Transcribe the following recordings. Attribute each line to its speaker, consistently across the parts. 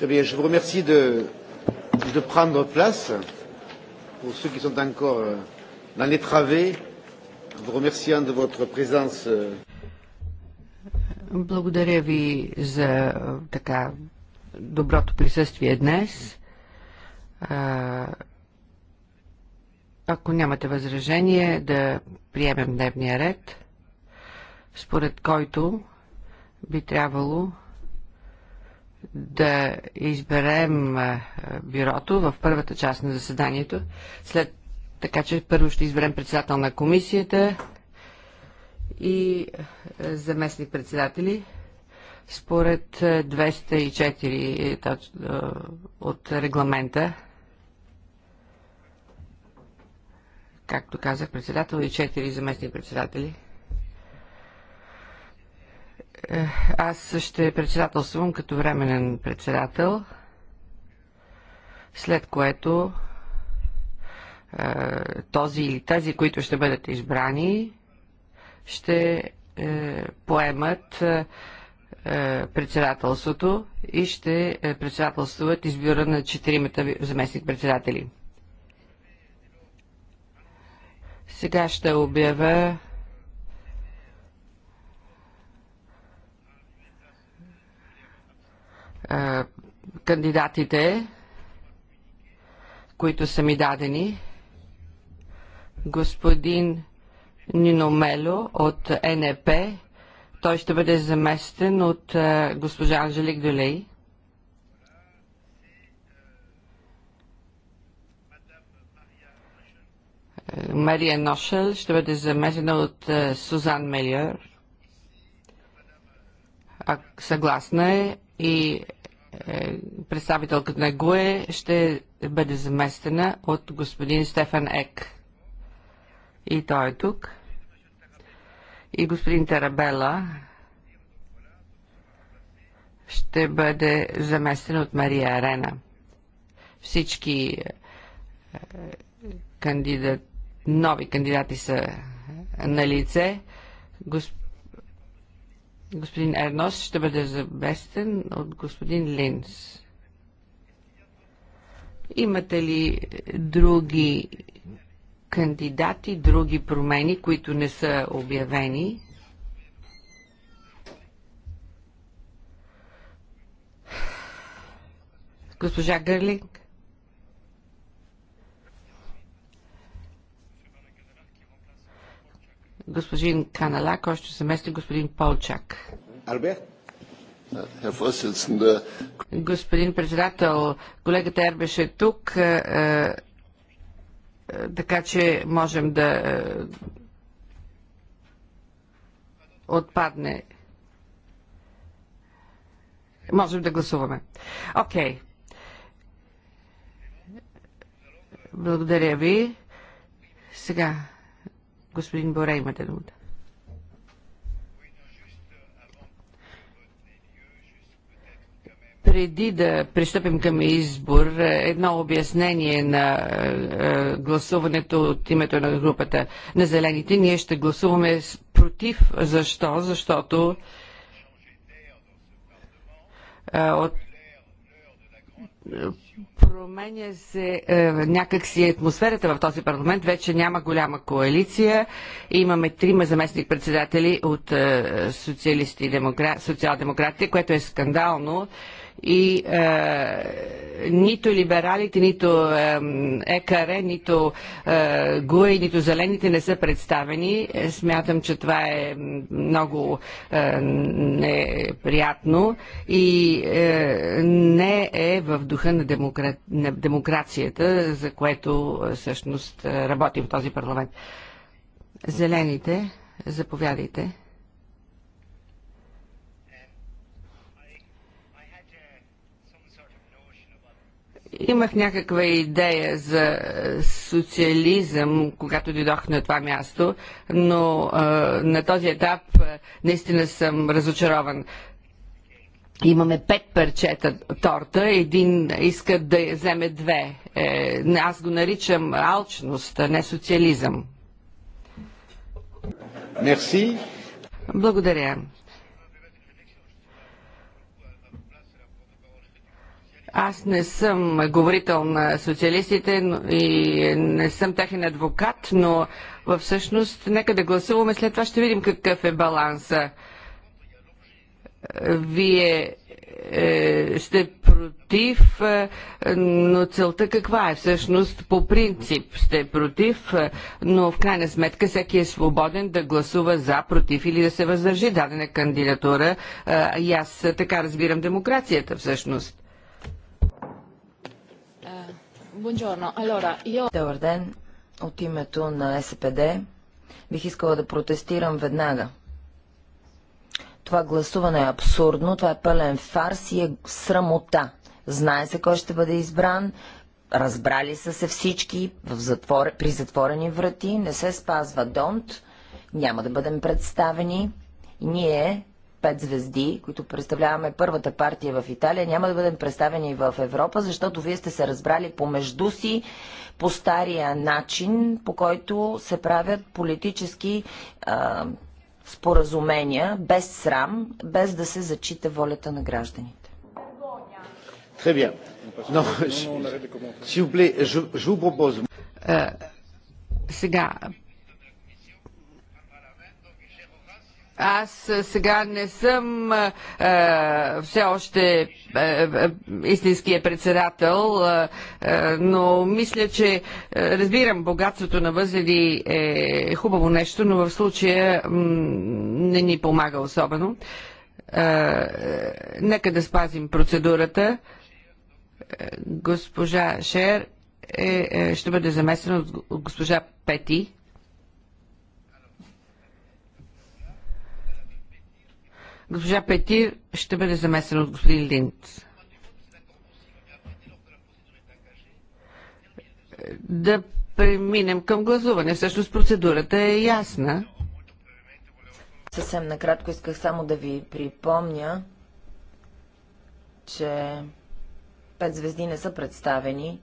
Speaker 1: Très bien, je vous remercie de, de prendre place. Pour ceux qui sont encore dans les travées, vous remerciant de votre présence.
Speaker 2: Благодаря ви за така доброто присъствие днес. А, Ако нямате възражение, да приемем дневния ред, според който би трябвало да изберем бюрото в първата част на заседанието, след така че първо ще изберем председател на комисията и заместник председатели според 204 от регламента. Както казах, председател и 4 заместни председатели. Е, аз ще председателствам като временен председател, след което е, този или тези, които ще бъдат избрани, ще е, поемат председателството и ще председателстват избира на четиримата заместник председатели. Сега ще обявя Е, кандидатите, които са ми дадени. Господин Нино Мело от НЕП. Той ще бъде заместен от е, госпожа Анжелик Долей. Мария Ношел ще бъде замесена от е, Сузан Мелиер. съгласна е и е, представителката на ГУЕ ще бъде заместена от господин Стефан Ек. И той е тук. И господин Тарабела ще бъде заместен от Мария Арена. Всички е, кандидат, нови кандидати са е, на лице. Госп господин Ернос ще бъде забестен от господин Линс. Имате ли други кандидати, други промени, които не са обявени? Госпожа Гърлинг? господин Канала, който ще замести господин Полчак. Алберт? Господин председател, колегата Ербеш е тук, е, е, така че можем да е, отпадне. Можем да гласуваме. Окей. Okay. Благодаря ви. Сега Господин Боре, имате думата. преди да пристъпим към избор, едно обяснение на е, гласуването от името на групата на зелените. Ние ще гласуваме против. Защо? Защото е, от променя се е, някакси атмосферата в този парламент. Вече няма голяма коалиция. Имаме трима заместник-председатели от е, социалисти и демокра... социал-демократите, което е скандално. Е, и е, нито либералите, нито е, ЕКР, нито е, ГУЕ, нито Зелените не са представени. Е, смятам, че това е много е, неприятно и е, не е в духа на, демокра... на демокрацията, за което е, всъщност е, работим в този парламент. Зелените, заповядайте. Имах някаква идея за социализъм, когато дойдох на това място, но а, на този етап а, наистина съм разочарован. Имаме пет парчета торта, един иска да вземе две. Е, аз го наричам алчност, а не социализъм. Мерси. Благодаря. Аз не съм говорител на социалистите и не съм техен адвокат, но всъщност нека да гласуваме, след това ще видим какъв е баланса. Вие е, сте против, е, но целта каква е? Всъщност по принцип сте против, е, но в крайна сметка всеки е свободен да гласува за, против или да се въздържи дадена кандидатура. Е, и аз е, така разбирам демокрацията всъщност.
Speaker 3: Добър ден.
Speaker 4: От името на СПД бих искала да протестирам веднага. Това гласуване е абсурдно, това е пълен фарс и е срамота. Знае се кой ще бъде избран, разбрали са се всички в затвор... при затворени врати, не се спазва донт, няма да бъдем представени. Ние пет звезди, които представляваме първата партия в Италия, няма да бъдем представени в Европа, защото вие сте се разбрали помежду си по стария начин, по който се правят политически а, споразумения, без срам, без да се зачита волята на гражданите.
Speaker 2: Е, сега, Аз сега не съм а, все още а, истинския председател, а, а, но мисля, че а, разбирам, богатството на възели е хубаво нещо, но в случая не ни помага особено. А, нека да спазим процедурата. Госпожа Шер е, е, ще бъде замесена от госпожа Пети. Госпожа Петир ще бъде замесена от господин Линц. Да преминем към гласуване. Всъщност процедурата е ясна.
Speaker 4: Съвсем накратко исках само да ви припомня, че пет звезди не са представени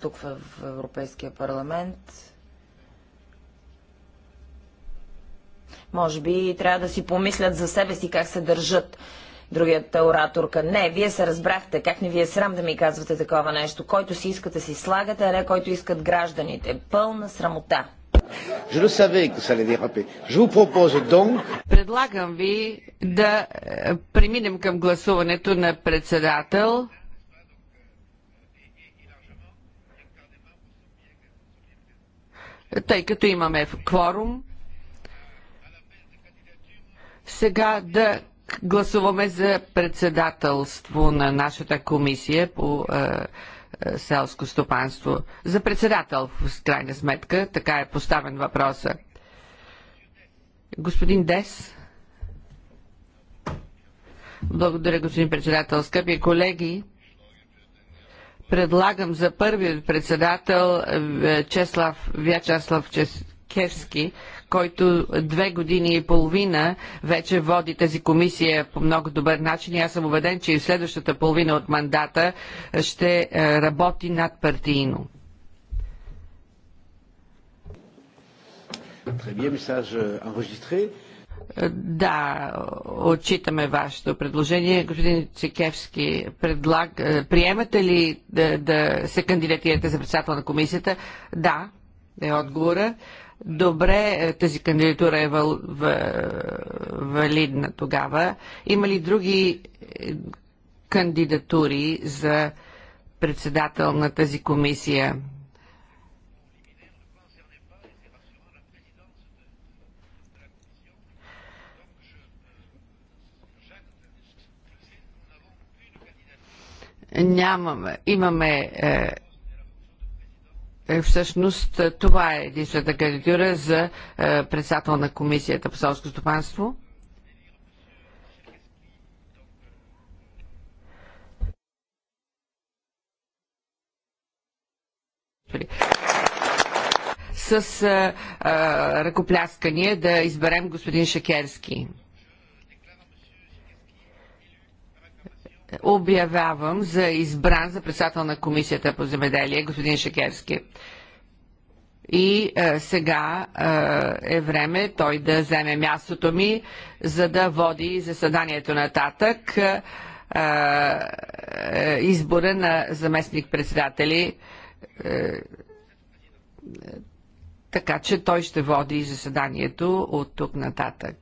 Speaker 4: тук в Европейския парламент Може би трябва да си помислят за себе си как се държат. Другият ораторка. Не, вие се разбрахте. Как не ви е срам да ми казвате такова нещо? Който си искате си слагате, а не който искат гражданите.
Speaker 2: Пълна срамота. Предлагам ви да е, преминем към гласуването на председател. Тъй като имаме кворум, сега да гласуваме за председателство на нашата комисия по е, е, селско стопанство. За председател, в крайна сметка, така е поставен въпроса. Господин Дес. Благодаря, господин председател. Скъпи колеги, предлагам за първият председател е, Чеслав, Вячеслав Ческевски който две години и половина вече води тази комисия по много добър начин и аз съм убеден, че и следващата половина от мандата ще е, работи надпартийно. Е, да, отчитаме вашето предложение. Господин Цикевски, предлаг... Е, приемате ли да, да се кандидатирате за председател на комисията? Да, е отговора. Добре, е, тази кандидатура е вал, в, валидна тогава. Има ли други е, кандидатури за председател на тази комисия? Нямаме. Имаме е, е, всъщност е, това е единствената кандидатура за е, председател на Комисията по селско стопанство. С ръкопляскания да изберем господин Шакерски. обявявам за избран за председател на Комисията по земеделие господин Шекерски. И а, е, сега е, е време той да вземе мястото ми, за да води заседанието нататък е, е избора на заместник-председатели. Е, така че той ще води заседанието от тук нататък.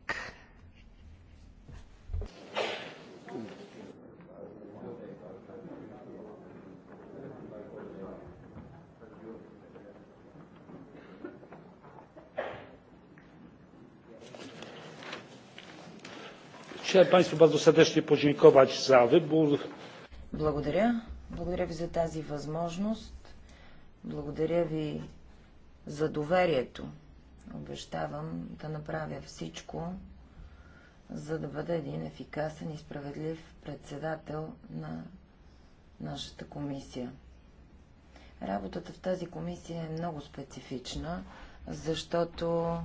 Speaker 5: Chciałem Państwu bardzo serdecznie podziękować za wybór.
Speaker 4: Благодаря. Благодаря ви за тази възможност. Благодаря ви за доверието. Обещавам да направя всичко, за да бъда един ефикасен и справедлив председател на нашата комисия. Работата в тази комисия е много специфична, защото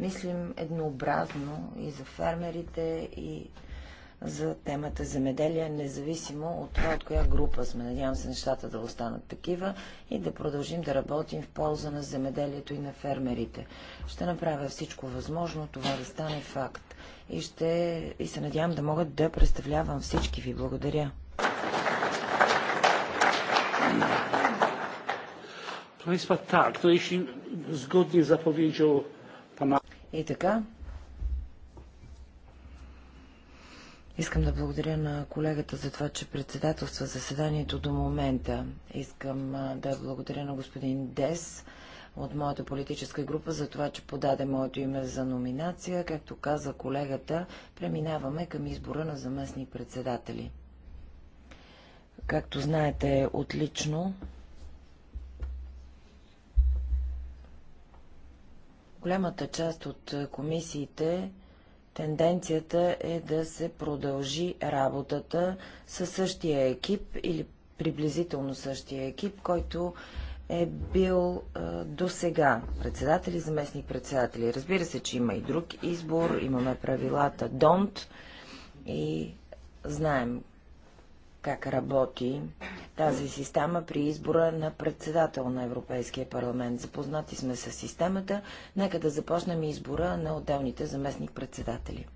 Speaker 4: мислим еднообразно и за фермерите, и за темата земеделие, независимо от това, от коя група сме. Надявам се нещата да останат такива и да продължим да работим в полза на земеделието и на фермерите. Ще направя всичко възможно това да стане факт. И, ще, и се надявам да мога да представлявам всички ви. Благодаря.
Speaker 5: Państwa, tak, to jeśli zgodnie z zapowiedzią и така.
Speaker 4: Искам да благодаря на колегата за това, че председателства заседанието до момента. Искам да благодаря на господин Дес от моята политическа група за това, че подаде моето име за номинация. Както каза колегата, преминаваме към избора на заместни председатели. Както знаете отлично, голямата част от е, комисиите тенденцията е да се продължи работата със същия екип или приблизително същия екип, който е бил е, до сега председатели, заместник председатели. Разбира се, че има и друг избор, имаме правилата ДОНТ и знаем как работи тази система при избора на председател на Европейския парламент. Запознати сме с системата. Нека да започнем избора на отделните заместник-председатели.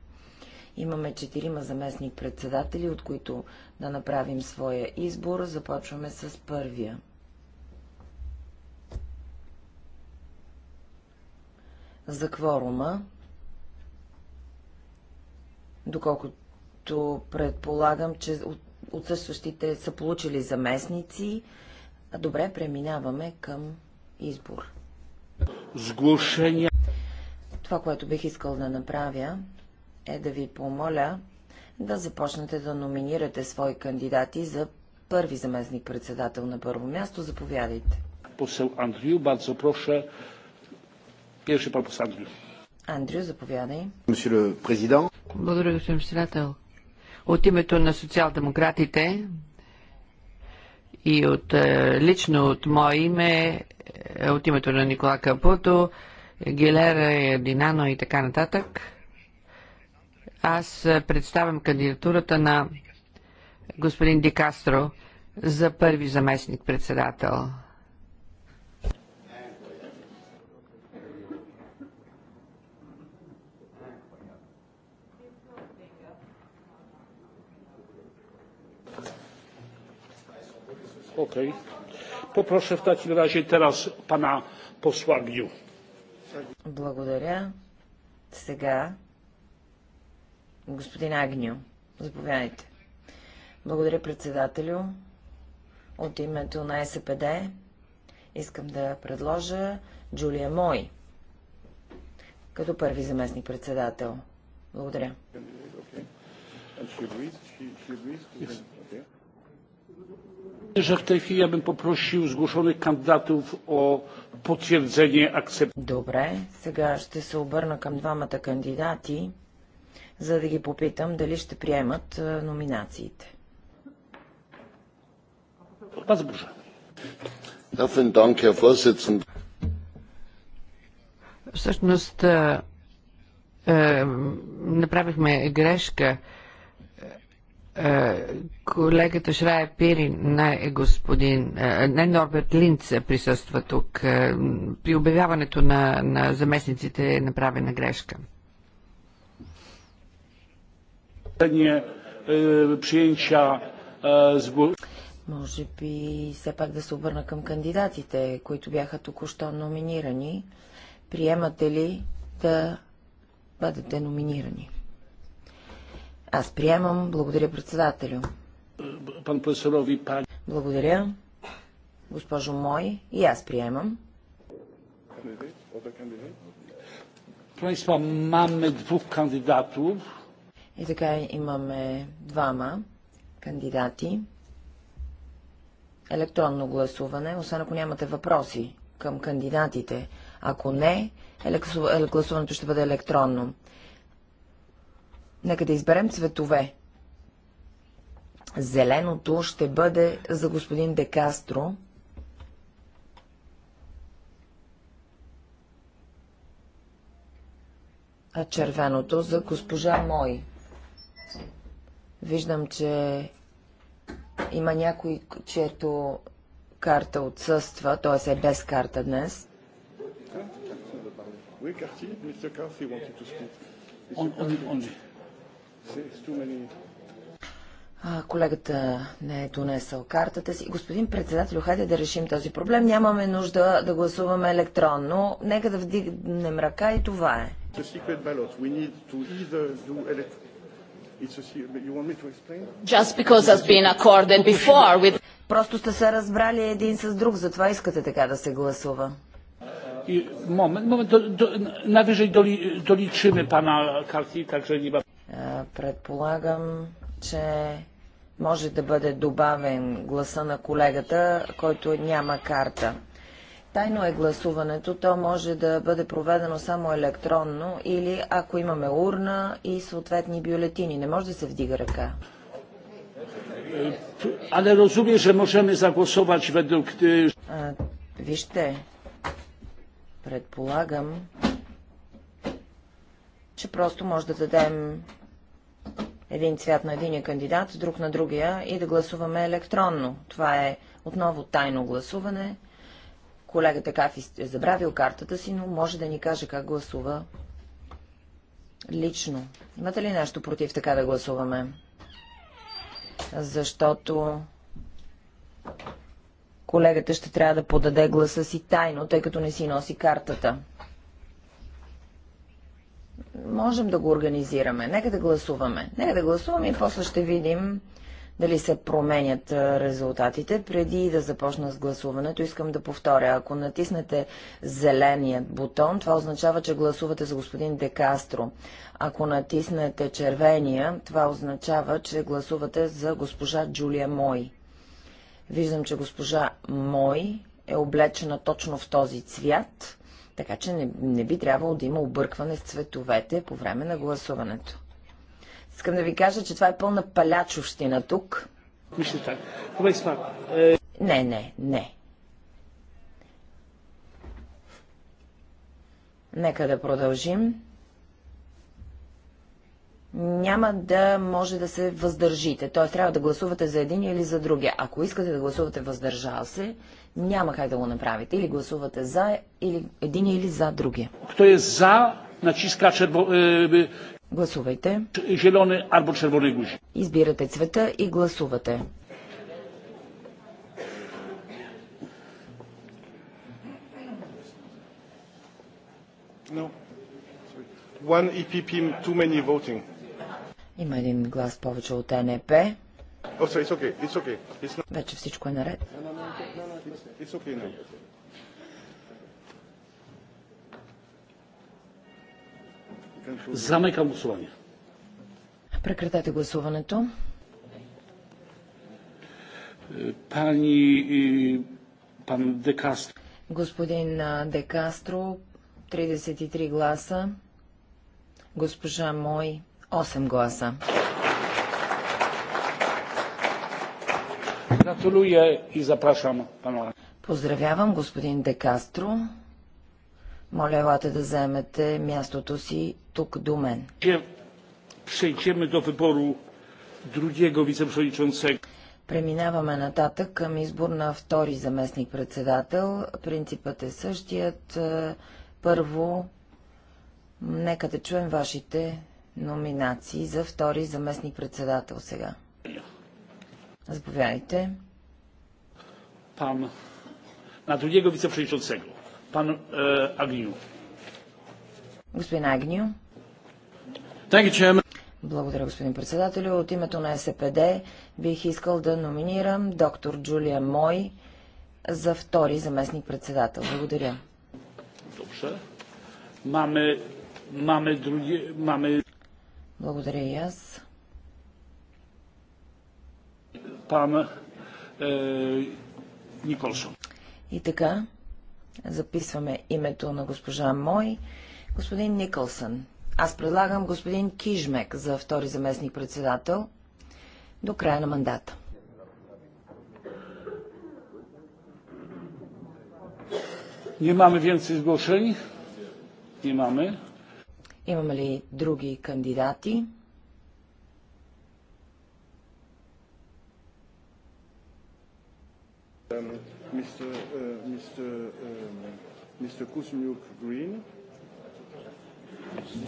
Speaker 4: Имаме четирима заместник-председатели, от които да направим своя избор. Започваме с първия. За кворума, доколкото предполагам, че от отсъстващите са получили заместници. Добре, преминаваме към избор. Сглушения. Това, което бих искал да направя, е да ви помоля да започнете да номинирате свои кандидати за първи заместник председател на първо място. Заповядайте.
Speaker 5: Посел Андрю, бързо запроша. Пиеше пан Андрю.
Speaker 2: Андрю, заповядай. Благодаря, господин председател. От името на социал-демократите и от, е, лично от мое име, е, от името на Никола Капуто, Гилера, Динано и така нататък, аз представям кандидатурата на господин Дикастро за първи заместник председател
Speaker 5: Okej. Poproszę w takim razie teraz pana posła Gniu.
Speaker 4: Благодаря. Сега господин Агню, заповядайте. Благодаря председателю. От името на СПД искам да предложа Джулия Мой като първи заместник председател.
Speaker 5: Благодаря. Okay że w tej chwili ja bym poprosił zgłoszonych kandydatów o потвърдение акцепт. Добре,
Speaker 4: сега ще се обърна към двамата кандидати, за да ги попитам дали ще приемат е, номинациите.
Speaker 2: Възбужа. Всъщност, е, е, направихме грешка. Е, е, колегата Шрая Пирин, не е господин, е, не Норберт Линц присъства тук. При обявяването на, на заместниците е направена грешка.
Speaker 4: Може би все пак да се обърна към кандидатите, които бяха току-що номинирани. Приемате ли да бъдете номинирани? Аз приемам. Благодаря председателю.
Speaker 5: Пан пан...
Speaker 4: Благодаря. Госпожо Мой, и аз приемам. И така имаме двама кандидати. Електронно гласуване, освен ако нямате въпроси към кандидатите. Ако не, гласуването ще бъде електронно. Нека да изберем цветове. Зеленото ще бъде за господин Декастро. А червеното за госпожа Мой. Виждам, че има някой, чието карта отсъства, т.е. е без карта днес.
Speaker 3: On, on, on.
Speaker 4: Колегата не е донесъл картата си. Господин председател, хайде да решим този проблем. Нямаме нужда да гласуваме електронно. Нека да вдигнем ръка и това е.
Speaker 3: With...
Speaker 4: Просто сте се разбрали един с друг, затова искате така да се гласува.
Speaker 5: Момент, момент, do, do, доличиме пана карти, така че także
Speaker 4: Предполагам, че може да бъде добавен гласа на колегата, който няма карта. Тайно е гласуването, то може да бъде проведено само електронно или ако имаме урна и съответни бюлетини. Не може да се вдига ръка.
Speaker 5: Але разуми, че можем загласовать ведук... Е, вижте,
Speaker 4: предполагам, че просто може да дадем един цвят на единия кандидат, друг на другия и да гласуваме електронно. Това е отново тайно гласуване. Колегата Кафи е забравил картата си, но може да ни каже как гласува лично. Имате ли нещо против така да гласуваме? Защото колегата ще трябва да подаде гласа си тайно, тъй като не си носи картата можем да го организираме. Нека да гласуваме. Нека да гласуваме и после ще видим дали се променят резултатите. Преди да започна с гласуването, искам да повторя. Ако натиснете зеления бутон, това означава, че гласувате за господин Декастро. Ако натиснете червения, това означава, че гласувате за госпожа Джулия Мой. Виждам, че госпожа Мой е облечена точно в този цвят. Така че не, не би трябвало да има объркване с цветовете по време на гласуването. Искам да ви кажа, че това е пълна палячовщина тук. Е е, не, не, не. Нека да продължим. Няма да може да се въздържите, т.е. трябва да гласувате за един или за другия. Ако искате да гласувате въздържал се, няма как да го направите. Или гласувате за, или един или за другия.
Speaker 5: Кто е за, натиска черво... Е, е, Гласувайте. Желоне або червоне гуши.
Speaker 4: Избирате цвета и гласувате.
Speaker 3: No. One EPP too many voting.
Speaker 4: Има един глас повече от НП. Oh,
Speaker 3: sorry, it's okay. It's
Speaker 6: okay.
Speaker 4: It's not... Вече всичко е наред.
Speaker 6: No, no, no, okay. It's okay now.
Speaker 5: Замекам гласуване.
Speaker 4: Прекратете гласуването.
Speaker 5: Е, пани е, пан Декастро.
Speaker 4: Господин Декастро, 33 гласа. Госпожа Мой, 8 гласа.
Speaker 5: Gratuluję i zapraszam pana.
Speaker 4: Поздравявам господин Декастро. Моля, елате да вземете мястото си тук до мен.
Speaker 5: Przejdziemy do wyboru drugiego wiceprzewodniczącego.
Speaker 4: Преминаваме нататък към избор на втори заместник-председател. Принципът е същият. Е, първо, нека да чуем вашите номинации за втори заместник-председател сега. Заповядайте
Speaker 5: na drugiego wiceprzewodniczącego. Pan e, Agniu.
Speaker 4: Господин Агнио. Благодаря, господин председател. От името на СПД бих искал да номинирам доктор Джулия Мой за втори заместник председател. Благодаря.
Speaker 5: Добре. Маме, маме други, маме...
Speaker 4: Благодаря и аз.
Speaker 5: Пан е, Николсон.
Speaker 4: И така, записваме името на госпожа Мой, господин Никълсън. Аз предлагам господин Кижмек за втори заместник-председател до края на мандата.
Speaker 5: Nie mamy więcej zgłoszeń?
Speaker 4: Имаме ли други кандидати? Um... Mr. Mr.
Speaker 6: Mr. Kuzmiuk Green.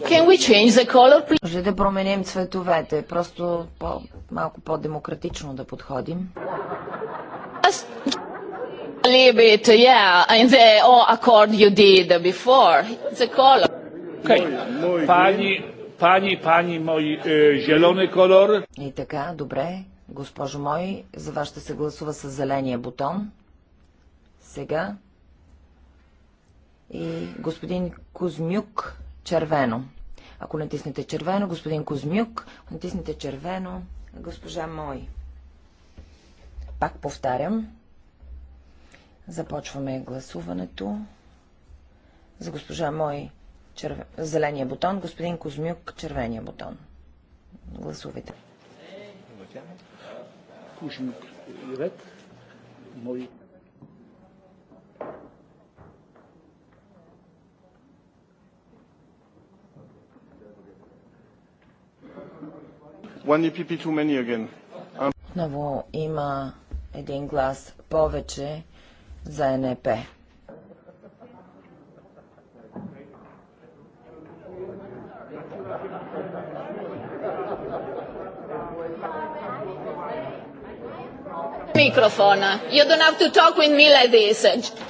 Speaker 6: Can we change
Speaker 3: the color,
Speaker 4: please? Може да променим цветовете, просто по, малко по-демократично да подходим.
Speaker 3: a little bit, yeah, in the oh, accord you did before, color. Okay.
Speaker 5: мой зелен колор.
Speaker 4: И така, добре. Госпожо мой, за вас ще се гласува с зеления бутон сега. И господин Кузмюк, червено. Ако натиснете червено, господин Кузмюк, ако натиснете червено, госпожа Мой. Пак повтарям. Започваме гласуването. За госпожа Мой черв... зеления бутон, господин Кузмюк червения бутон. Гласувайте.
Speaker 5: Кузмюк, ред. Мой
Speaker 3: Отново
Speaker 4: има един глас повече за НЕП.
Speaker 3: microphone. You don't have to talk with me like this.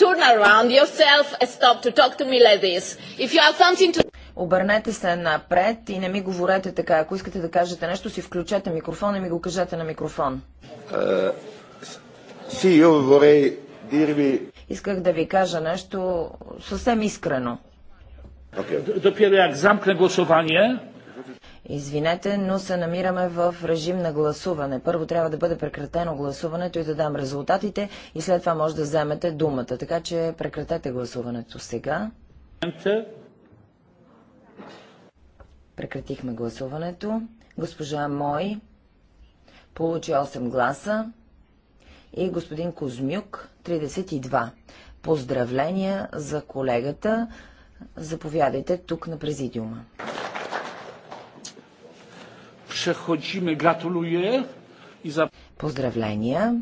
Speaker 3: Turn around yourself and stop to talk to me like this. If you have something to...
Speaker 4: Обърнете се напред и не ми говорете така. Ако искате да кажете нещо, си включете микрофон и ми го кажете на микрофон. Е, Исках да ви кажа нещо съвсем искрено.
Speaker 5: Допиро як замкне
Speaker 4: Извинете, но се намираме в режим на гласуване. Първо трябва да бъде прекратено гласуването и да дам резултатите и след това може да вземете думата. Така че прекратете гласуването сега. Прекратихме гласуването. Госпожа Мой получи 8 гласа и господин Козмюк 32. Поздравления за колегата. Заповядайте тук на президиума. Przechodzimy, гратулуе Поздравления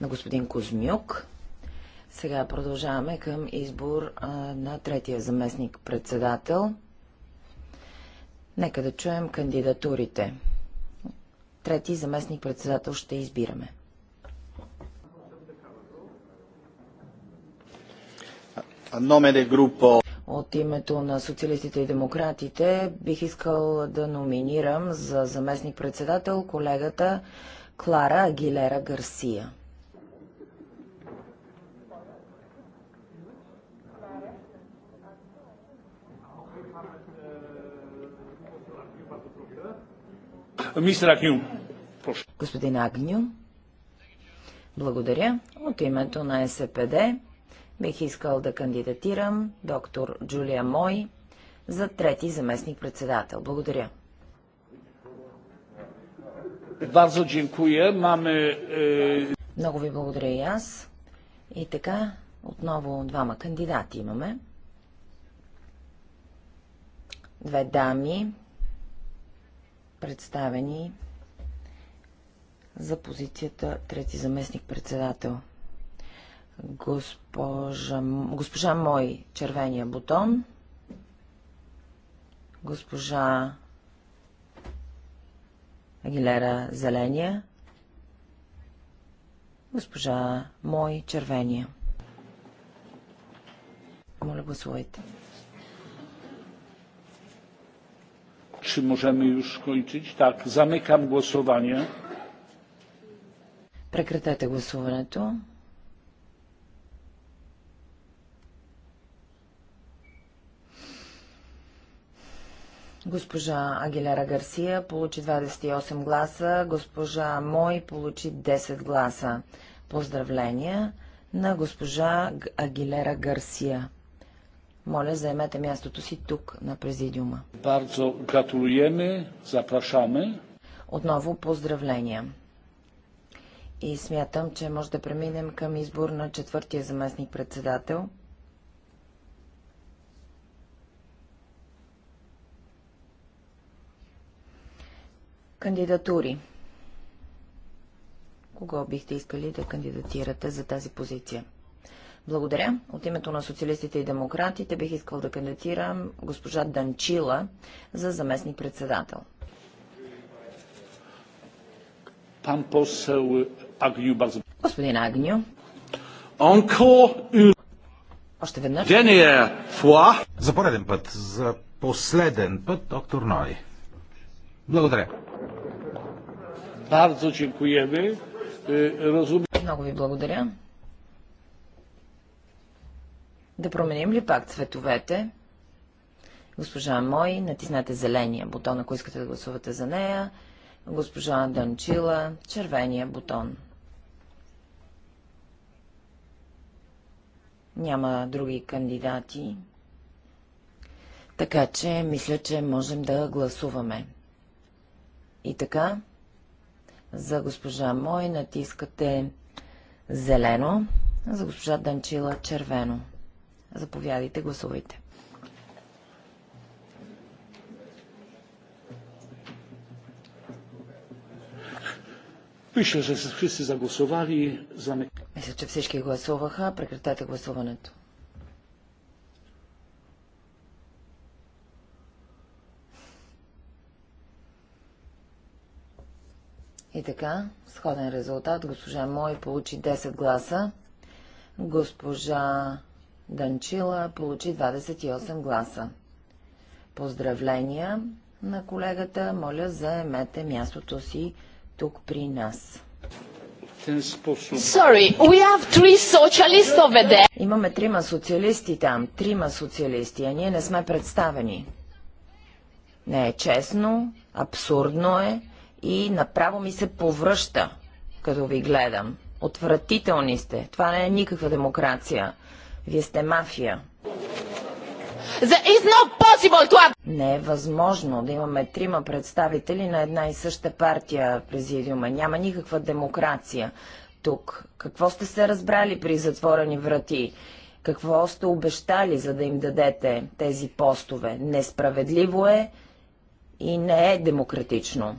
Speaker 4: на господин Козмюк. Сега продължаваме към избор а, на третия заместник председател. Нека да чуем кандидатурите. Трети заместник председател ще избираме. От името на социалистите и демократите бих искал да номинирам за заместник председател колегата Клара Агилера Гарсия. Мистер Агню. Господин Агню. Благодаря. От името на СПД бих искал да кандидатирам доктор Джулия Мой за трети заместник председател. Благодаря.
Speaker 5: Е,
Speaker 4: Много ви благодаря и аз. И така, отново двама кандидати имаме. Две дами представени за позицията трети заместник-председател. Госпожа, госпожа Мой, червения бутон. Госпожа Агилера, зеления. Госпожа Мой, червения. Моля, гласувайте.
Speaker 5: Czy możemy już kończyć? Tak. Zamykam głosowanie.
Speaker 4: Прекратете гласуването. Госпожа Агилера Гарсия получи 28 гласа, госпожа Мой получи 10 гласа. Поздравления на госпожа Агилера Гарсия. Моля, заемете мястото си тук, на президиума.
Speaker 5: Бързо гратулуеме, запрашаме.
Speaker 4: Отново поздравления. И смятам, че може да преминем към избор на четвъртия заместник председател. Кандидатури. Кого бихте искали да кандидатирате за тази позиция? Благодаря. От името на социалистите и демократите бих искал да кандидатирам госпожа Данчила за заместник председател. Господин Агню. Още
Speaker 5: веднъж.
Speaker 7: За пореден път, за последен път, доктор Ной.
Speaker 5: Благодаря. Много
Speaker 4: ви благодаря. Да променим ли пак цветовете? Госпожа Мой, натиснете зеления бутон, ако искате да гласувате за нея. Госпожа Данчила, червения бутон. Няма други кандидати. Така че, мисля, че можем да гласуваме. И така, за госпожа Мой натискате зелено, за госпожа Данчила червено. Заповядайте,
Speaker 5: гласувайте. Пише, че всички
Speaker 4: загласували. Мисля, че всички гласуваха. Прекратете гласуването. И така, сходен резултат. Госпожа Мой получи 10 гласа. Госпожа Данчила получи 28 гласа. Поздравления на колегата, моля заемете мястото си тук при нас. Sorry, we have three socialists over there. Имаме трима социалисти там, трима социалисти, а ние не сме представени. Не е честно, абсурдно е и направо ми се повръща, като ви гледам. Отвратителни сте. Това не е никаква демокрация. Вие сте мафия. Не е възможно да имаме трима представители на една и съща партия в президиума. Няма никаква демокрация тук. Какво сте се разбрали при затворени врати? Какво сте обещали, за да им дадете тези постове? Несправедливо е и не е демократично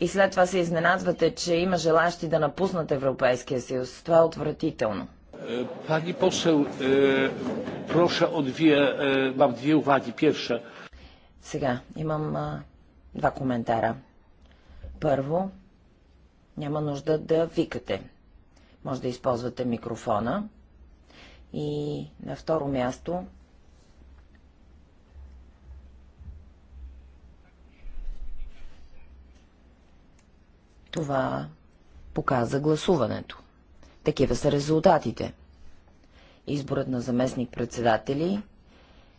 Speaker 4: и след това се изненадвате, че има желащи да напуснат Европейския съюз. Това е отвратително.
Speaker 5: Pani е, poseł, е, проша, вие dwie, е, мам две увади. Pierwsze.
Speaker 4: Сега имам а, два коментара. Първо, няма нужда да викате. Може да използвате микрофона. И на второ място, Това показа гласуването. Такива са резултатите. Изборът на заместник-председатели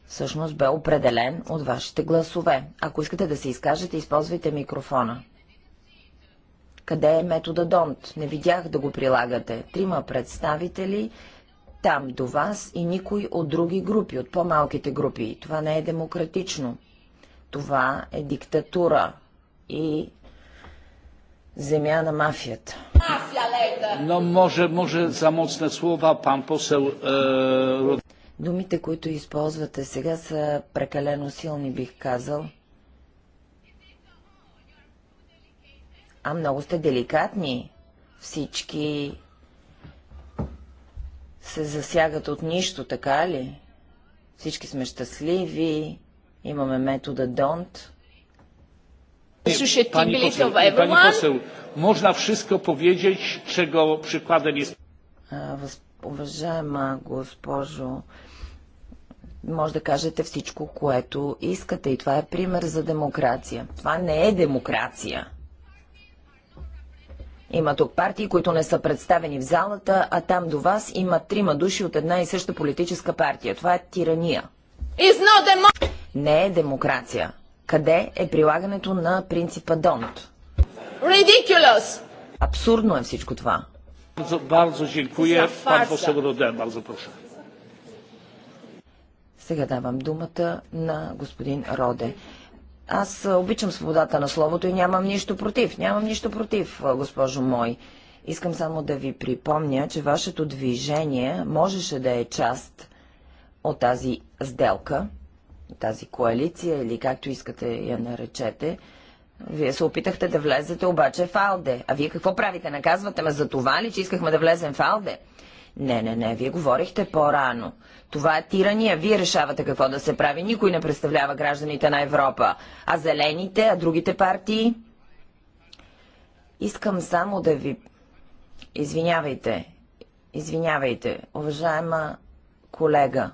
Speaker 4: всъщност бе определен от вашите гласове. Ако искате да се изкажете, използвайте микрофона. Къде е метода Донт? Не видях да го прилагате. Трима представители там до вас и никой от други групи, от по-малките групи. Това не е демократично. Това е диктатура и земя на мафията. Но може, може за мощна слова пан посел... Е... Думите, които използвате сега са прекалено силни, бих казал. А много сте деликатни. Всички се засягат от нищо, така ли? Всички сме щастливи, имаме
Speaker 5: метода Донт.
Speaker 3: Pani poseł, pani poseł,
Speaker 5: można wszystko powiedzieć, czego przykładem jest...
Speaker 4: Уважаема госпожо, може да кажете всичко, което искате и това е пример за демокрация. Това не е демокрация. Има тук партии, които не са представени в залата, а там до вас има трима души от една и съща политическа партия. Това е тирания. Не е демокрация къде е прилагането на принципа Донт.
Speaker 3: Ridiculous!
Speaker 5: Абсурдно е всичко това.
Speaker 4: Сега давам думата на господин Роде. Аз обичам свободата на словото и нямам нищо против. Нямам нищо против, госпожо мой. Искам само да ви припомня, че вашето движение можеше да е част от тази сделка, тази коалиция или както искате я наречете. Вие се опитахте да влезете обаче в Алде. А вие какво правите? Наказвате ме за това ли, че искахме да влезем в Алде? Не, не, не, вие говорихте по-рано. Това е тирания. Вие решавате какво да се прави. Никой не представлява гражданите на Европа. А зелените, а другите партии? Искам само да ви... Извинявайте. Извинявайте, уважаема колега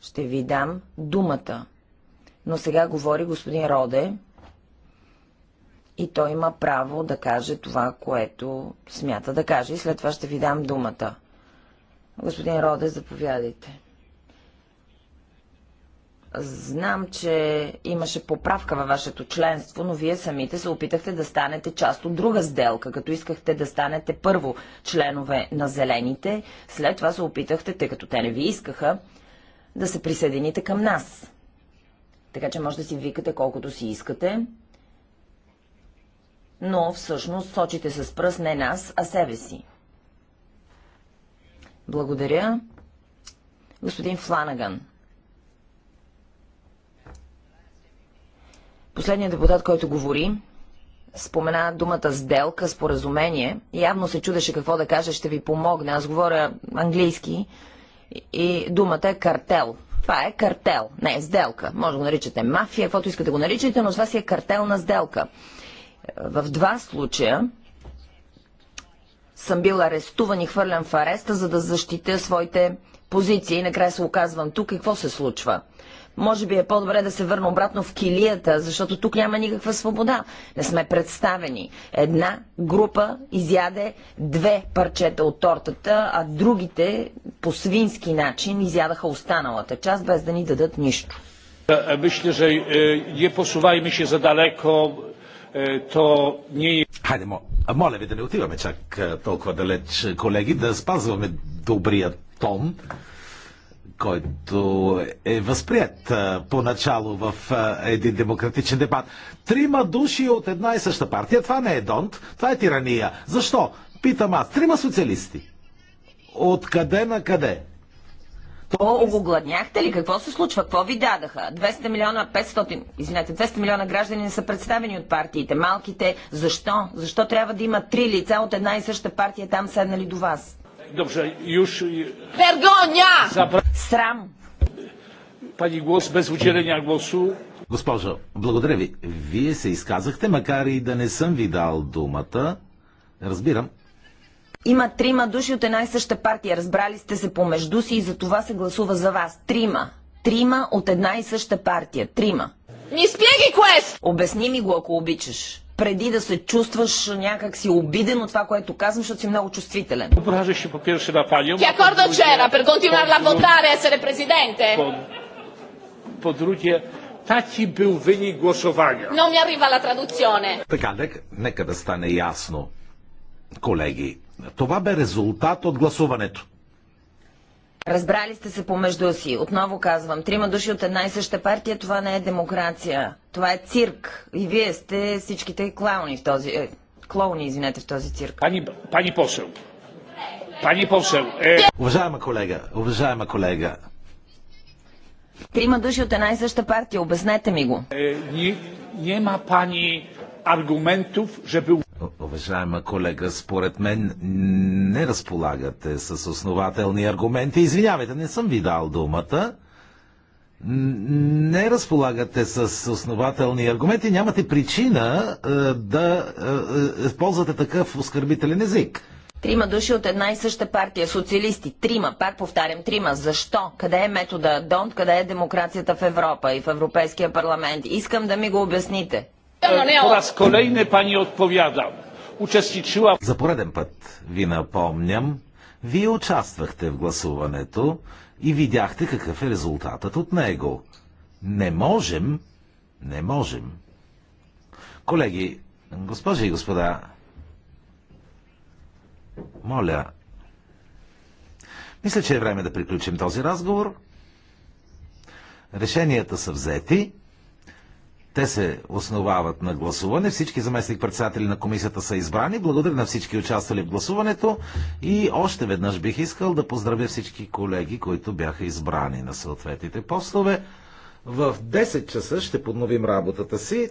Speaker 4: ще ви дам думата. Но сега говори господин Роде и той има право да каже това, което смята да каже и след това ще ви дам думата. Господин Роде, заповядайте. Знам, че имаше поправка във вашето членство, но вие самите се опитахте да станете част от друга сделка, като искахте да станете първо членове на Зелените, след това се опитахте, тъй като те не ви искаха, да се присъедините към нас. Така че може да си викате колкото си искате, но всъщност сочите с пръст не нас, а себе си. Благодаря. Господин Фланаган. Последният депутат, който говори, спомена думата сделка, споразумение. Явно се чудеше какво да каже, ще ви помогна. Аз говоря английски, и думата е картел. Това е картел, не е сделка. Може да го наричате мафия, каквото искате да го наричате, но това си е картелна сделка. В два случая съм бил арестуван и хвърлен в ареста, за да защитя своите позиции. И накрая се оказвам тук. И какво се случва? Може би е по-добре да се върна обратно в килията, защото тук няма никаква свобода. Не сме представени. Една група изяде две парчета от тортата, а другите по свински начин изядаха останалата част, без да ни дадат нищо.
Speaker 5: Е, е, мисля, че не е, посувайме се за далеко. То ние... Хайде,
Speaker 7: моля ви да не отиваме чак толкова далеч, колеги, да спазваме добрия тон който е възприят поначало в един демократичен дебат. Трима души от една и съща партия. Това не е донт, това е тирания. Защо? Питам аз. Трима социалисти. От къде на къде?
Speaker 4: То огогладняхте ли? Какво се случва? Какво ви дадаха? 200 милиона, 500, извинете, 200 милиона граждани не са представени от партиите. Малките, защо? Защо трябва да има три лица от една и съща партия там седнали до вас?
Speaker 5: Dobrze, już...
Speaker 2: Zabra... Срам!
Speaker 5: Pani głos bez udzielenia głosu.
Speaker 7: Госпожо, благодаря ви. Вие се изказахте, макар и да не съм ви дал думата. Разбирам.
Speaker 4: Има трима души от една и съща партия. Разбрали сте се помежду си и за това се гласува за вас. Трима. Трима от една и съща партия. Трима. Ми ги, квест! Обясни ми го, ако обичаш преди да се чувстваш някак си
Speaker 5: обиден от това, което казвам, защото си много чувствителен. Che
Speaker 4: accordo c'era per
Speaker 3: continuarla a votare e essere presidente?
Speaker 5: По drugie, taki
Speaker 7: бил вини głosowania.
Speaker 3: Но ми arriva la traduzione.
Speaker 7: Така, нека да стане ясно, колеги. Това бе резултат от гласуването.
Speaker 3: Разбрали
Speaker 4: сте се помежду си. Отново казвам, трима души от една и съща партия, това не е демокрация. Това е цирк. И вие сте всичките клауни в този... Е, клоуни, извинете, в този цирк. Пани,
Speaker 5: пани посел. Пани посел. Е... Уважаема колега, уважаема колега.
Speaker 4: Трима души от една и съща партия, обяснете ми го.
Speaker 5: Е, ни, няма пани аргументов, żeby... Уважаема
Speaker 7: колега, според мен не разполагате с основателни аргументи. Извинявайте, не съм ви дал думата. Не разполагате с основателни аргументи, нямате причина е, да е, е, ползвате такъв оскърбителен език.
Speaker 4: Трима души от една и съща партия, социалисти. Трима, пак повтарям, трима. Защо? Къде е метода Донт, къде е демокрацията в Европа и в Европейския парламент? Искам да ми го обясните. Po raz
Speaker 5: kolejny pani odpowiadam.
Speaker 7: Uczestniczyła... За пореден път ви напомням, вие участвахте в гласуването и видяхте какъв е резултатът от него. Не можем, не можем. Колеги, госпожи и господа, моля, мисля, че е време да приключим този разговор. Решенията са взети. Те се основават на гласуване. Всички заместник председатели на комисията са избрани. Благодаря на всички участвали в гласуването и още веднъж бих искал да поздравя всички колеги, които бяха избрани на съответните постове. В 10 часа ще подновим работата си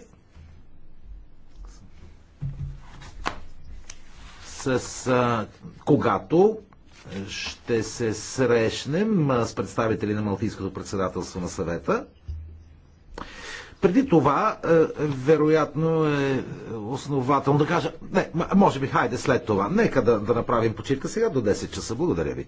Speaker 7: с а, когато ще се срещнем с представители на Малтийското председателство на съвета преди това, е, вероятно е основателно да кажа, не, може би хайде след това. Нека да, да направим почивка сега до 10 часа. Благодаря ви.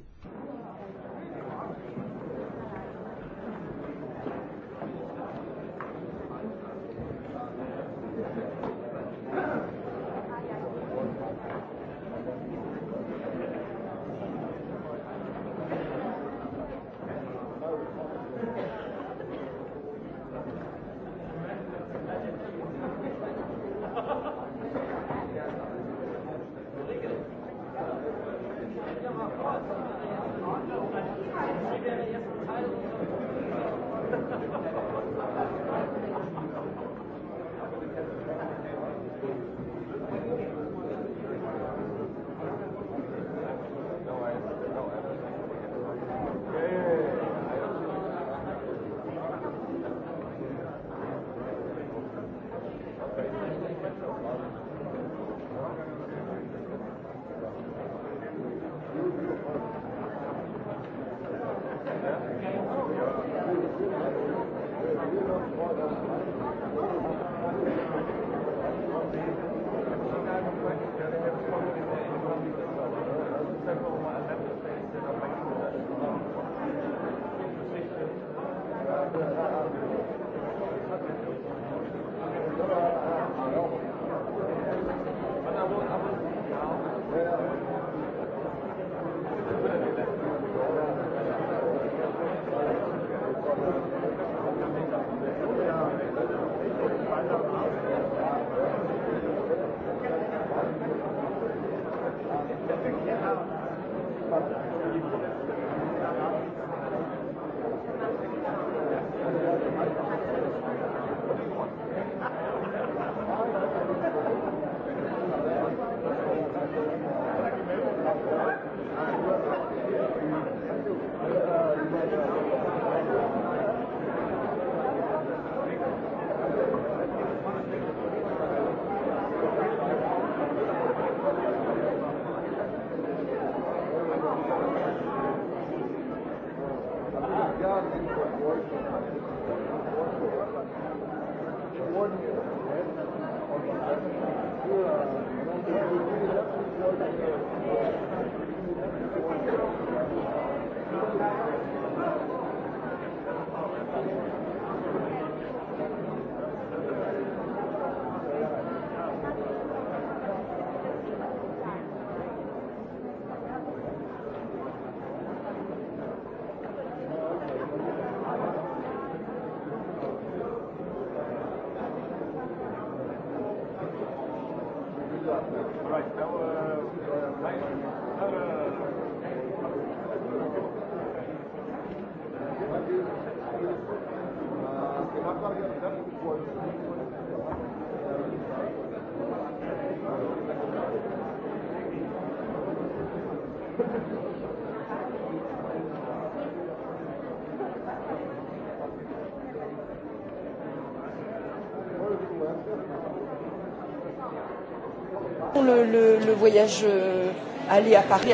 Speaker 6: le,
Speaker 3: le, le voyage aller à Paris.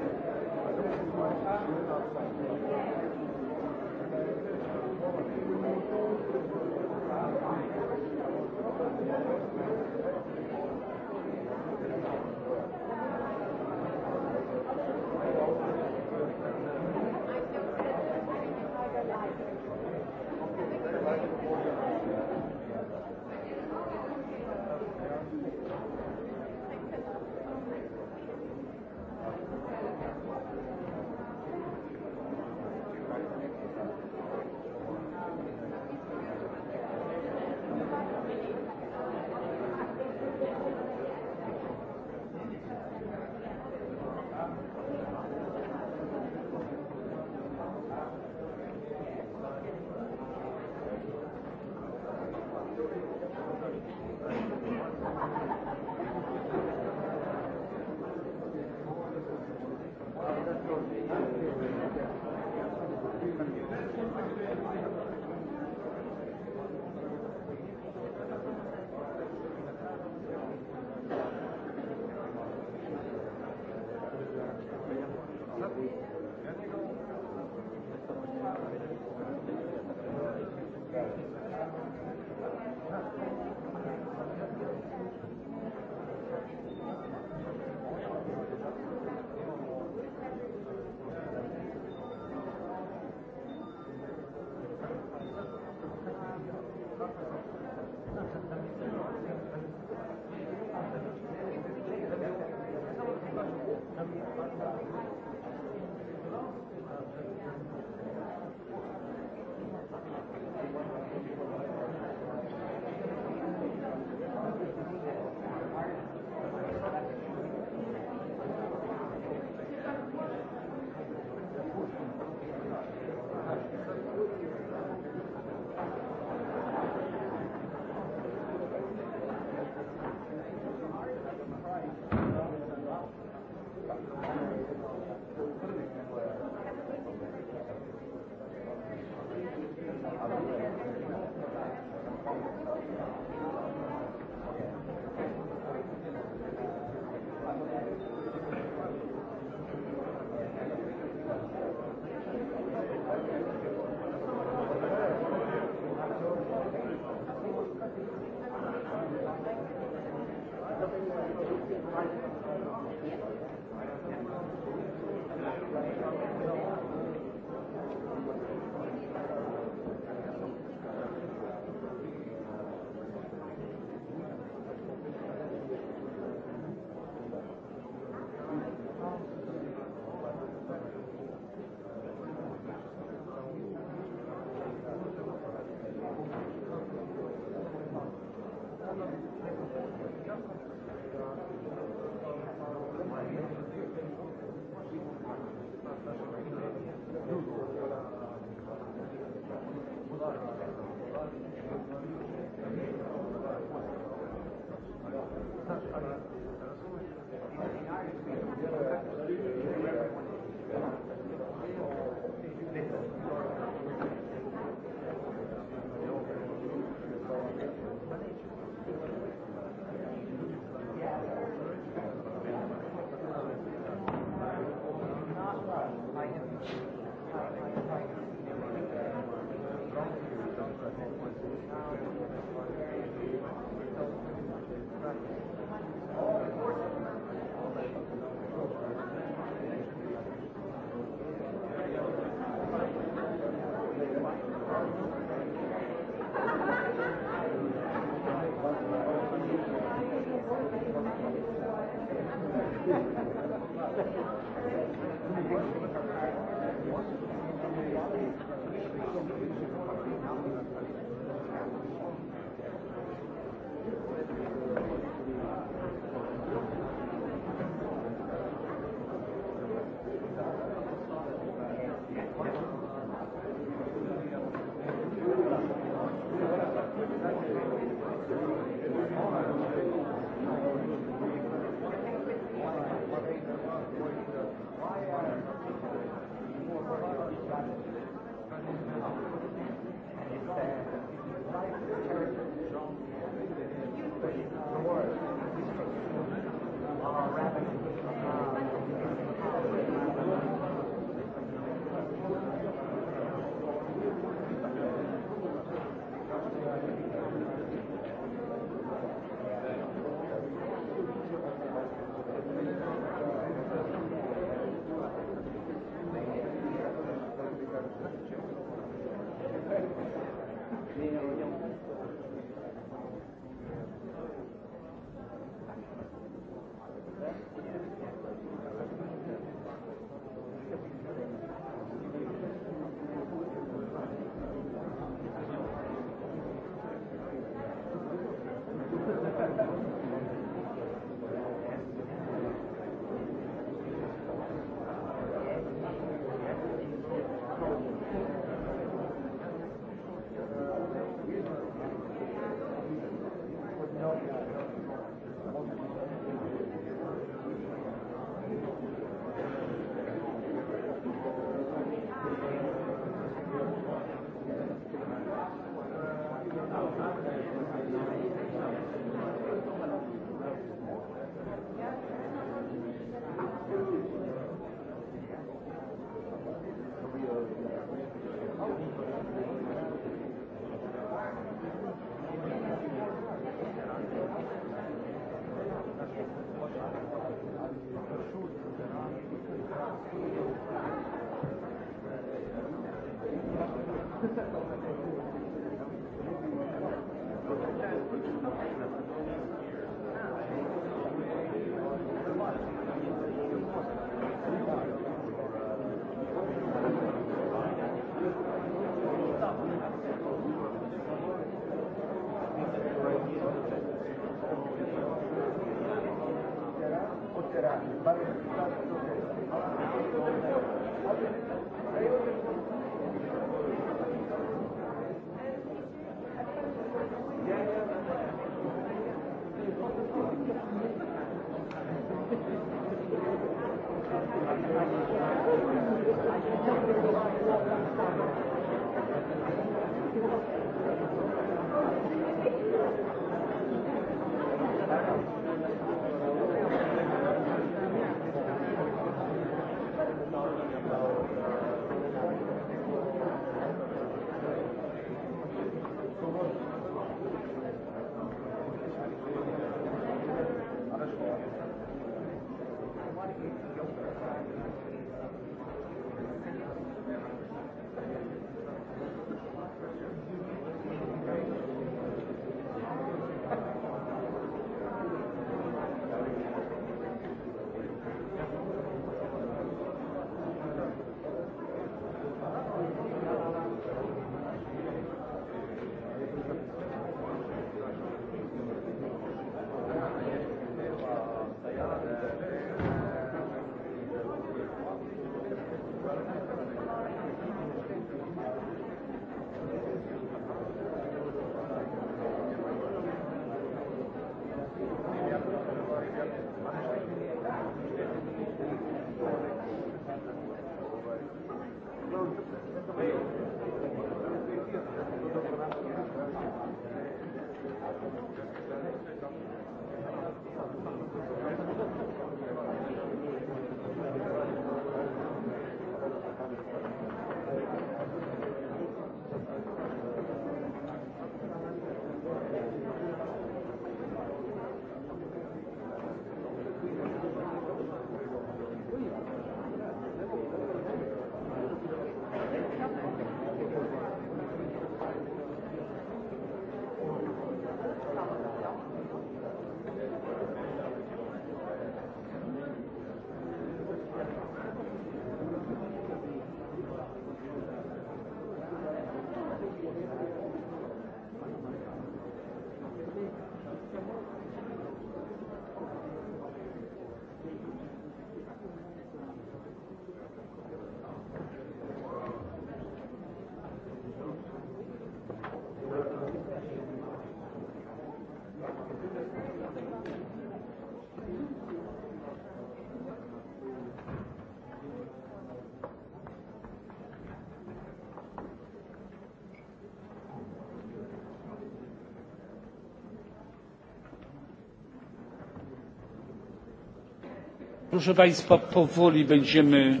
Speaker 5: Proszę Państwa, powoli będziemy...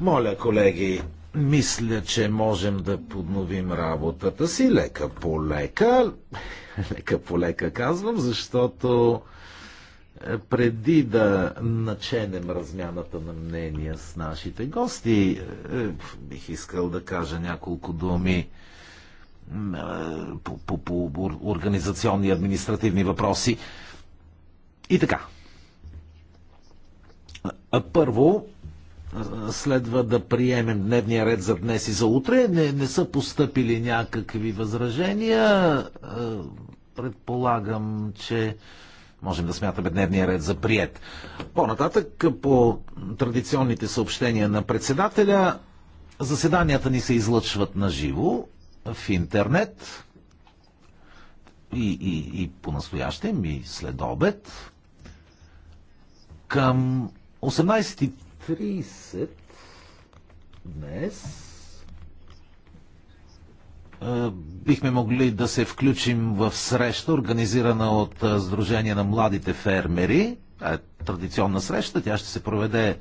Speaker 5: Моля, колеги,
Speaker 7: мисля, че можем да подновим работата си лека по лека. Лека по лека казвам, защото преди да наченем размяната на мнения с нашите гости, бих искал да кажа няколко думи по, по, по организационни и административни въпроси. И така, първо, следва да приемем дневния ред за днес и за утре. Не, не са поступили някакви възражения. Предполагам, че можем да смятаме дневния ред за прият. По-нататък, по традиционните съобщения на председателя, заседанията ни се излъчват на живо в интернет и, и, и по-настоящем и след обед. Към 18.30 днес бихме могли да се включим в среща, организирана от Сдружение на младите фермери. Това е традиционна среща, тя ще се проведе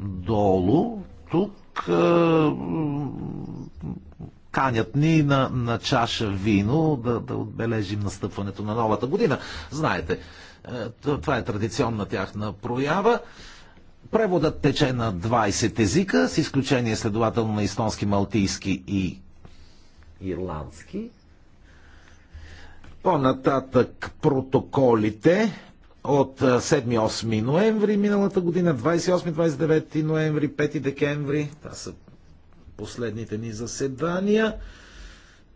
Speaker 7: долу, тук. Канят ни на, на чаша вино да, да отбележим настъпването на новата година. Знаете, това е традиционна тяхна проява. Преводът тече на 20 езика, с изключение следователно на естонски, малтийски и ирландски. По-нататък протоколите от 7-8 ноември миналата година, 28-29 ноември, 5 декември. Това са последните ни заседания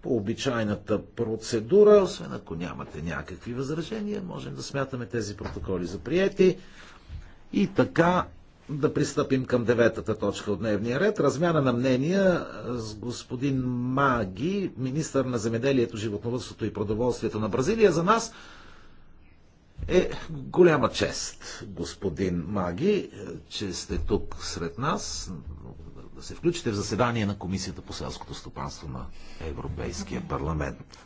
Speaker 7: по обичайната процедура, освен ако нямате някакви възражения, можем да смятаме тези протоколи за приети. И така да пристъпим към деветата точка от дневния ред. Размяна на мнения с господин Маги, министър на земеделието, животновътството и продоволствието на Бразилия. За нас е голяма чест, господин Маги, че сте тук сред нас, да се включите в заседание на Комисията по селското стопанство на Европейския парламент.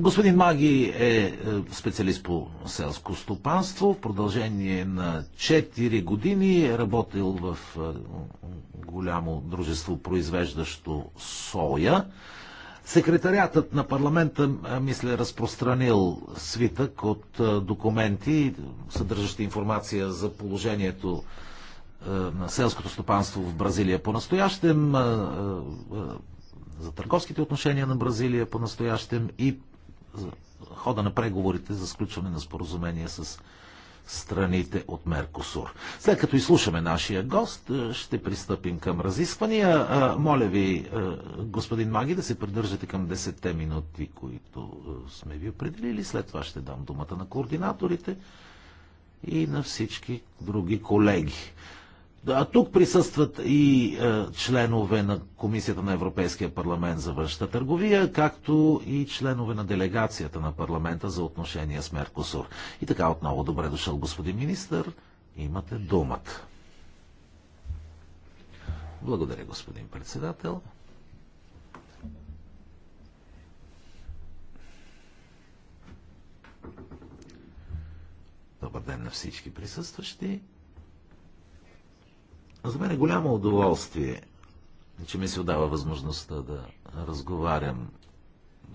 Speaker 7: Господин Маги е, е специалист по селско стопанство. В продължение на 4 години е работил в е, голямо дружество, произвеждащо соя. Секретариатът на парламента, е, мисля, разпространил свитък от документи, съдържащи информация за положението на селското стопанство в Бразилия. По-настоящем за търговските отношения на Бразилия по-настоящем и хода на преговорите за сключване на споразумение с страните от Меркосур. След като изслушаме нашия гост, е, ще пристъпим към разисквания. Е, моля ви, е, господин Маги, да се придържате към 10-те минути, които сме ви определили. След това ще дам думата на координаторите и на всички други колеги. А тук присъстват и е, членове на Комисията на Европейския парламент за външна търговия, както и членове на делегацията на парламента за отношения с Меркосур. И така отново добре дошъл, господин министър. Имате думата. Благодаря, господин председател. Добър ден на всички присъстващи. За мен е голямо удоволствие, че ми се отдава възможността да разговарям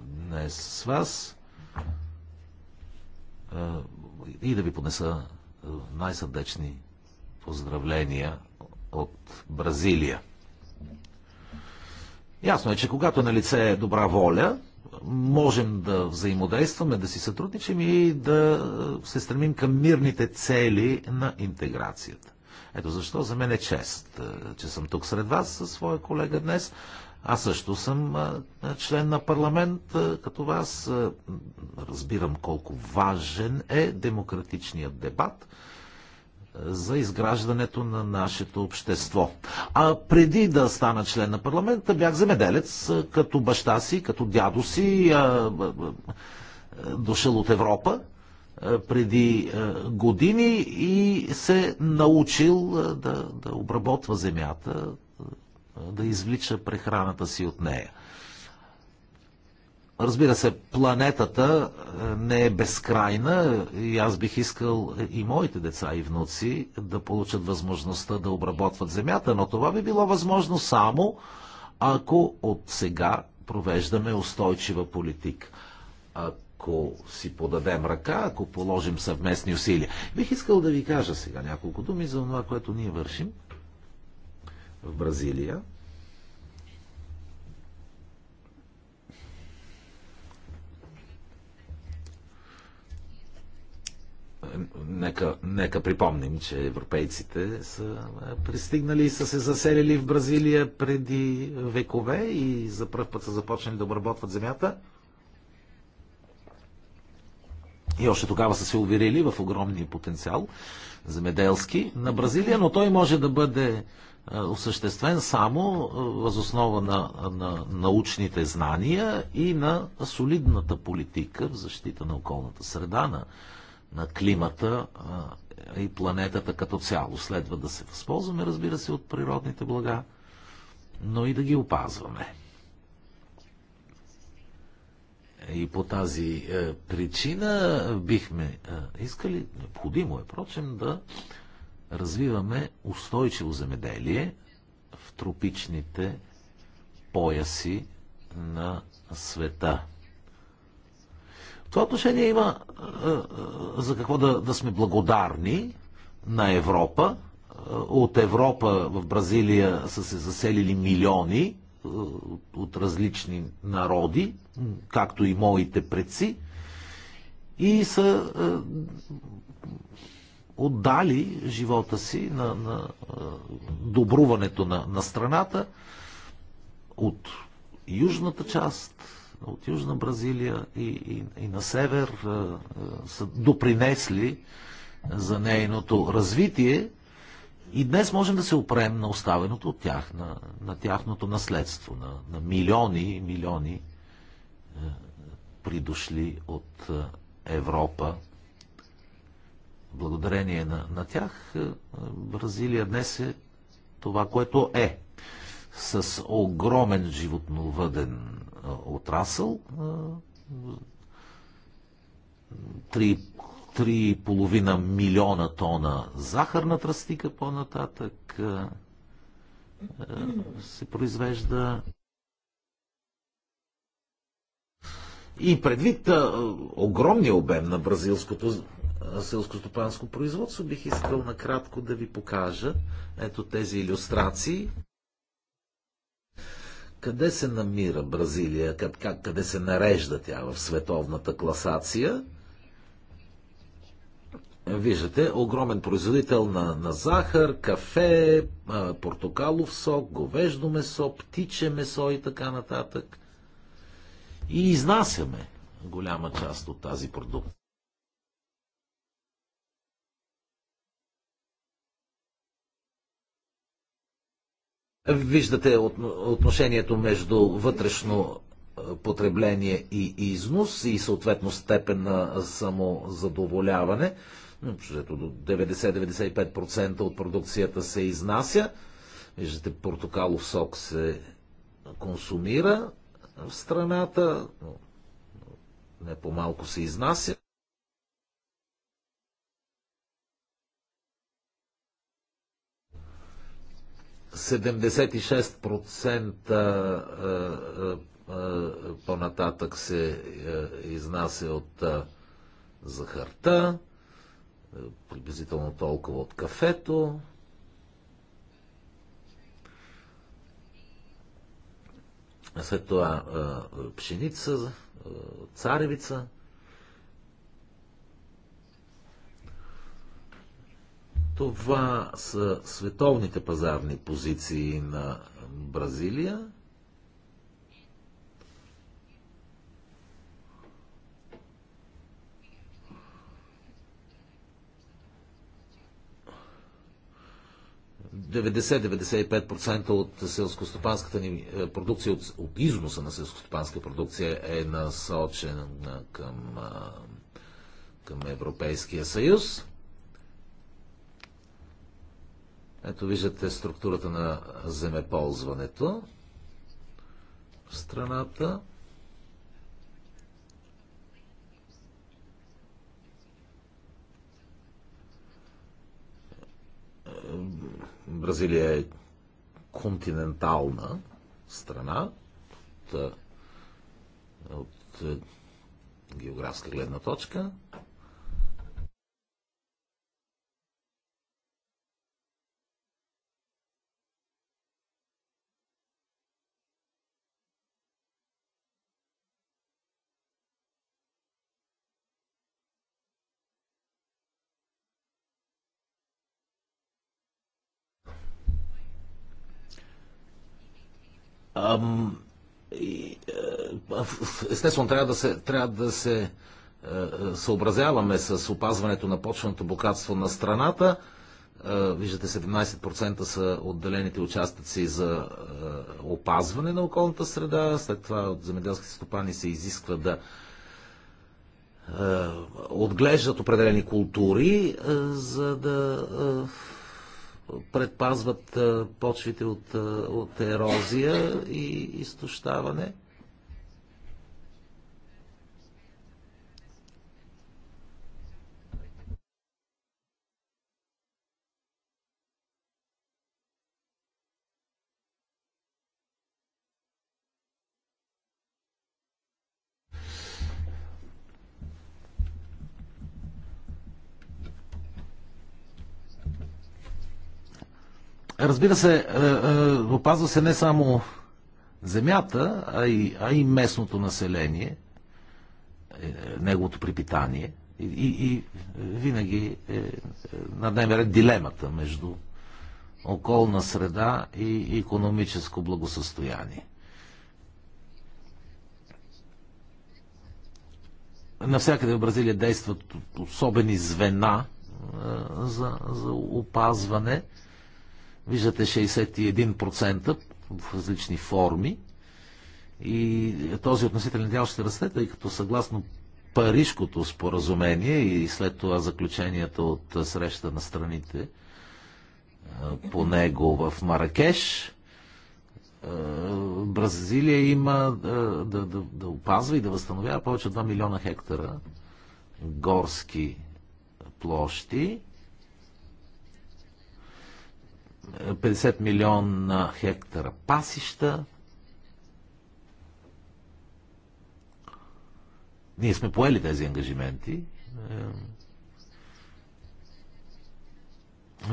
Speaker 7: днес с вас и да ви понеса най-сърдечни поздравления от Бразилия. Ясно е, че когато на лице е добра воля, можем да взаимодействаме, да си сътрудничим и да се стремим към мирните цели на интеграцията. Ето защо за мен е чест, е, че съм тук сред вас със своя колега днес. Аз също съм е, е, член на парламент, като вас разбирам колко важен е демократичният дебат за изграждането на нашето общество. А преди да стана член на парламента, бях земеделец, като баща си, като дядо си, дошъл от Европа преди години и се научил да, да обработва земята, да извлича прехраната си от нея. Разбира се, планетата не е безкрайна и аз бих искал и моите деца и внуци да получат възможността да обработват земята, но това би било възможно само ако от сега провеждаме устойчива политика ако си подадем ръка, ако положим съвместни усилия. Бих искал да ви кажа сега няколко думи за това, което ние вършим в Бразилия. нека, нека припомним, че европейците са е, пристигнали и са се заселили в Бразилия преди векове и за първ път са започнали да обработват земята. И още тогава са се уверили в огромния потенциал земеделски на Бразилия, но той може да бъде е, осъществен само е, възоснова на, на научните знания и на солидната политика в защита на околната среда, на, на климата е, и планетата като цяло. Следва да се възползваме, разбира се, от природните блага, но и да ги опазваме. И по тази е, причина бихме е, искали, необходимо е, прочим, да развиваме устойчиво земеделие в тропичните пояси на света. В това отношение има е, за какво да, да сме благодарни на Европа. От Европа в Бразилия са се заселили милиони е, от различни народи, както и моите предци, и са
Speaker 1: е,
Speaker 7: отдали живота си на, на е, добруването на, на страната от южната част, от Южна Бразилия и, и, и на север са допринесли за нейното развитие и днес можем да се опрем на оставеното от тях, на, на тяхното наследство, на, на милиони и милиони е, придошли от е, Европа. Благодарение на, на тях е, Бразилия днес е това, което е. С огромен животновъден е, отрасъл,
Speaker 6: е,
Speaker 7: три 3,5 милиона тона захарна тръстика по-нататък се произвежда. И предвид огромния обем на бразилското селско-стопанско производство, бих искал накратко да ви покажа ето тези иллюстрации. Къде се намира Бразилия, къде се нарежда тя в световната класация? Виждате, огромен производител на, на захар, кафе, портокалов сок, говеждо месо, птиче месо и така нататък. И изнасяме голяма част от тази продукция. Виждате отношението между вътрешно потребление и износ и съответно степен на самозадоволяване. Защото до 90-95% от продукцията се изнася. Виждате, портокалов сок се консумира в страната, но не по-малко се изнася. по-нататък се изнася от захарта приблизително толкова от кафето. След това пшеница, царевица. Това са световните пазарни позиции на Бразилия. 90-95% от селскостопанската ни е, продукция, от, от износа на селскостопанска продукция е насочена към, към Европейския съюз. Ето виждате структурата на земеползването в страната. Бразилия е континентална страна от, е, от е, географска гледна точка – Е, естествено, трябва да се, трябва да се е, е, съобразяваме с опазването на почвеното богатство на страната. Виждате, 17% са отделените участъци за опазване на околната среда. След това от земеделските стопани се изисква да отглеждат определени култури, за да предпазват почвите от, от ерозия и изтощаване. Разбира се, е, е, опазва се не само земята, а и, а и местното население, е, неговото припитание. И, и, и винаги е на дневен ред дилемата между околна среда и економическо благосъстояние. Навсякъде в Бразилия действат особени звена за, за опазване Виждате 61% в различни форми. И този относителен дял ще расте, тъй като съгласно Парижкото споразумение и след това заключенията от среща на страните по него в Маракеш, Бразилия има да, да, да опазва и да възстановява повече от 2 милиона хектара горски площи 50 милиона хектара пасища. Ние сме поели тези ангажименти. Е,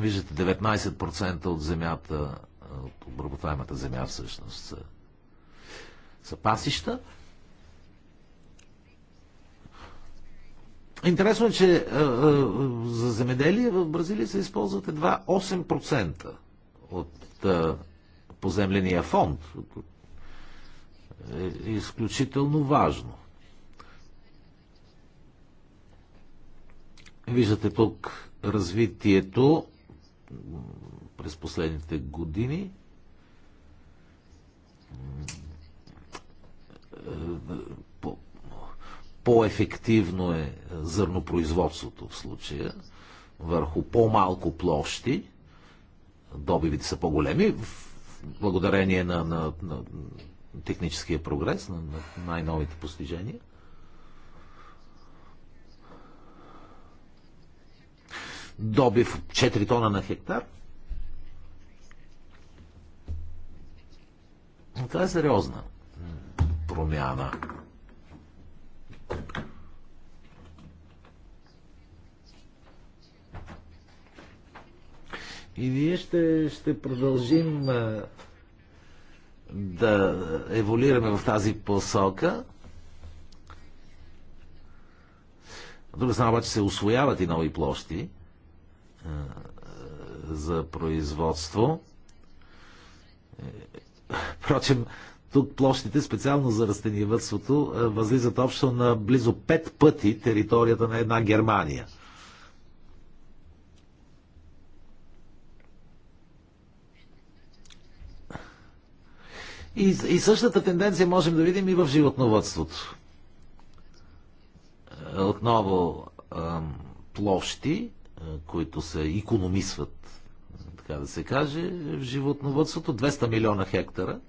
Speaker 7: виждате, 19% от земята, от обработваемата земя всъщност са, са пасища. Интересно е, че е, е, за земеделие в Бразилия се използват едва 8% от е, поземления фонд. Е изключително важно. Виждате тук развитието през последните години по-ефективно е, е зърнопроизводството в случая, върху по-малко площи, добивите са по-големи, благодарение на, на, на техническия прогрес, на, на най-новите постижения. Добив 4 тона на хектар. Това е сериозна промяна. И ние ще, ще продължим да еволюираме в тази посока. От друга страна обаче се освояват и нови площи за производство. Е, впрочем, тук площите, специално за растениевътството, е, възлизат общо на близо пет пъти територията на една Германия. И, и същата тенденция можем да видим и в животновътството. Е, отново площи, е, които се економисват, така да се каже, в животновътството 200 милиона хектара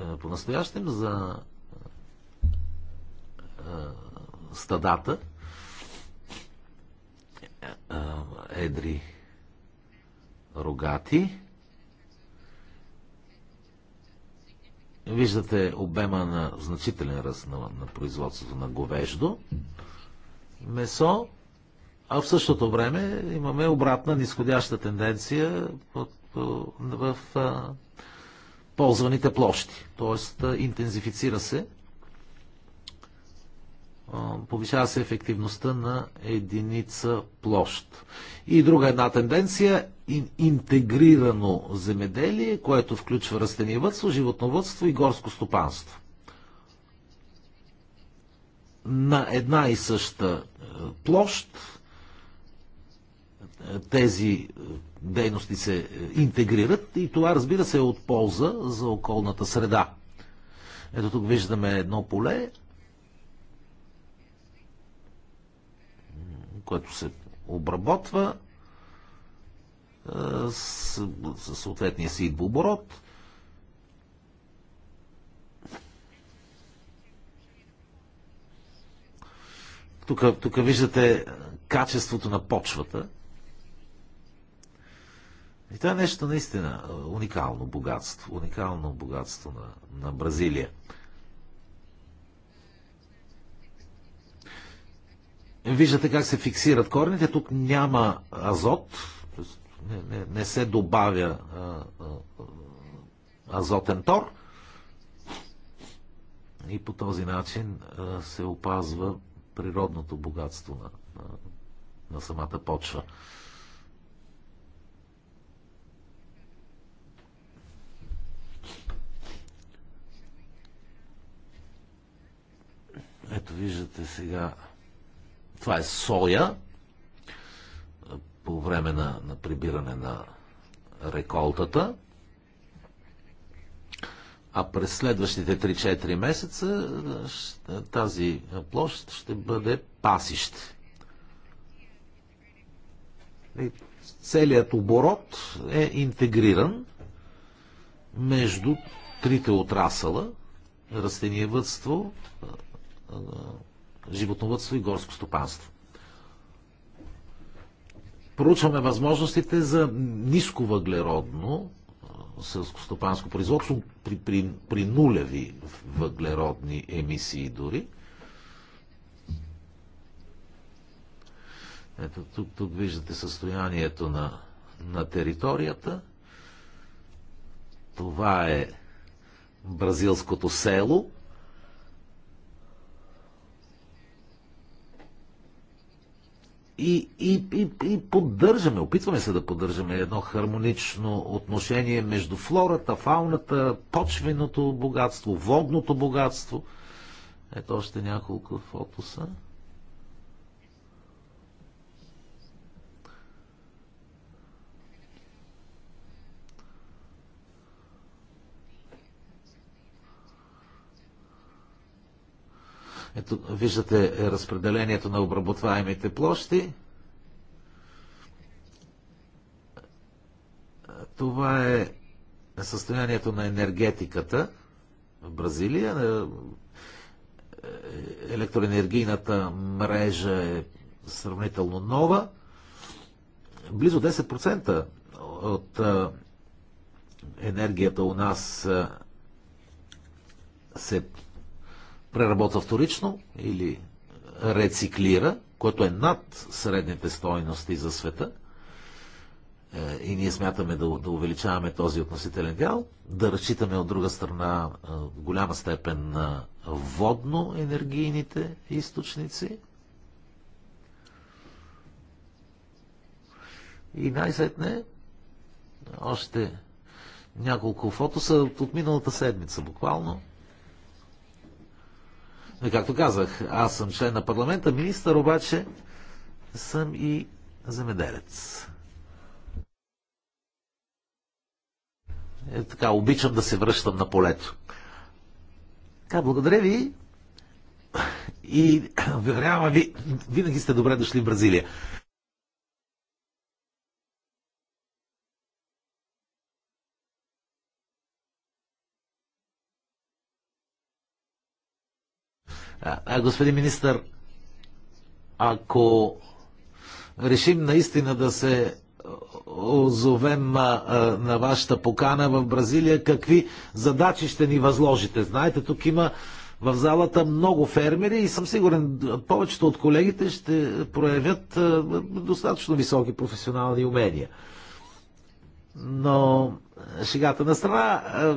Speaker 7: Е, по-настоящем за е, стадата е, едри рогати. Виждате обема на значителен ръст на, на производството на говеждо месо, а в същото време имаме обратна нисходяща тенденция в, в, в в ползваните площи. Тоест, интензифицира се, повишава се ефективността на единица площ. И друга една тенденция интегрирано земеделие, което включва растениевътство, животновътство и горско стопанство. На една и съща площ тези дейности се е, интегрират и това разбира се е от полза за околната среда. Ето тук виждаме едно поле, което се обработва е, с, съответния си оборот. Тук, тук виждате качеството на почвата – и това е нещо наистина уникално богатство, уникално богатство на, на Бразилия. Виждате как се фиксират корените. Тук няма азот, не, не, не се добавя а, а, азотен тор. И по този начин а, се опазва природното богатство на, на, на самата почва.
Speaker 1: Ето виждате
Speaker 7: сега. Това е соя по време на, на прибиране на реколтата. А през следващите 3-4 месеца тази площ ще бъде пасище. И целият оборот е интегриран между трите отрасъла растениевътство, животновътство и горско стопанство. Проучваме възможностите за ниско въглеродно сълскостопанско производство при, при, при нулеви въглеродни емисии дори. Ето тук, тук виждате състоянието на, на територията. Това е бразилското село. и, и, и, и поддържаме, опитваме се да поддържаме едно хармонично отношение между флората, фауната, почвеното богатство, водното богатство. Ето още няколко фотоса. Ето, виждате разпределението на обработваемите площи. Това е състоянието на енергетиката в Бразилия. Електроенергийната мрежа е сравнително нова. Близо 10% от енергията у нас се преработва вторично или рециклира, което е над средните стойности за света, е, и ние смятаме да, да увеличаваме този относителен дял, да разчитаме от друга страна е, в голяма степен на водно-енергийните източници. И най-сетне още няколко фотоса от миналата седмица буквално. Както казах, аз съм член на парламента, министър обаче съм и земеделец. Е, така, обичам да се връщам на полето. Така, благодаря ви и уверявам ви, винаги сте добре дошли в Бразилия. А, господин министър, ако решим наистина да се озовем а, а, на вашата покана в Бразилия, какви задачи ще ни възложите? Знаете, тук има в залата много фермери и съм сигурен, повечето от колегите ще проявят а, достатъчно високи професионални умения. Но е, шегата на страна, е,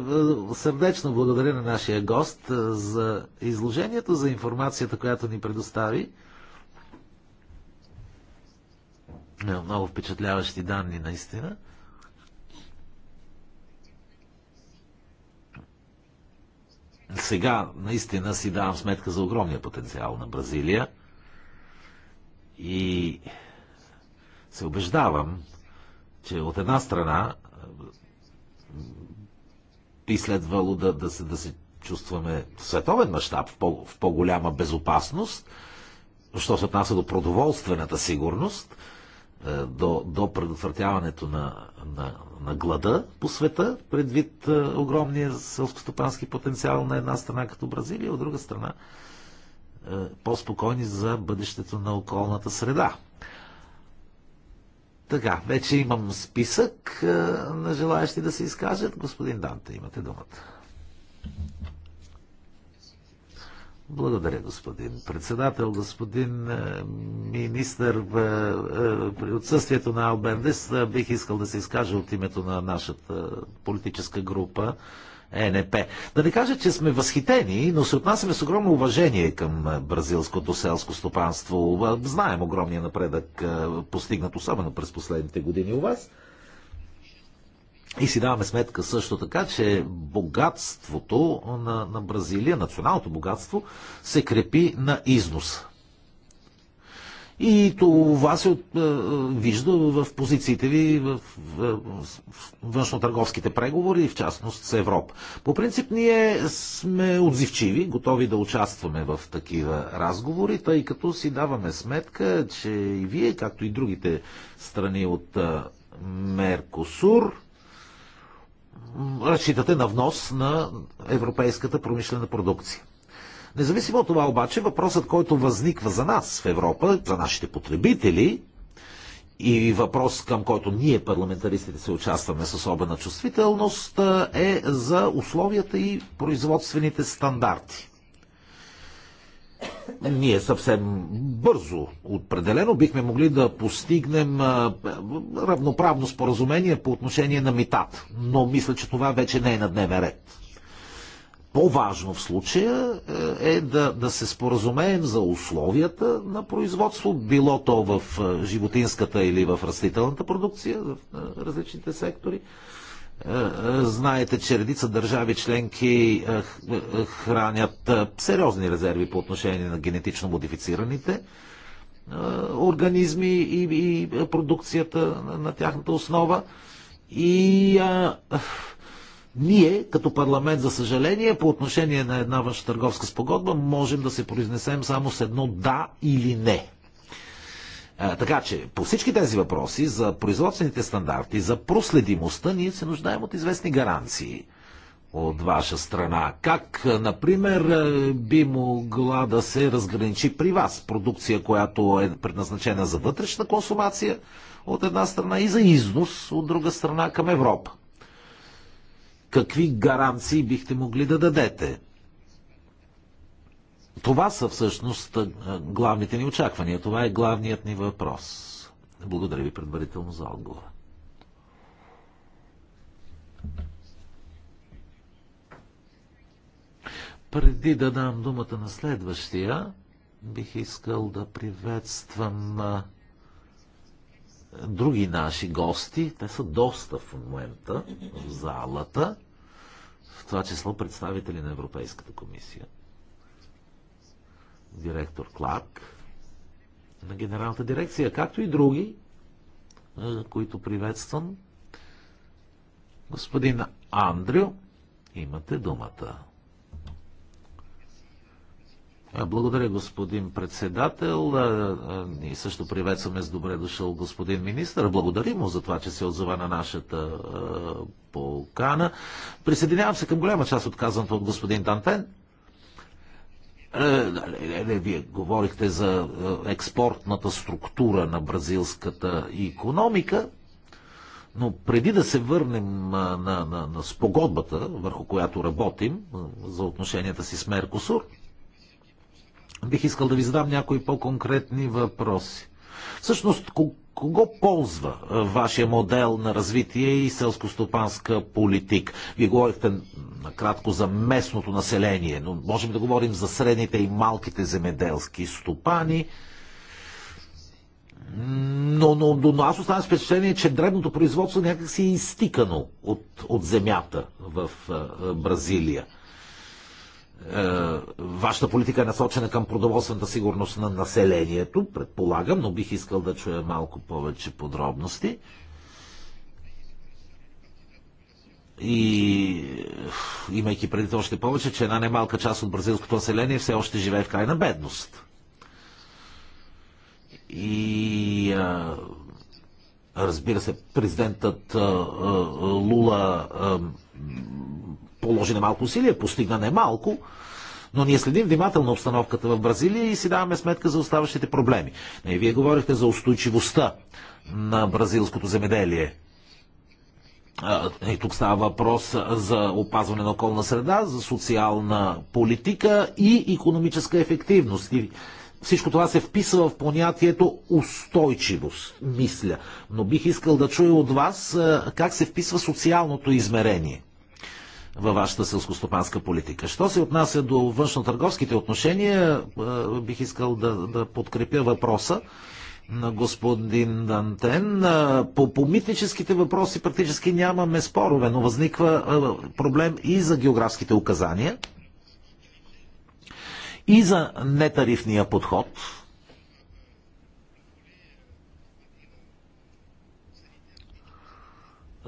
Speaker 7: е, сърдечно благодаря на нашия гост за изложението, за информацията, която ни предостави. Много впечатляващи данни, наистина. Сега наистина си давам сметка за огромния потенциал на Бразилия и се убеждавам, че от една страна е, би следвало да, да, се, да се чувстваме в световен мащаб, в, по, в по-голяма безопасност, що се отнася до продоволствената сигурност, е, до, до предотвратяването на, на, на глада по света, предвид е, огромния селскостопански потенциал на една страна като Бразилия, от друга страна по-спокойни за бъдещето на околната среда. Така, вече имам списък е, на желаящи да се изкажат. Господин Данте, имате думата. Благодаря, господин председател. Господин е, министър, е, при отсъствието на Албендес бих искал да се изкажа от името на нашата политическа група. ЕНП. Да не кажа, че сме възхитени, но се отнасяме с огромно уважение към бразилското селско стопанство. Знаем огромния напредък, постигнат особено през последните години у вас. И си даваме сметка също така, че богатството на, на Бразилия, националното богатство, се крепи на износ. И това се от, е, вижда в позициите ви в, в, в външно-търговските преговори, в частност с Европа. По принцип ние сме отзивчиви, готови да участваме в такива разговори, тъй като си даваме сметка, че и вие, както и другите страни от е, Меркосур, разчитате на внос на европейската промишлена продукция. Независимо от това обаче, въпросът, който възниква за нас в Европа, за нашите потребители, и въпрос, към който ние, парламентаристите, се участваме с особена чувствителност, е за условията и производствените стандарти. Ние съвсем бързо, определено, бихме могли да постигнем равноправно споразумение по отношение на митата. Но мисля, че това вече не е на дневен ред. По-важно в случая е, е да, да се споразумеем за условията на производство, било то в е, животинската или в растителната продукция, в е, различните сектори. Знаете, че редица държави членки хранят сериозни резерви по отношение на генетично модифицираните организми и, и продукцията на тяхната основа. И а, ние, като парламент, за съжаление, по отношение на една външна търговска спогодба, можем да се произнесем само с едно да или не. А, така че, по всички тези въпроси, за производствените стандарти, за проследимостта, ние се нуждаем от известни гаранции от ваша страна. Как, например, е, би могла да се разграничи при вас продукция, която е предназначена за вътрешна консумация от една страна и за износ от друга страна към Европа? какви гаранции бихте могли да дадете? Това са всъщност главните ни очаквания. Това е главният ни въпрос. Благодаря ви предварително за отговора. Преди да дам думата на следващия, бих искал да приветствам други наши гости. Те са доста в момента в залата, в това число представители на Европейската комисия. Директор Кларк на Генералната дирекция, както и други, е, които приветствам. Господин Андрю, имате думата. Благодаря, господин председател. Ние също приветстваме с добре дошъл господин министър. Благодарим му за това, че се отзова на нашата полкана. Присъединявам се към голяма част от казаното от господин Дантен. Нали, не, вие говорихте за експортната структура на бразилската економика, но преди да се върнем на, на, на спогодбата, върху която работим, за отношенията си с Меркосур, бих искал да ви задам някои по-конкретни въпроси. Всъщност, кого ползва вашия модел на развитие и селскостопанска политика? Вие говорихте накратко за местното население, но можем да говорим за средните и малките земеделски стопани. Но, но, но, но аз оставам с впечатление, че дребното производство някакси е изтикано от, от земята в Бразилия. Е, вашата политика е насочена към продоволствената сигурност на населението, предполагам, но бих искал да чуя малко повече подробности. И имайки преди още повече, че една немалка част от бразилското население все още живее в крайна бедност. И а, е, разбира се, президентът а, е, а, Лула а, положи немалко усилие, постигна немалко, но ние следим внимателно обстановката в Бразилия и си даваме сметка за оставащите проблеми. Не, нали, вие говорихте за устойчивостта на бразилското земеделие. И тук става въпрос за опазване на околна среда, за социална политика и економическа ефективност. И всичко това се вписва в понятието устойчивост, мисля. Но бих искал да чуя от вас как се вписва социалното измерение във вашата селскостопанска политика. Що се отнася до външно-търговските отношения, бих искал да, да подкрепя въпроса на господин Дантен. По, по митническите въпроси практически нямаме спорове, но възниква проблем и за географските указания, и за нетарифния подход.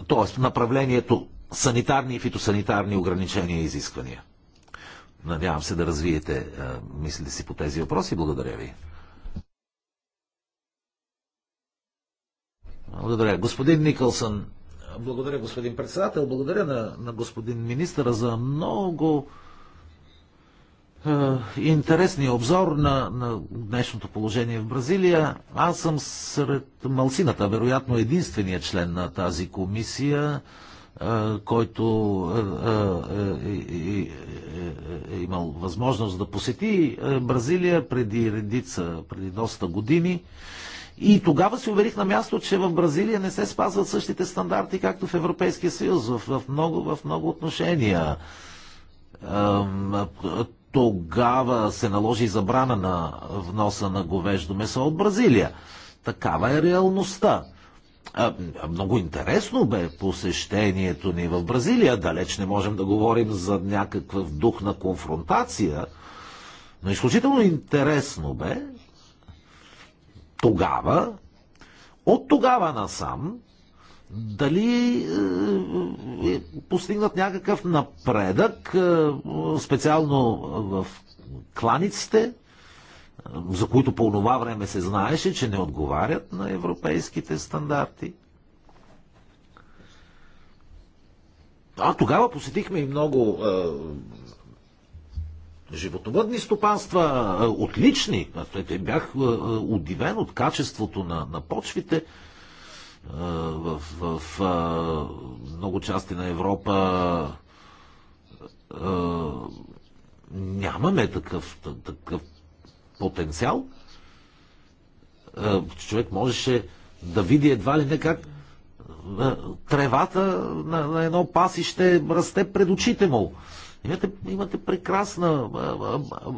Speaker 7: Тоест направлението санитарни и фитосанитарни ограничения и изисквания. Надявам се да развиете е, мислите си по тези въпроси. Благодаря ви. Благодаря. Господин Никълсън, благодаря господин председател, благодаря на, на господин министъра за много е, интересния обзор на, на днешното положение в Бразилия. Аз съм сред малцината, вероятно единствения член на тази комисия, който е, е, е, е имал възможност да посети Бразилия преди редица, преди доста години. И тогава се уверих на място, че в Бразилия не се спазват същите стандарти, както в Европейския съюз, в, в, много, в много отношения. Тогава се наложи забрана на вноса на говеждо месо от Бразилия. Такава е реалността. Много интересно бе посещението ни в Бразилия. Далеч не можем да говорим за някакъв дух на конфронтация, но изключително интересно бе тогава, от тогава насам, дали е, е постигнат някакъв напредък, е, специално в кланиците, за които по това време се знаеше, че не отговарят на европейските стандарти. А тогава посетихме и много е, животновъдни стопанства, е, отлични. Бях е, удивен от качеството на, на почвите. Е, в, в е, много части на Европа е, нямаме такъв, такъв потенциал, е, човек можеше да види едва ли не как е, тревата на, на едно пасище расте пред очите му. Имате, имате прекрасна, е,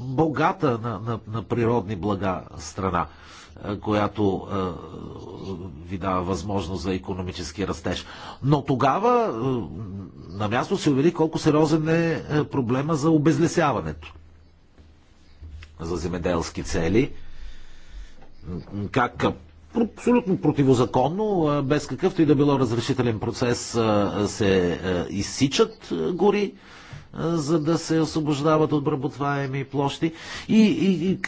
Speaker 7: богата на, на, на природни блага страна, която ви дава възможност за економически растеж. Но тогава на място се увери колко сериозен е проблема за обезлесяването за земеделски цели. Как абсолютно противозаконно, без какъвто и да било разрешителен процес, се изсичат гори, за да се освобождават от обработваеми площи. И, и, и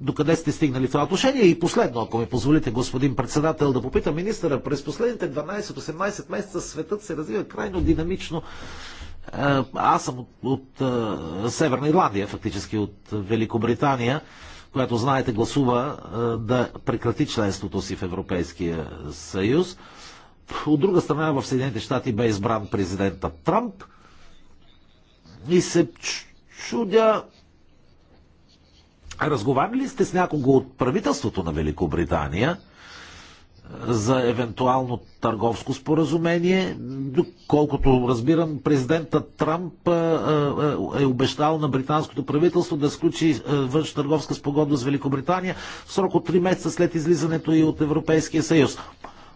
Speaker 7: докъде сте стигнали в това отношение? И последно, ако ми позволите, господин председател, да попитам министъра, през последните 12-18 месеца светът се развива крайно динамично е, аз съм от, от, е, Северна Ирландия, фактически от Великобритания, която, знаете, гласува е, да прекрати членството си в Европейския съюз. От друга страна, в Съединените щати бе избран президента Трамп и се чудя. Разговаряли сте с някого от правителството на Великобритания – за евентуално търговско споразумение. Колкото разбирам, президента Трамп е обещал на британското правителство да сключи външна търговска спогодба с Великобритания в срок от 3 месеца след излизането и от Европейския съюз.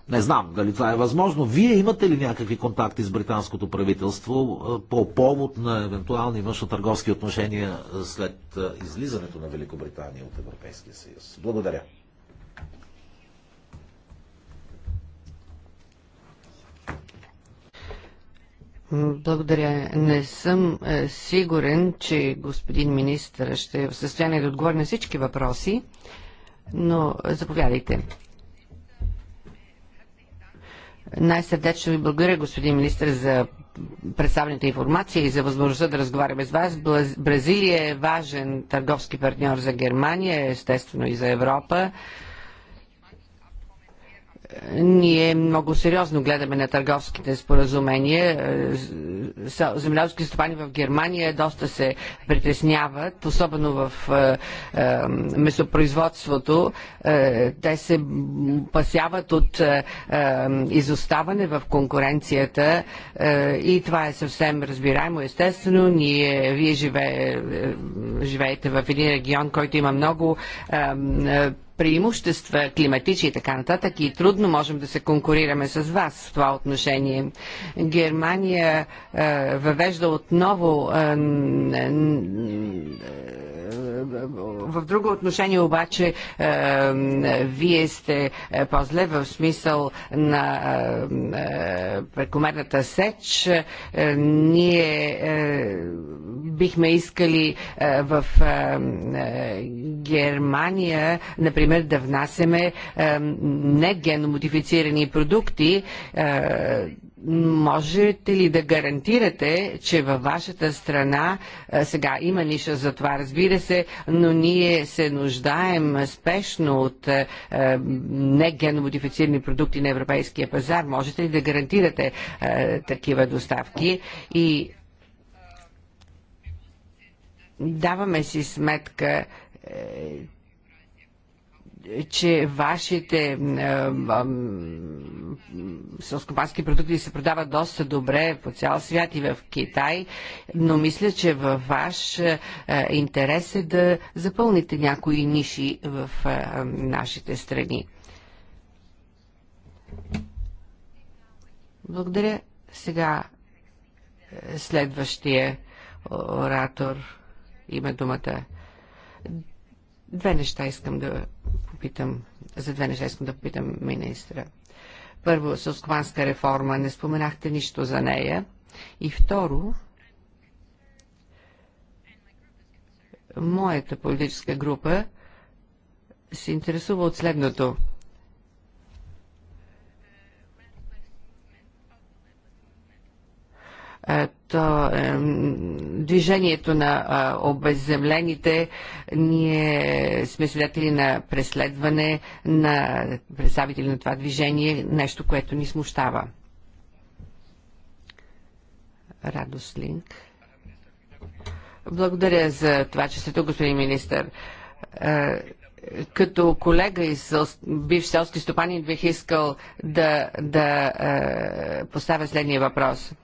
Speaker 7: Не знам дали това е възможно. Вие имате ли някакви контакти с британското правителство по повод на евентуални външно-търговски отношения след излизането на Великобритания от Европейския съюз? Благодаря.
Speaker 2: Благодаря. Не съм е, сигурен, че господин министър ще е в състояние да отговори на всички въпроси, но заповядайте. Най-сърдечно ви благодаря, господин министр, за представената информация и за възможността да разговаряме с вас. Бразилия е важен търговски партньор за Германия, естествено и за Европа ние много сериозно гледаме на търговските споразумения. Земеделски стопани в Германия доста се притесняват, особено в е, е, месопроизводството. Е, те се пасяват от изоставане в конкуренцията и това е съвсем разбираемо. Естествено, ние, вие живее, живеете в един регион, който има много преимущества, климатичи и така нататък и трудно можем да се конкурираме с вас в това отношение. Германия е, въвежда отново е, в друго отношение обаче вие сте е, по-зле в смисъл на е, е, прекомерната сеч. Ние бихме искали в Германия, например, да внасяме негеномодифицирани продукти, Можете ли да гарантирате, че във вашата страна сега има ниша за това, разбира се, но ние се нуждаем спешно от е, негеномодифицирани продукти на европейския пазар? Можете ли да гарантирате е, такива доставки? И даваме си сметка, е, че вашите селскопански продукти се продават доста добре по цял свят и в Китай, но мисля, че във ваш е, е, интерес е да запълните някои ниши в е, нашите страни. Благодаря. Сега следващия оратор има думата. Две неща искам да попитам, за две неща искам да попитам министра. Първо, сълскванска реформа, не споменахте нищо за нея. И второ, моята политическа група се интересува от следното – Е, то движението на обезземлените, ние сме свидетели на преследване на представители на това движение, нещо, което ни смущава. Радост Линк. Благодаря за това, че сте тук, господин министр. Е, като колега и бив селски стопанин бих искал да, да е, поставя следния въпрос –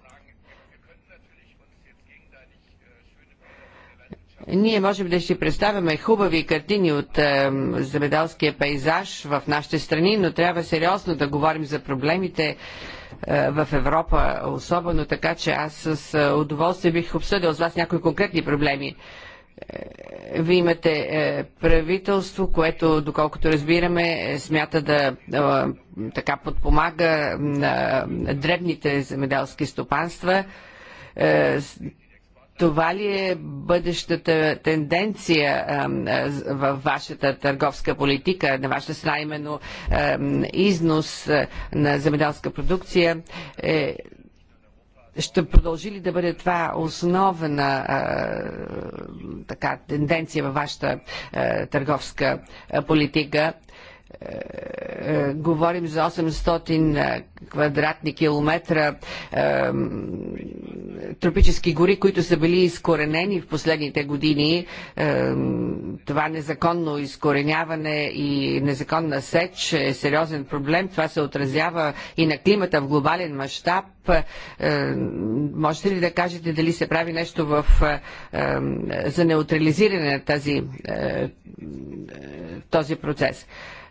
Speaker 2: Ние можем да си представяме хубави картини от е, земеделския пейзаж в нашите страни, но трябва сериозно да говорим за проблемите е, в Европа, особено така, че аз с е, удоволствие бих обсъдил с вас някои конкретни проблеми. Е, Вие имате е, правителство, което, доколкото разбираме, смята да така подпомага дребните земеделски стопанства това ли е бъдещата тенденция в вашата търговска политика, на вашата страна, именно износ на земеделска продукция? Е, ще продължи ли да бъде това основна така, тенденция във вашата търговска политика? Е, говорим за 800 е, квадратни километра е, тропически гори, които са били изкоренени в последните години. това незаконно изкореняване и незаконна сеч е сериозен проблем. Това се отразява и на климата в глобален мащаб. можете ли да кажете дали се прави нещо в, за неутрализиране на тази, този процес?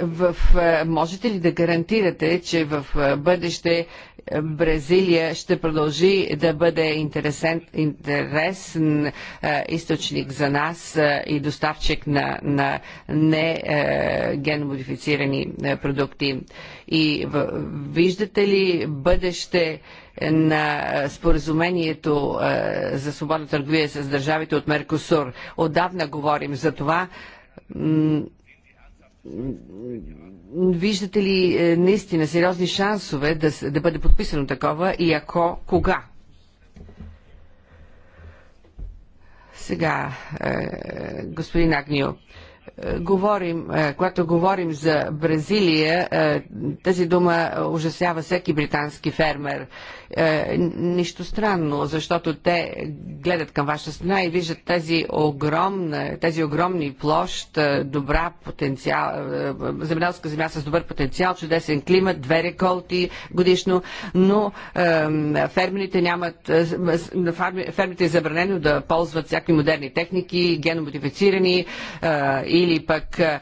Speaker 2: в, е, можете ли да гарантирате, че в е, бъдеще е, Бразилия ще продължи да бъде интересен, интересен източник за нас и доставчик на, на не генмодифицирани продукти? И в, виждате ли бъдеще на споразумението за свободна търговия с държавите от Меркосур? Отдавна говорим за това Виждате ли е, наистина сериозни шансове да, да бъде подписано такова и ако, кога? Сега, е, господин Агнио, е, говорим, когато говорим за Бразилия, тази дума ужасява всеки британски фермер е, нищо странно, защото те гледат към ваша страна и виждат тези, огромна, тези огромни площ, е, добра потенциал, е, е, земеделска земя с добър потенциал, чудесен климат, две реколти годишно, но е, фермерите нямат, е, фермите е забранено да ползват всякакви модерни техники, геномодифицирани е, или пък е,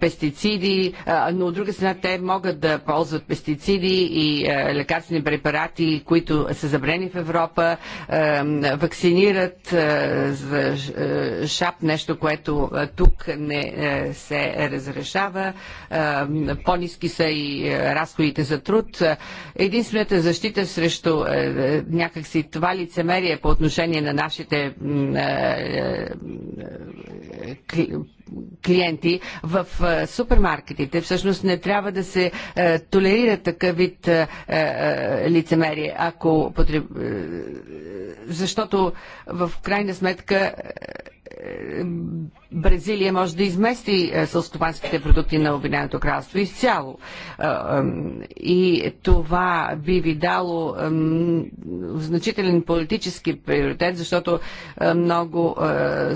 Speaker 2: пестициди, е, но от друга страна те могат да ползват пестициди и е, лекарствени препарати, които са забрани в Европа, вакцинират е, за е, шап, нещо, което е, тук не се разрешава. По-низки са и разходите за труд. Единствената защита срещу някакси това лицемерие по отношение на нашите клиенти в е, супермаркетите. Всъщност не трябва да се е, толерира такъв вид е, лицемерие, ако потреб... защото в крайна сметка Бразилия може да измести сълстопанските продукти на Обединеното кралство изцяло. И това би ви дало значителен политически приоритет, защото много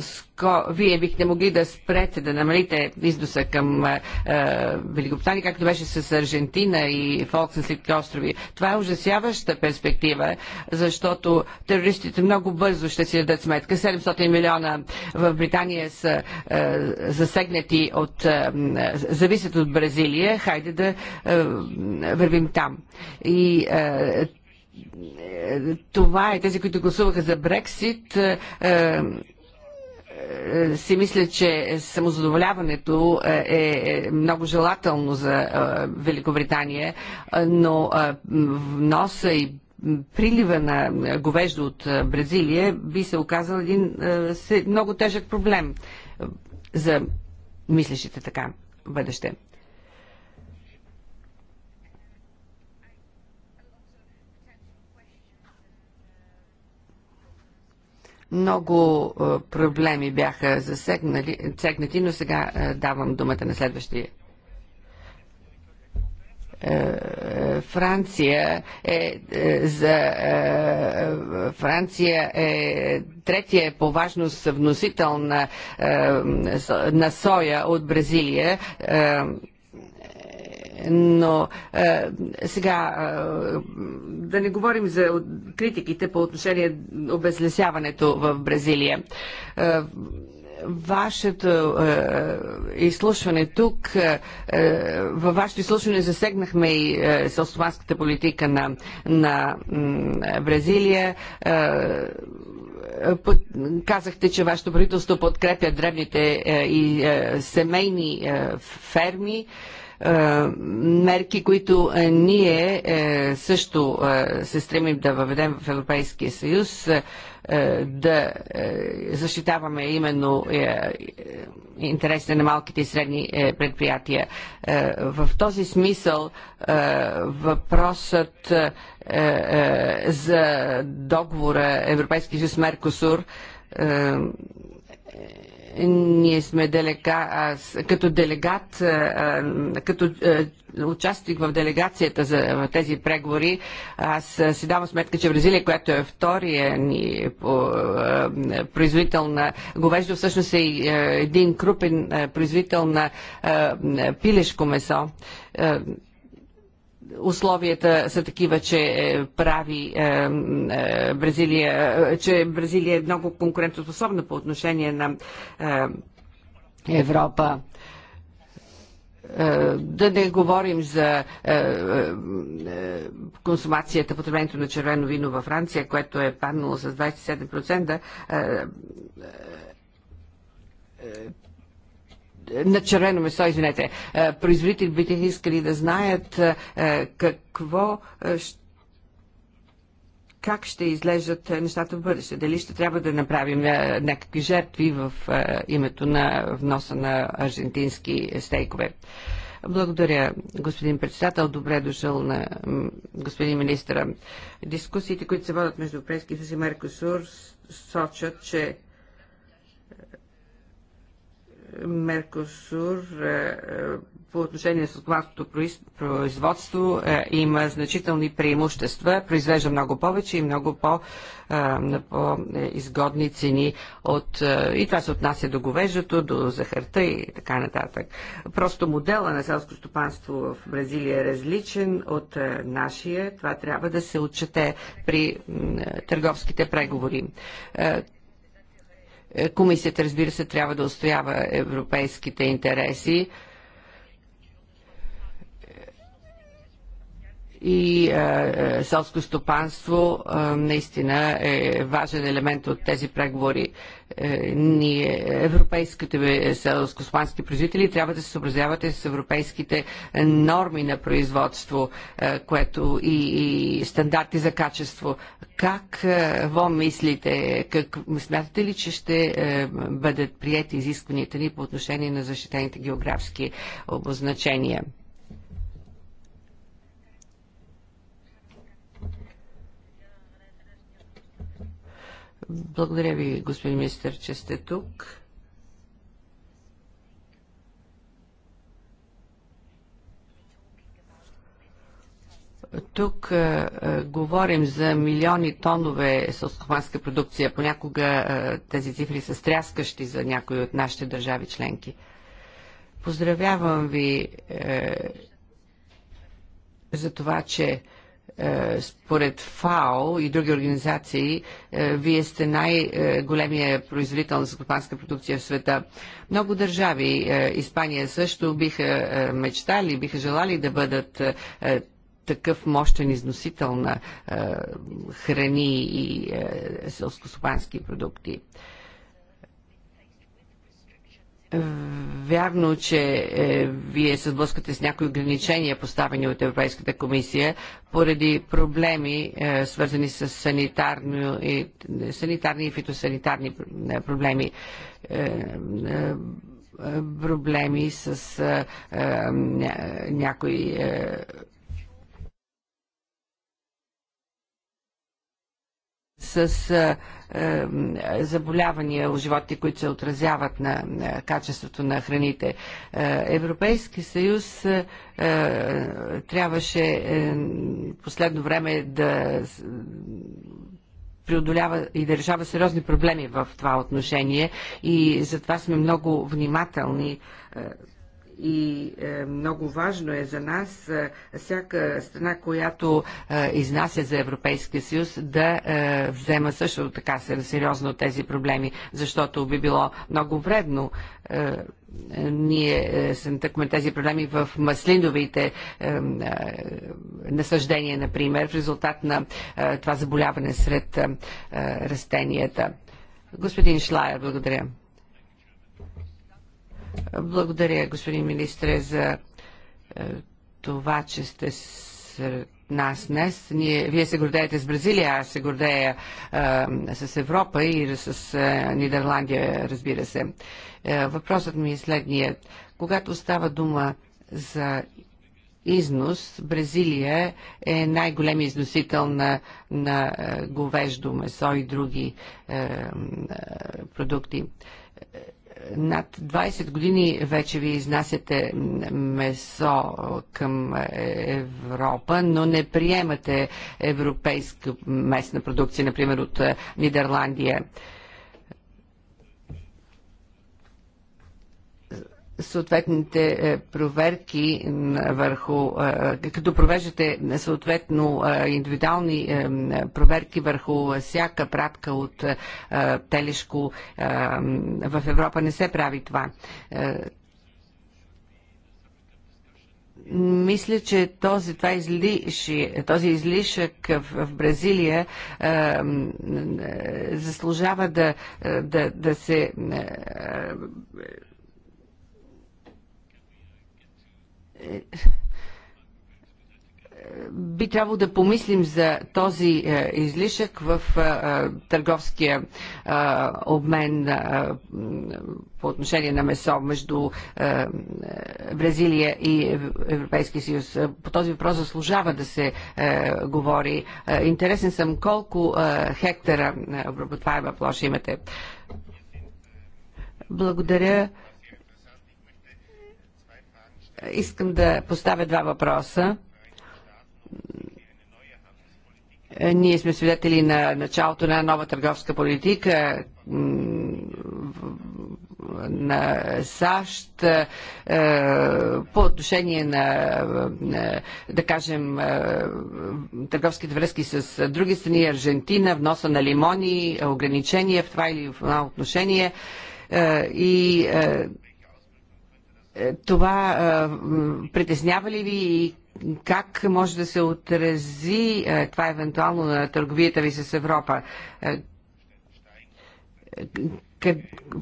Speaker 2: скоро ко, вие бихте могли да спрете, да намалите износа към е, е, Великобритания, както беше с Аржентина и Фолксенските острови. Това е ужасяваща перспектива, защото терористите много бързо ще си дадат сметка. 700 милиона в Британия са е, засегнати от, е, зависят от Бразилия. Хайде да е, вървим там. И е, е това е тези, които гласуваха за Брексит. Е, е е, си мисля, че самозадоволяването е, е, е много желателно за Великобритания, но вноса и прилива на говеждо от Бразилия би се оказал един много тежък проблем за мислещите така бъдеще. Много е, проблеми бяха засегнати, но сега е, давам думата на следващия. Е, Франция е за Франция е третия по важност вносител на, на соя от Бразилия но е, сега е, да не говорим за критиките по отношение обезлесяването в Бразилия. Е, вашето е, изслушване тук, е, е във вашето изслушване засегнахме и е, селстоманската политика на, на е, Бразилия. Е, под, казахте, че вашето правителство подкрепя древните е, и е, семейни е, ферми. Е, е, мерки, които е, ние е, също се стремим да въведем в Европейския съюз, да защитаваме именно интересите на малките и средни предприятия. В този смисъл въпросът за договора Европейски съюз Меркосур ние сме делега, аз, като делегат, като участник в делегацията за тези преговори, аз си давам сметка, че Бразилия, която е втория ни производител на говеждо, всъщност е един крупен производител на пилешко месо условията са такива, че е, прави е, е, Бразилия, че Бразилия е много конкурентоспособна по отношение на Европа да не говорим за консумацията, потреблението на червено вино във Франция, което е паднало с 27%, на червено месо, извинете, е, производители бите искали да знаят е, е, какво ще как ще излежат нещата в бъдеще. Дали ще трябва да направим някакви жертви в името на вноса на аржентински стейкове. Благодаря, господин председател. Добре дошъл на господин министра. Дискусиите, които се водят между Европейския и и Меркосур, сочат, че Меркосур е, е, по отношение с откласното производство е, има значителни преимущества, произвежда много повече и много по, на по-изгодни цени от... И това се отнася до говеждото, до захарта и така нататък. Просто модела на селско стопанство в Бразилия е различен от нашия. Това трябва да се отчете при търговските преговори. Е, комисията, разбира се, трябва да устоява европейските интереси. и е, е, селско стопанство е, наистина е важен елемент от тези преговори. Е, ние, европейските е, селско-стопански производители трябва да се съобразявате с европейските норми на производство е, което и, и стандарти за качество. Как е, во мислите? Как, смятате ли, че ще е, бъдат прияти изискванията ни по отношение на защитените географски обозначения? Благодаря ви, господин министр, че сте тук. Тук а, е, е, говорим за милиони тонове селскохманска продукция. Понякога а, е, тези цифри са стряскащи за някои от нашите държави членки. Поздравявам ви а, за това, че е, според ФАО и други организации, е, вие сте най-големия производител на скопанска продукция в света. Много държави, е, Испания също, биха мечтали, биха желали да бъдат такъв мощен износител на храни и селскостопански продукти. Вярно, че е, вие се сблъскате с някои ограничения, поставени от Европейската комисия, поради проблеми, е, свързани с санитарни и, санитарни и фитосанитарни е, проблеми. Е, е, проблеми с е, е, някои. Е, с а, е, заболявания у животни, които се отразяват на, на качеството на храните. Е, Европейски съюз е, трябваше е, последно време да преодолява и да решава сериозни проблеми в това отношение и затова сме много внимателни и е, много важно е за нас е, всяка страна, която е, изнася за Европейския съюз, да взема също така сериозно тези проблеми, защото би било много вредно ние се натъкваме тези проблеми в маслиновите насъждения, например, в резултат на това заболяване сред растенията. Господин Шлайер, благодаря. Благодаря, господин министре, за е, това, че сте с нас днес. Ние, вие се гордеете с Бразилия, аз се гордея а, е, с Европа и с а, е, Нидерландия, разбира се. А, въпросът ми е следният. Когато става дума за износ, Бразилия е най голем износител на, на говеждо месо и други а, продукти над 20 години вече ви изнасяте месо към Европа, но не приемате европейска местна продукция, например от е, Нидерландия. съответните е, проверки върху, е, е, като провеждате съответно индивидуални проверки върху всяка пратка от телешко в Европа, не се прави това. Мисля, че този, това излиши, този излишък в, в Бразилия е, заслужава да, да, да се е, би трябвало да помислим за този е, излишък в е, е, търговския обмен по отношение на месо между Бразилия и Европейския съюз. По този въпрос заслужава да се говори. Интересен съм колко хектара обработваема площа имате. Благодаря. Искам да поставя два въпроса. Е, ние сме свидетели на началото на нова търговска политика на САЩ е, е, по отношение на, да кажем, търговските връзки с други страни, Аржентина, вноса на лимони, ограничения в това или в това отношение и е, това е, притеснява ли ви и как може да се отрази е, това евентуално на търговията ви с Европа?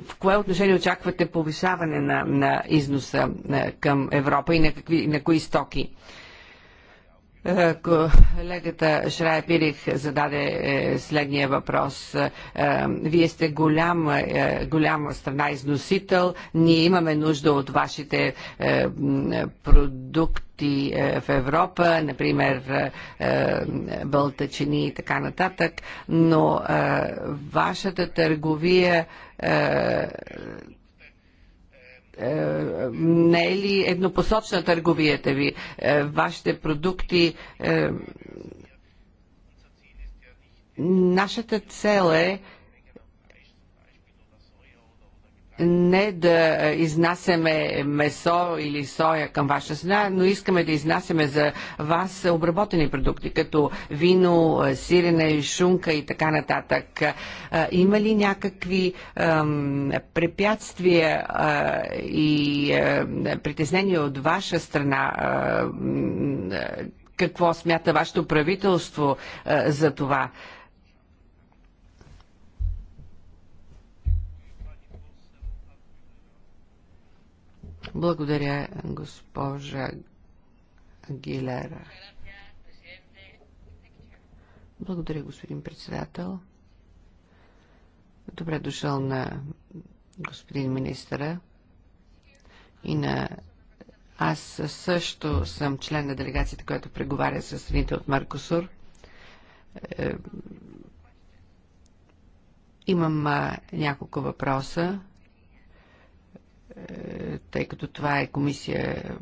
Speaker 2: в кое отношение очаквате повишаване на, на износа към Европа и на, какви, на кои стоки? Е, колегата Шрая Пирих зададе е, следния въпрос. Е, вие сте голям, голяма страна износител. Ние имаме нужда от вашите продукти в Европа, например бълтачини и така нататък, но вашата търговия е, не е ли еднопосочна търговията ви? Е, вашите продукти. Е, нашата цел е не да изнасяме месо или соя към ваша страна, но искаме да изнасяме за вас обработени продукти, като вино, сирене, шунка и така нататък. Има ли някакви препятствия и притеснения от ваша страна? какво смята вашето правителство за това? Благодаря, госпожа Гилера. Благодаря, господин председател. Добре дошъл на господин министъра и на аз също съм член на делегацията, която преговаря с страните от Маркосур. Е, имам няколко въпроса тъй като това е комисия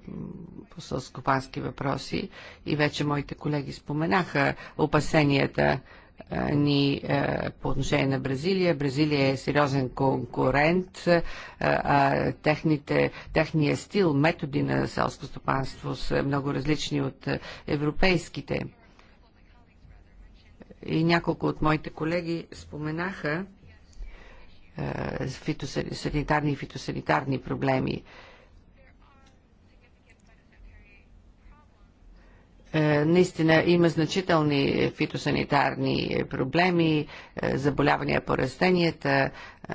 Speaker 2: по сълскопански въпроси и вече моите колеги споменаха опасенията ни по отношение на Бразилия. Бразилия е сериозен конкурент, а техните, техния стил, методи на селско стопанство са много различни от европейските. И няколко от моите колеги споменаха е, фитосанитарни и фитосанитарни проблеми. Е, наистина има значителни фитосанитарни проблеми, е, заболявания по растенията,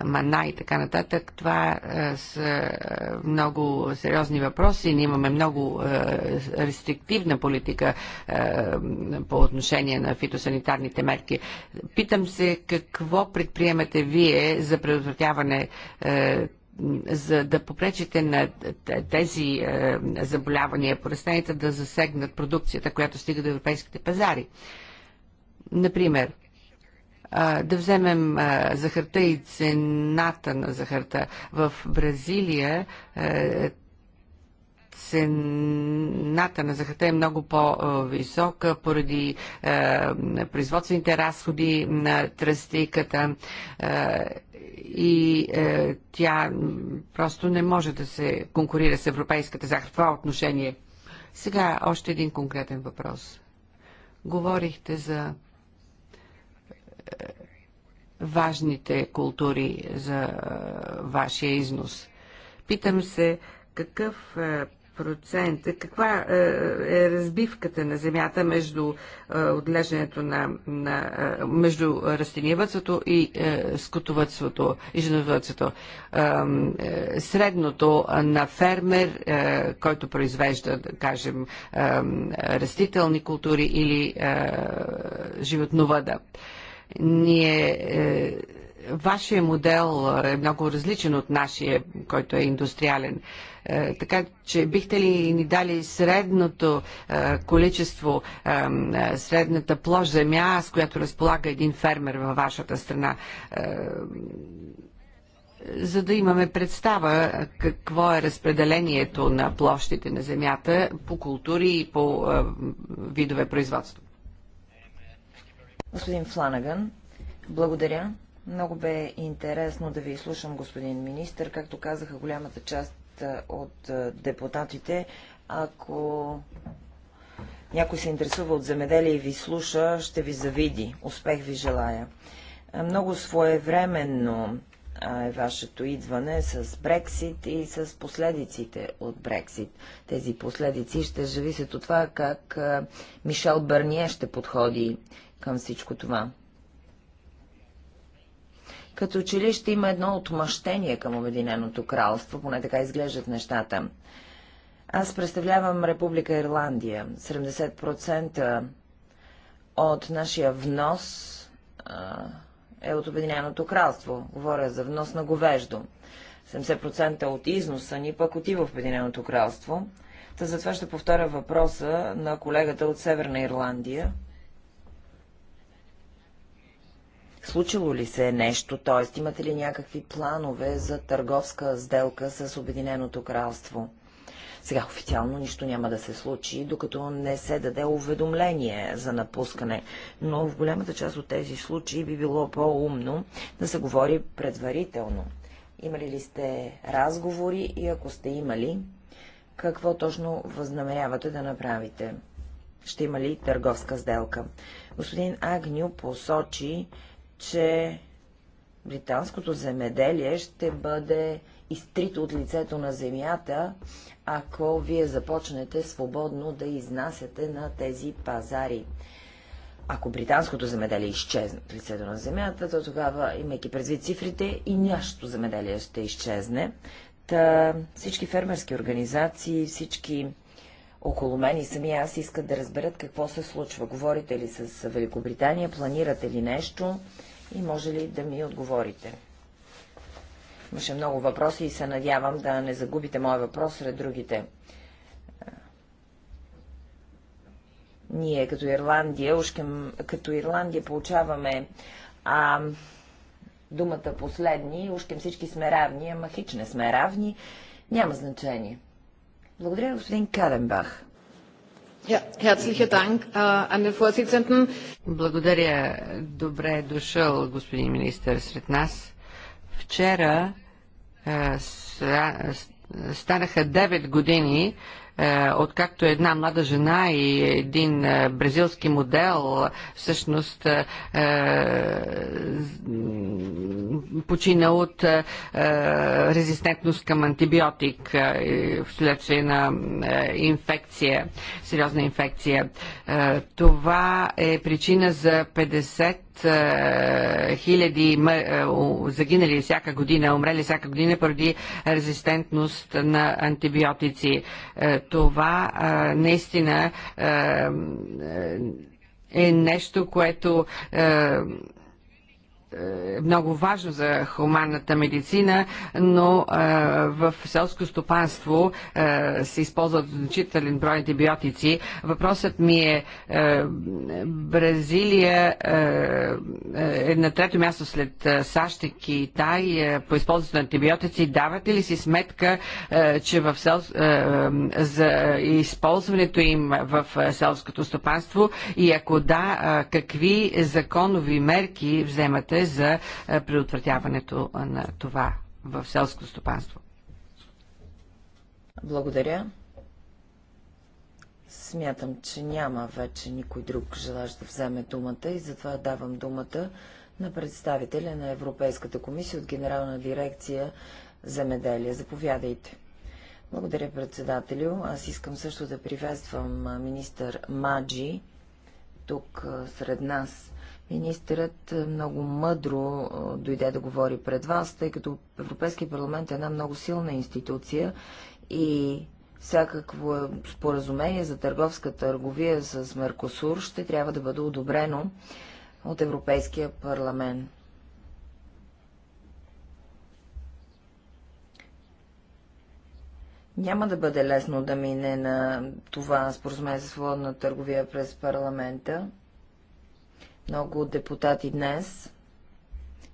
Speaker 2: мана и така нататък. Това е, са е, много сериозни въпроси. Ние имаме много е, рестриктивна политика по отношение на фитосанитарните мерки. Питам се какво предприемате вие за предотвратяване за да попречите на тези заболявания по растенията да засегнат продукцията, която стига до европейските пазари. Например, да вземем захарта и цената на захарта. В Бразилия е, цената на захарта е много по-висока поради е, производствените разходи на тръстейката е, и е, тя просто не може да се конкурира с европейската захар. Това отношение. Сега още един конкретен въпрос. Говорихте за важните култури за вашия износ. Питам се какъв процент, каква е разбивката на земята между отглеждането на, на между растениевътството и скотовътството и женовътството. Е, средното на фермер, който произвежда, да кажем, растителни култури или животновъда. Ние, е, вашия модел е много различен от нашия, който е индустриален. Е, така че бихте ли ни дали средното е, количество, е, е средната площ земя, с която разполага един фермер във вашата страна? Е, за да имаме представа какво е разпределението на площите на земята по култури и по е, видове производство.
Speaker 4: Господин Фланаган, благодаря. Много бе интересно да ви слушам, господин министр. Както казаха голямата част от депутатите, ако някой се интересува от земеделие и ви слуша, ще ви завиди. Успех ви желая. Много своевременно е вашето идване с Брексит и с последиците от Брексит. Тези последици ще зависят от това как Мишел Бърние ще подходи към всичко това. Като че ли ще има едно отмъщение към Обединеното кралство, поне така изглеждат нещата. Аз представлявам Република Ирландия. 70% от нашия внос е от Обединеното кралство. Говоря за внос на говеждо. 70% от износа ни пък отива в Обединеното кралство. Та затова ще повторя въпроса на колегата от Северна Ирландия. Случило ли се е нещо, т.е. имате ли някакви планове за търговска сделка с Обединеното кралство? Сега официално нищо няма да се случи, докато не се даде уведомление за напускане. Но в голямата част от тези случаи би било по-умно да се говори предварително. Имали ли сте разговори и ако сте имали, какво точно възнамерявате да направите? Ще има ли търговска сделка? Господин Агню посочи, че британското земеделие ще бъде изтрито от лицето на земята, ако вие започнете свободно да изнасяте на тези пазари. Ако британското земеделие изчезне от лицето на земята, то тогава, имайки предвид цифрите, и нашето земеделие ще изчезне. Та всички фермерски организации, всички около мен и сами аз искат да разберат какво се случва. Говорите ли с Великобритания, планирате ли нещо? и може ли да ми отговорите? Имаше много въпроси и се надявам да не загубите моя въпрос сред другите. Ние като Ирландия, ушкем, като Ирландия получаваме а, думата последни, ушкем всички сме равни, ама хич не сме равни, няма значение. Благодаря, господин
Speaker 3: Каденбах. Äh,
Speaker 2: Благодаря. Добре е дошъл, господин министър, сред нас. Вчера станаха 9 години е, откакто една млада жена и един е, бразилски модел всъщност е, почина от резистентност към антибиотик вследствие на инфекция, сериозна инфекция. Това е причина за 50 хиляди загинали всяка година, умрели всяка година поради резистентност на антибиотици това наистина е нещо, което а, е много важно за хуманната медицина, но е, в селско стопанство е, се използват значителен брой антибиотици. Въпросът ми е, е Бразилия е, е, е на трето място след е, САЩ и Китай по използването на антибиотици. Давате ли си сметка, че в сел... за използването им в селското стопанство и ако да, какви законови мерки вземате за предотвратяването на това в селско стопанство.
Speaker 4: Благодаря. Смятам, че няма вече никой друг желащ да вземе думата и затова давам думата на представителя на Европейската комисия от Генерална дирекция Земеделие. Заповядайте. Благодаря, председателю. Аз искам също да приветствам министър Маджи тук сред нас. Министърът е, много мъдро е, дойде да говори пред вас, тъй като Европейския парламент е една много силна институция и всякакво е споразумение за търговска търговия с Меркосур ще трябва да бъде одобрено от Европейския парламент. Няма да бъде лесно да мине на това споразумение за свободна търговия през парламента. Много депутати днес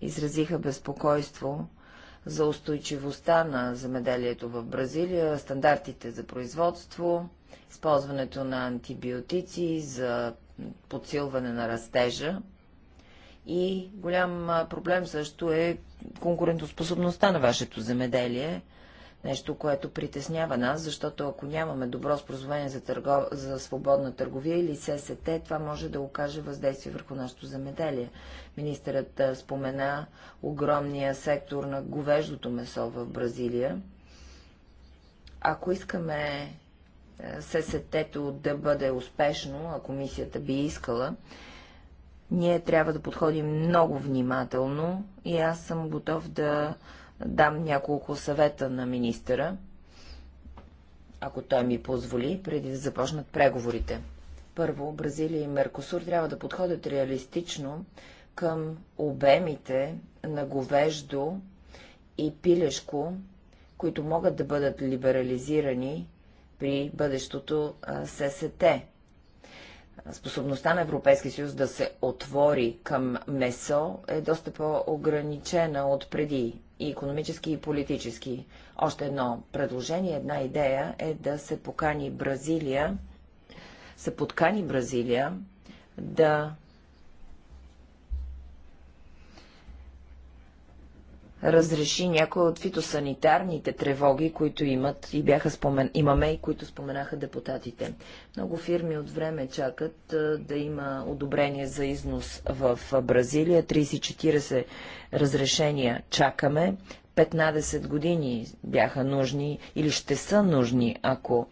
Speaker 4: изразиха безпокойство за устойчивостта на земеделието в Бразилия, стандартите за производство, използването на антибиотици за подсилване на растежа. И голям проблем също е конкурентоспособността на вашето земеделие – Нещо, което притеснява нас, защото ако нямаме добро споразумение за, търго... за свободна търговия или ССТ, това може да окаже въздействие върху нашето замеделие. Министърът спомена огромния сектор на говеждото месо в Бразилия. Ако искаме ССТ-то да бъде успешно, а комисията би искала, ние трябва да подходим много внимателно и аз съм готов да дам няколко съвета на министъра, ако той ми позволи, преди да започнат преговорите. Първо, Бразилия и Меркосур трябва да подходят реалистично към обемите на говеждо и пилешко, които могат да бъдат либерализирани при бъдещото ССТ. Способността на Европейския съюз да се отвори към месо е доста по-ограничена от преди и економически, и политически. Още едно предложение, една идея е да се покани Бразилия, се подкани Бразилия да разреши някои от фитосанитарните тревоги, които имат и бяха спомен... имаме и които споменаха депутатите. Много фирми от време чакат да има одобрение за износ в Бразилия. 30-40 разрешения чакаме. 15 години бяха нужни или ще са нужни, ако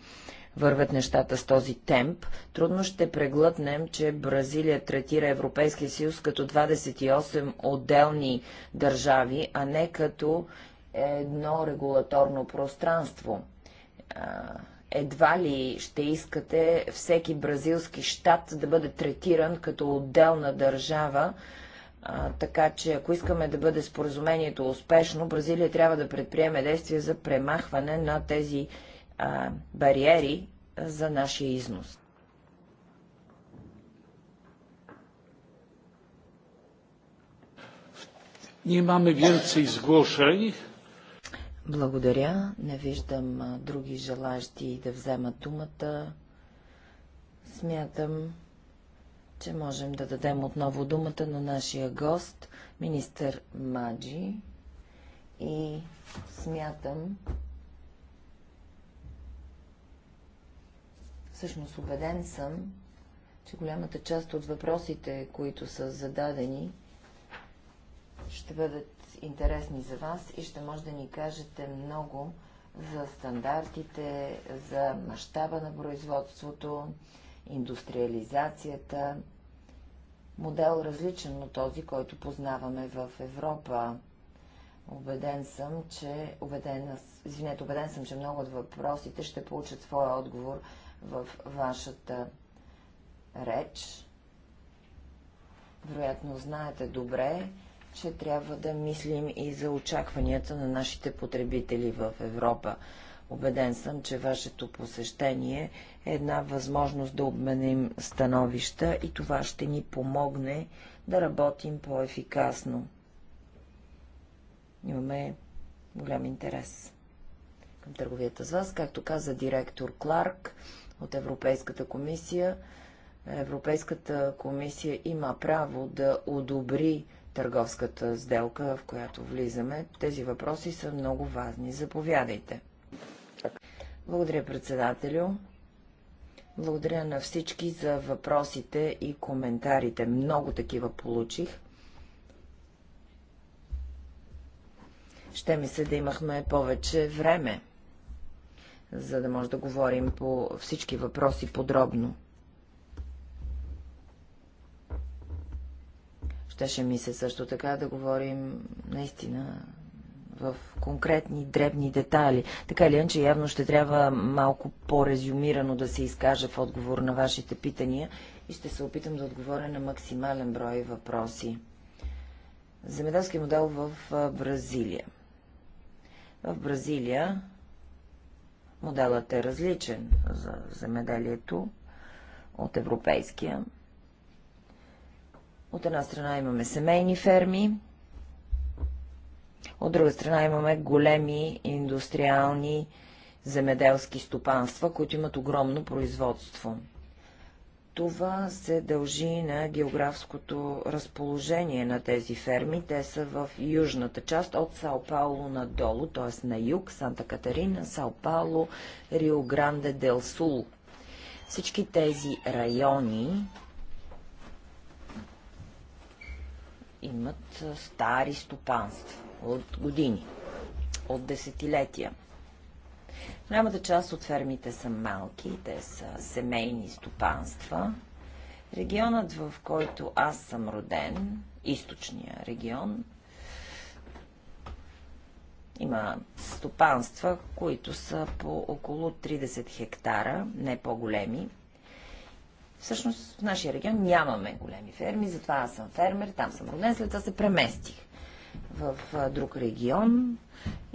Speaker 4: вървят нещата с този темп, трудно ще преглътнем, че Бразилия третира Европейския съюз като 28 отделни държави, а не като едно регулаторно пространство. Едва ли ще искате всеки бразилски щат да бъде третиран като отделна държава, а, така че ако искаме да бъде споразумението успешно, Бразилия трябва да предприеме действия за премахване на тези а, бариери за нашия износ. Ние имаме więcej Благодаря. Не виждам а, други желащи да вземат думата. Смятам, че можем да дадем отново думата на нашия гост, министър Маджи. И смятам, Всъщност убеден съм, че голямата част от въпросите, които са зададени, ще бъдат интересни за вас и ще може да ни кажете много за стандартите, за мащаба на производството, индустриализацията, модел различен от този, който познаваме в Европа. Обеден съм, че, убеден, извинете, убеден съм, че много от въпросите ще получат своя отговор в вашата реч. Вероятно знаете добре, че трябва да мислим и за очакванията на нашите потребители в Европа. Обеден съм, че вашето посещение е една възможност да обменим становища и това ще ни помогне да работим по-ефикасно. Имаме голям интерес към търговията с вас. Както каза директор Кларк, от Европейската комисия. Европейската комисия има право да одобри търговската сделка, в която влизаме. Тези въпроси са много важни. Заповядайте. Благодаря, председателю. Благодаря на всички за въпросите и коментарите. Много такива получих. Ще ми се да имахме повече време за да може да говорим по всички въпроси подробно. Щеше ми се също така да говорим наистина в конкретни дребни детайли. Така или че явно ще трябва малко по-резюмирано да се изкаже в отговор на вашите питания и ще се опитам да отговоря на максимален брой въпроси. Земеделски модел в Бразилия. В Бразилия Моделът е различен за земеделието от европейския. От една страна имаме семейни ферми, от друга страна имаме големи индустриални земеделски стопанства, които имат огромно производство. Това се дължи на географското разположение на тези ферми. Те са в южната част от Сао Пауло надолу, т.е. на юг, Санта Катарина, Сао Пауло, Рио Гранде Дел Сул. Всички тези райони имат стари стопанства от години, от десетилетия. Голямата част от фермите са малки, те са семейни стопанства. Регионът, в който аз съм роден, източния регион, има стопанства, които са по около 30 хектара, не по-големи. Всъщност в нашия регион нямаме големи ферми, затова аз съм фермер, там съм роден, след това се преместих в друг регион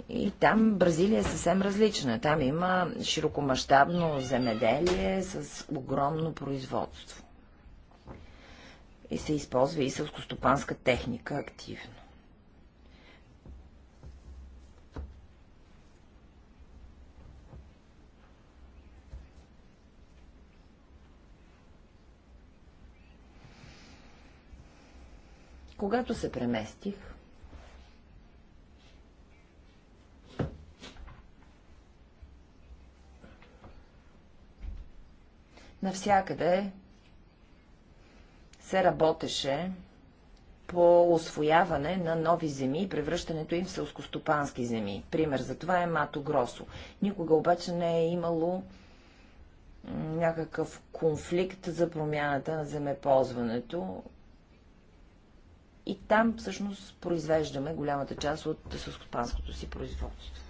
Speaker 4: и там Бразилия е съвсем различна. Там има широкомащабно земеделие с огромно производство. И се използва и сълскостопанска техника активно. Когато се преместих, Навсякъде се работеше по освояване на нови земи и превръщането им в селскостопански земи. Пример за това е Мато Гросо. Никога обаче не е имало някакъв конфликт за промяната на земеползването. И там всъщност произвеждаме голямата част от селскостопанското си производство.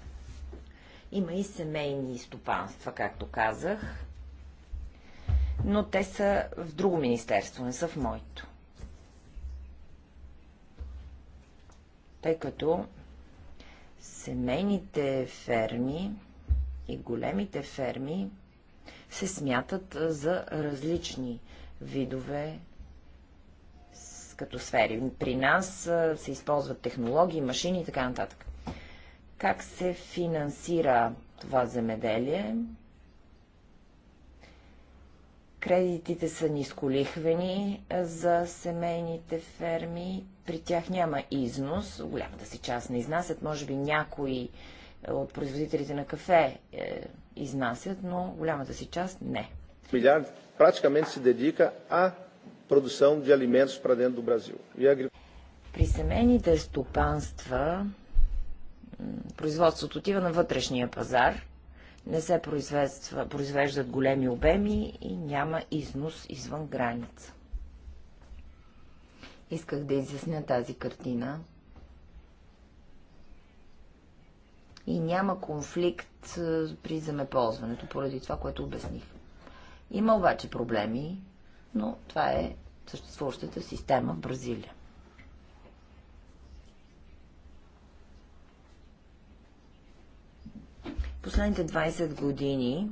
Speaker 4: Има и семейни стопанства, както казах но те са в друго министерство, не са в моето. Тъй като семейните ферми и големите ферми се смятат за различни видове като сфери. При нас се използват технологии, машини и така нататък. Как се финансира това земеделие? Кредитите са нисколихвени за семейните ферми. При тях няма износ. Голямата си част не изнасят. Може би някои от производителите на кафе е, изнасят, но голямата си част не.
Speaker 7: Милиард практически се дедика а продукцион на алименти за dentro
Speaker 4: Бразил. При семейните стопанства производството отива на вътрешния пазар не се произвеждат големи обеми и няма износ извън граница. Исках да изясня тази картина. И няма конфликт при земеползването, поради това, което обясних. Има обаче проблеми, но това е съществуващата система в Бразилия. Последните 20 години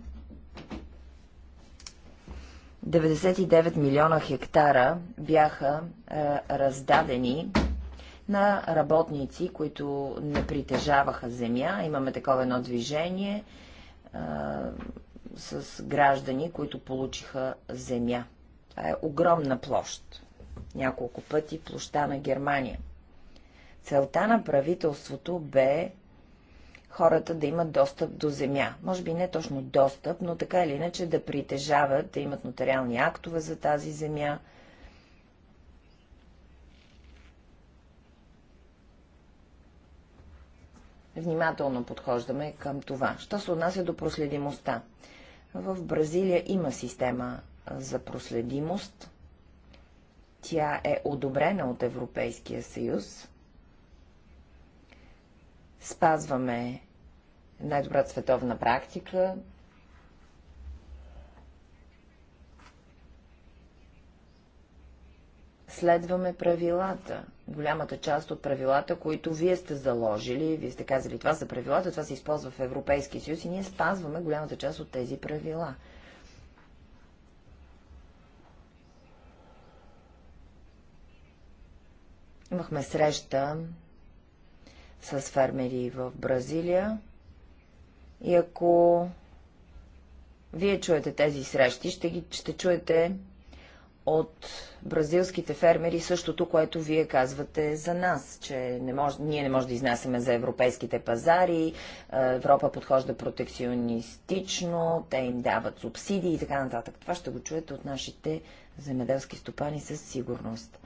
Speaker 4: 99 милиона хектара бяха е, раздадени на работници, които не притежаваха земя. Имаме такова едно движение е, с граждани, които получиха земя. Това е огромна площ. Няколко пъти площа на Германия. Целта на правителството бе хората да имат достъп до земя. Може би не точно достъп, но така или иначе да притежават, да имат нотариални актове за тази земя. Внимателно подхождаме към това. Що се отнася до проследимостта? В Бразилия има система за проследимост. Тя е одобрена от Европейския съюз Спазваме най-добрата световна практика. Следваме правилата. Голямата част от правилата, които вие сте заложили, вие сте казали, това са правилата, това се използва в Европейски съюз и ние спазваме голямата част от тези правила. Имахме среща с фермери в Бразилия. И ако вие чуете тези срещи, ще, ги, ще чуете от бразилските фермери същото, което вие казвате за нас, че не мож, ние не можем да изнасяме за европейските пазари, е, Европа подхожда протекционистично, те им дават субсидии и така нататък. Това ще го чуете от нашите земеделски стопани със сигурност.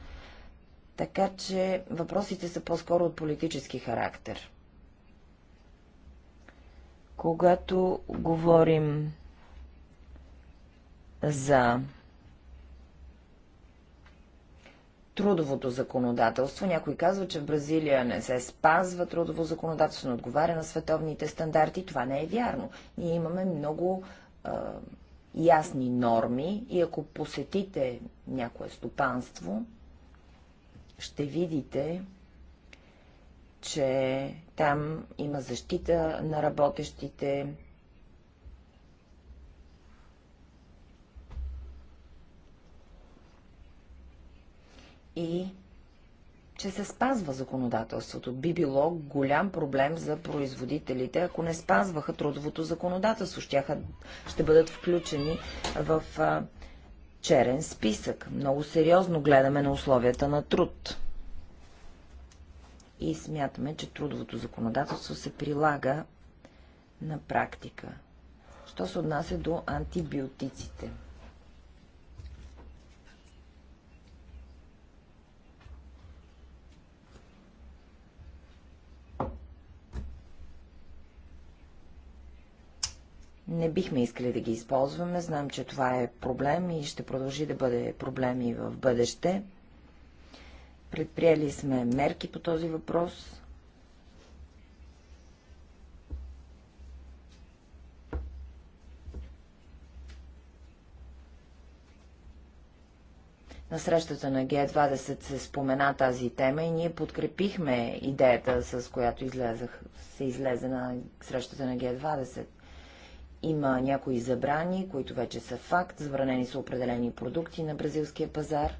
Speaker 4: Така че въпросите са по-скоро от политически характер. Когато говорим за трудовото законодателство. Някой казва, че в Бразилия не се спазва трудово законодателство, не отговаря на световните стандарти. Това не е вярно. Ние имаме много е, ясни норми и ако посетите някое стопанство, ще видите, че там има защита на работещите. И че се спазва законодателството. Би било голям проблем за производителите, ако не спазваха трудовото законодателство. ще бъдат включени в черен списък. Много сериозно гледаме на условията на труд. И смятаме, че трудовото законодателство се прилага на практика. Що се отнася до антибиотиците – не бихме искали да ги използваме. Знам, че това е проблем и ще продължи да бъде проблем и в бъдеще. Предприели сме мерки по този въпрос. На срещата на Г20 се спомена тази тема и ние подкрепихме идеята, с която излезах, се излезе на срещата на Г20. Има някои забрани, които вече са факт, забранени са определени продукти на бразилския пазар,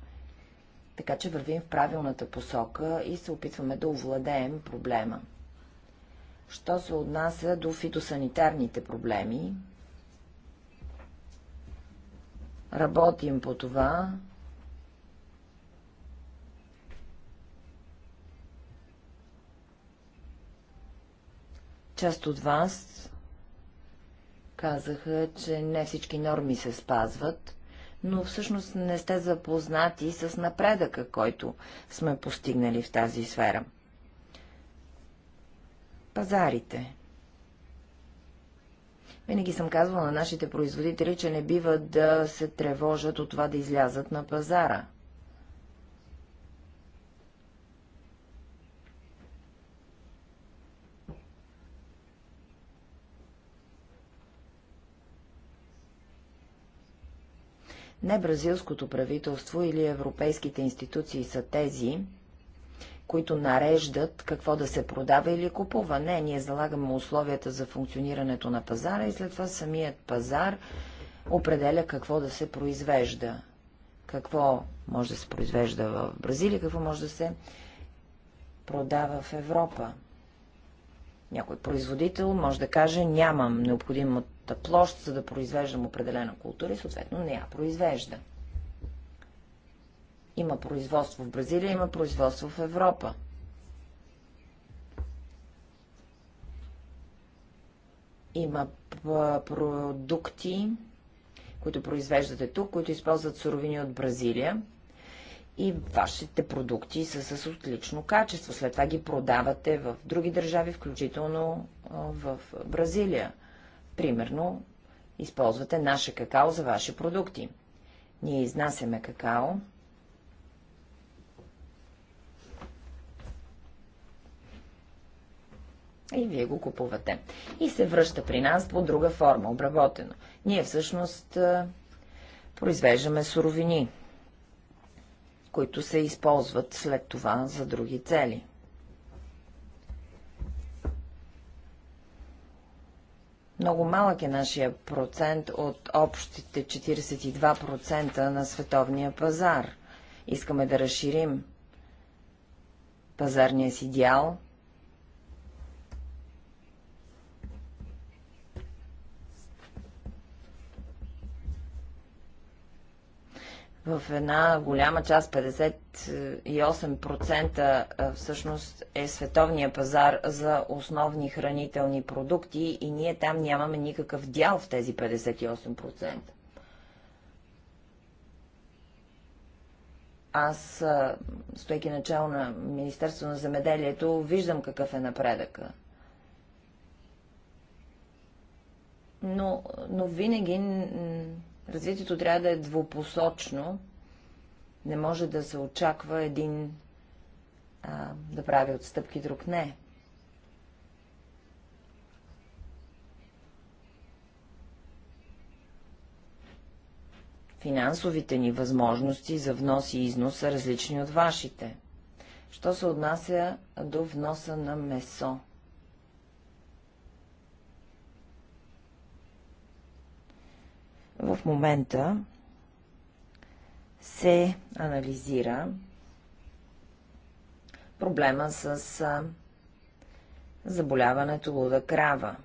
Speaker 4: така че вървим в правилната посока и се опитваме да овладеем проблема. Що се отнася до фитосанитарните проблеми, работим по това, Част от вас казаха, че не всички норми се спазват, но всъщност не сте запознати с напредъка, който сме постигнали в тази сфера. Пазарите. Винаги съм казвала на нашите производители, че не бива да се тревожат от това да излязат на пазара. Не бразилското правителство или европейските институции са тези, които нареждат какво да се продава или купува. Не, ние залагаме условията за функционирането на пазара и след това самият пазар определя какво да се произвежда. Какво може да се произвежда в Бразилия, какво може да се продава в Европа. Някой производител може да каже, нямам необходимата площ, за да произвеждам определена култура и съответно не я произвежда. Има производство в Бразилия, има производство в Европа. Има продукти, които произвеждате тук, които използват суровини от Бразилия и вашите продукти са с отлично качество. След това ги продавате в други държави, включително в Бразилия. Примерно, използвате наше какао за ваши продукти. Ние изнасяме какао. И вие го купувате. И се връща при нас по друга форма, обработено. Ние всъщност произвеждаме суровини, които се използват след това за други цели. Много малък е нашия процент от общите 42% на световния пазар. Искаме да разширим пазарния си дял в една голяма част, 58% всъщност е световния пазар за основни хранителни продукти и ние там нямаме никакъв дял в тези 58%. Аз, стойки начало на Министерство на земеделието, виждам какъв е напредъка. Но, но винаги Развитието трябва да е двупосочно. Не може да се очаква един а, да прави отстъпки, друг не. Финансовите ни възможности за внос и износ са различни от вашите. Що се отнася до вноса на месо? В момента се анализира проблема с заболяването луда крава.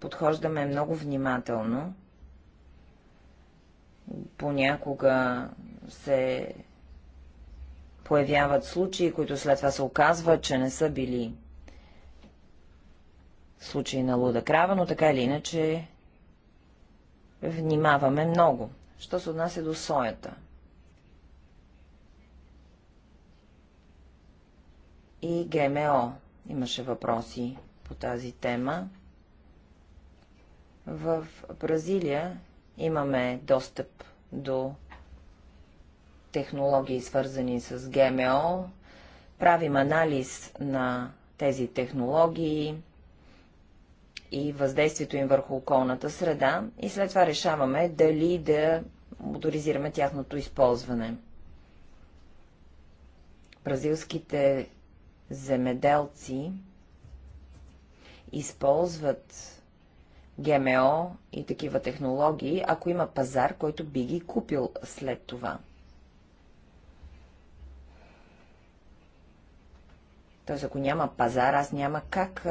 Speaker 4: Подхождаме много внимателно. Понякога се появяват случаи, които след това се оказва, че не са били случаи на луда крава, но така или иначе внимаваме много. Що се отнася до соята? И ГМО. Имаше въпроси по тази тема. В Бразилия имаме достъп до технологии, свързани с ГМО. Правим анализ на тези технологии, и въздействието им върху околната среда и след това решаваме дали да моторизираме тяхното използване. Бразилските земеделци използват ГМО и такива технологии, ако има пазар, който би ги купил след това. Тоест, ако няма пазар, аз няма как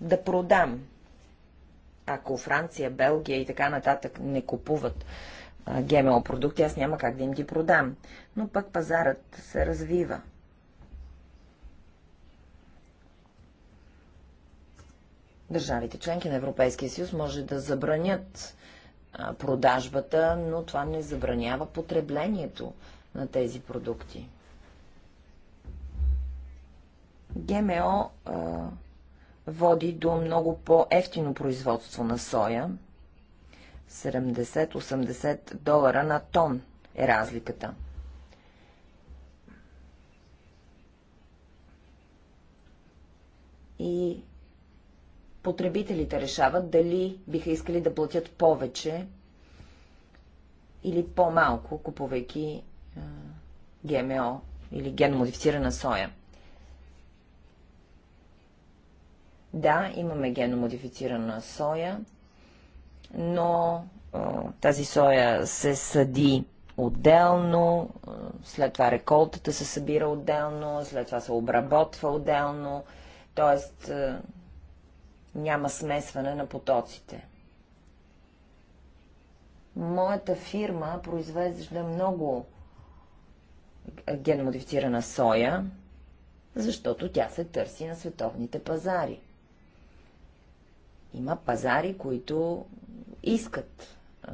Speaker 4: да продам ако Франция, Белгия и така нататък не купуват ГМО продукти, аз няма как да им ги продам. Но пък пазарът се развива. Държавите членки на Европейския съюз може да забранят продажбата, но това не забранява потреблението на тези продукти. ГМО а, води до много по-ефтино производство на соя. 70-80 долара на тон е разликата. И потребителите решават дали биха искали да платят повече или по-малко, купувайки ГМО или генмодифицирана соя. Да, имаме геномодифицирана соя, но тази соя се съди отделно, след това реколтата се събира отделно, след това се обработва отделно, т.е. няма смесване на потоците. Моята фирма произвежда много геномодифицирана соя, защото тя се търси на световните пазари. Има пазари, които искат а,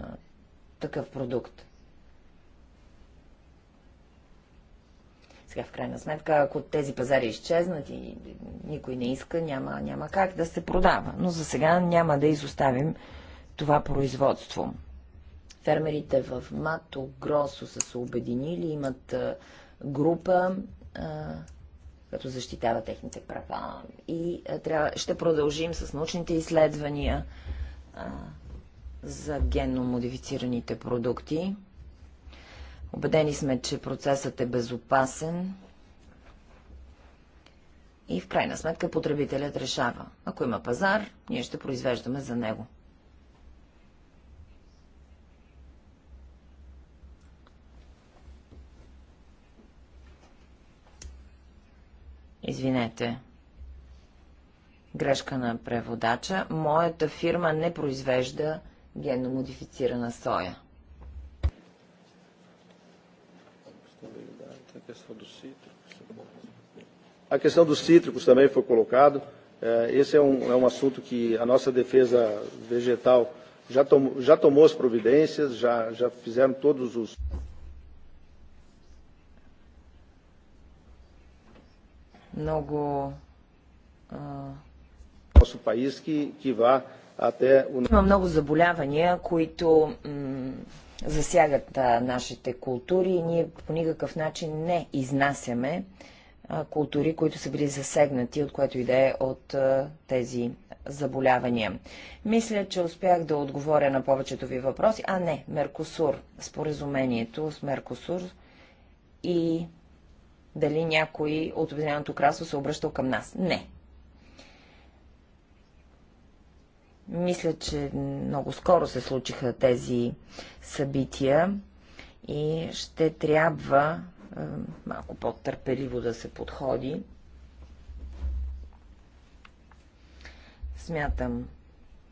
Speaker 4: такъв продукт. Сега, в крайна сметка, ако тези пазари изчезнат и никой не иска, няма, няма как да се продава. Но за сега няма да изоставим това производство. Фермерите в Мато Гросо са се обединили, имат група, като защитава техните права. И трябва, ще продължим с научните изследвания а, за генно модифицираните продукти. Обедени сме, че процесът е безопасен и в крайна сметка потребителят решава. Ако има пазар, ние ще произвеждаме за него. Извинете. Грешка на преводача. Моята фирма не произвежда генно модифицирана соя. A questão dos cítricos também foi colocado.
Speaker 7: Esse é um, é um assunto que a nossa defesa vegetal já, tomou, já tomou as providências, já, já fizeram todos os.
Speaker 4: много има много заболявания, които засягат а, нашите култури и ние по никакъв начин не изнасяме а, култури, които са били засегнати, от което идея от а, тези заболявания. Мисля, че успях да отговоря на повечето ви въпроси. А не, Меркосур, споразумението с Меркосур и дали някой от Обединеното кралство се обръщал към нас. Не. Мисля, че много скоро се случиха тези събития и ще трябва е, малко по-търпеливо да се подходи. Смятам,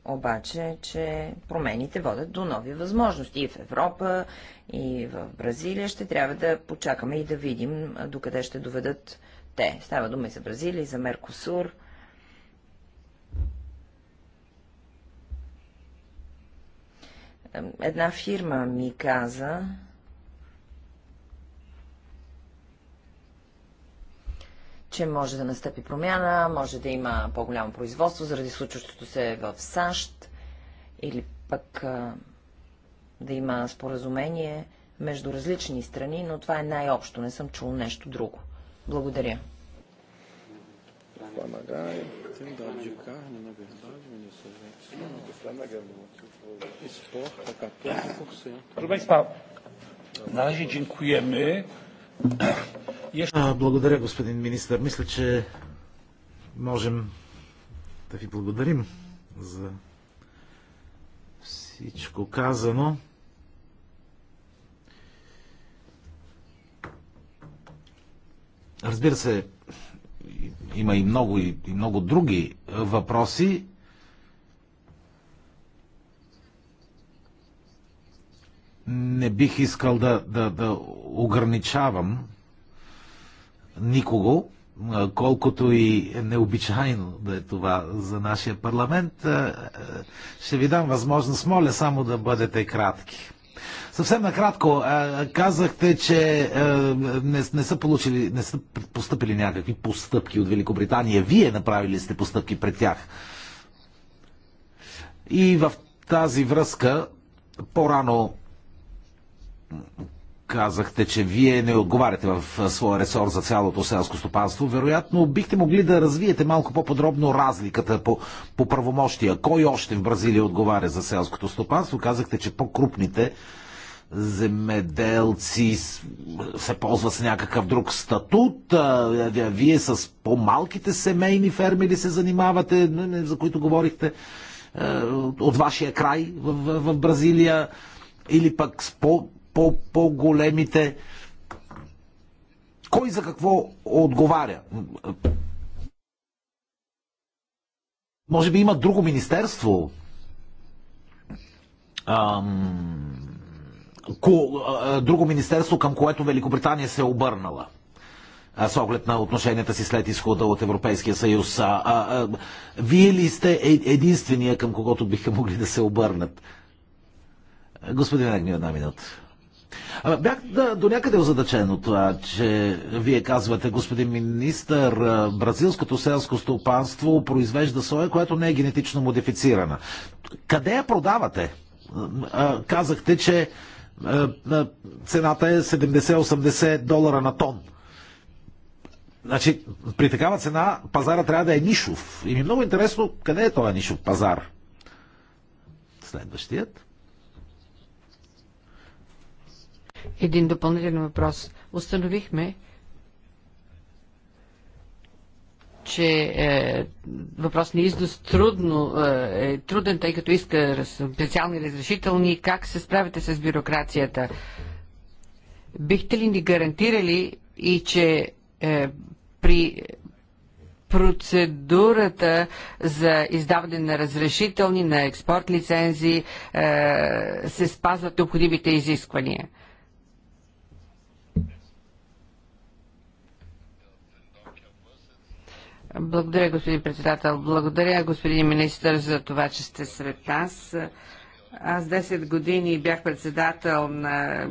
Speaker 4: обаче, че промените водят до нови възможности и в Европа, и в Бразилия. Ще трябва да почакаме и да видим докъде ще доведат те. Става дума и за Бразилия, и за Меркосур. Една фирма ми каза, че може да настъпи промяна, може да има по-голямо производство заради случващото се в САЩ или пък а, да има споразумение между различни страни, но това е най-общо. Не съм чул нещо друго. Благодаря.
Speaker 5: Proszę dziękujemy
Speaker 7: благодаря, господин министър. Мисля, че можем да ви благодарим за всичко казано. Разбира се, има и много, и много други въпроси, не бих искал да, да, да ограничавам никого, колкото и необичайно да е това за нашия парламент. Ще ви дам възможност, моля само да бъдете кратки. Съвсем накратко, казахте, че не, не са получили, не са поступили някакви постъпки от Великобритания. Вие направили сте постъпки пред тях. И в тази връзка, по-рано казахте, че вие не отговаряте в своя ресор за цялото селско стопанство. Вероятно, бихте могли да развиете малко по-подробно разликата по, по правомощия. Кой още в Бразилия отговаря за селското стопанство? Казахте, че по-крупните земеделци се ползват с някакъв друг статут. Вие с по-малките семейни ферми ли се занимавате, за които говорихте от вашия край в, в, в Бразилия? Или пък с по по-големите. -по Кой за какво отговаря? Може би има друго министерство, ам, ко, а, друго министерство, към което Великобритания се е обърнала а, с оглед на отношенията си след изхода от Европейския съюз. А, а, а, вие ли сте е, единствения, към когото биха могли да се обърнат? Господин Агнио, една минута. Бях да, до някъде озадачен от това, че вие казвате, господин министър, бразилското селско стопанство произвежда соя, която не е генетично модифицирана. Къде я продавате? Казахте, че цената е 70-80 долара на тон. Значи, при такава цена пазара трябва да е нишов. И ми е много интересно къде е този нишов пазар. Следващият.
Speaker 2: един допълнителен въпрос. Установихме, че е, въпрос на износ трудно, е, е труден, тъй като иска специални разрешителни. Как се справите с бюрокрацията? Бихте ли ни гарантирали и че е, при процедурата за издаване на разрешителни, на експорт лицензи е, се спазват необходимите изисквания? Благодаря, господин председател. Благодаря, господин министър, за това, че сте сред нас. Аз 10 години бях председател на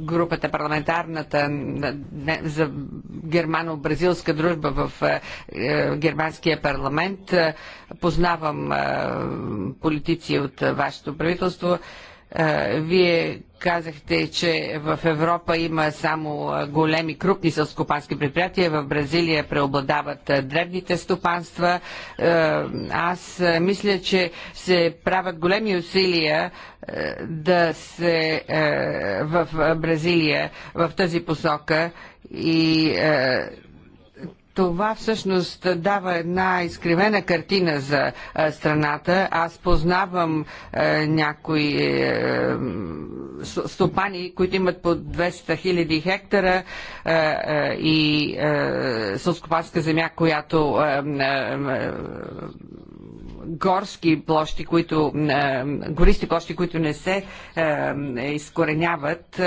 Speaker 2: групата парламентарната за германо-бразилска дружба в е, е, германския парламент. Познавам е, политици от вашето правителство. Вие казахте, че в Европа има само големи, крупни селскопански предприятия, в Бразилия преобладават древните стопанства. Аз мисля, че се правят големи усилия да се в Бразилия в тази посока и това всъщност дава една изкривена картина за страната. Аз познавам е, някои е, стопани, които имат по 200 000 хектара е, е, и е, сълскопанска земя, която е, е, горски площи, които, гористи площи, които не се е, изкореняват.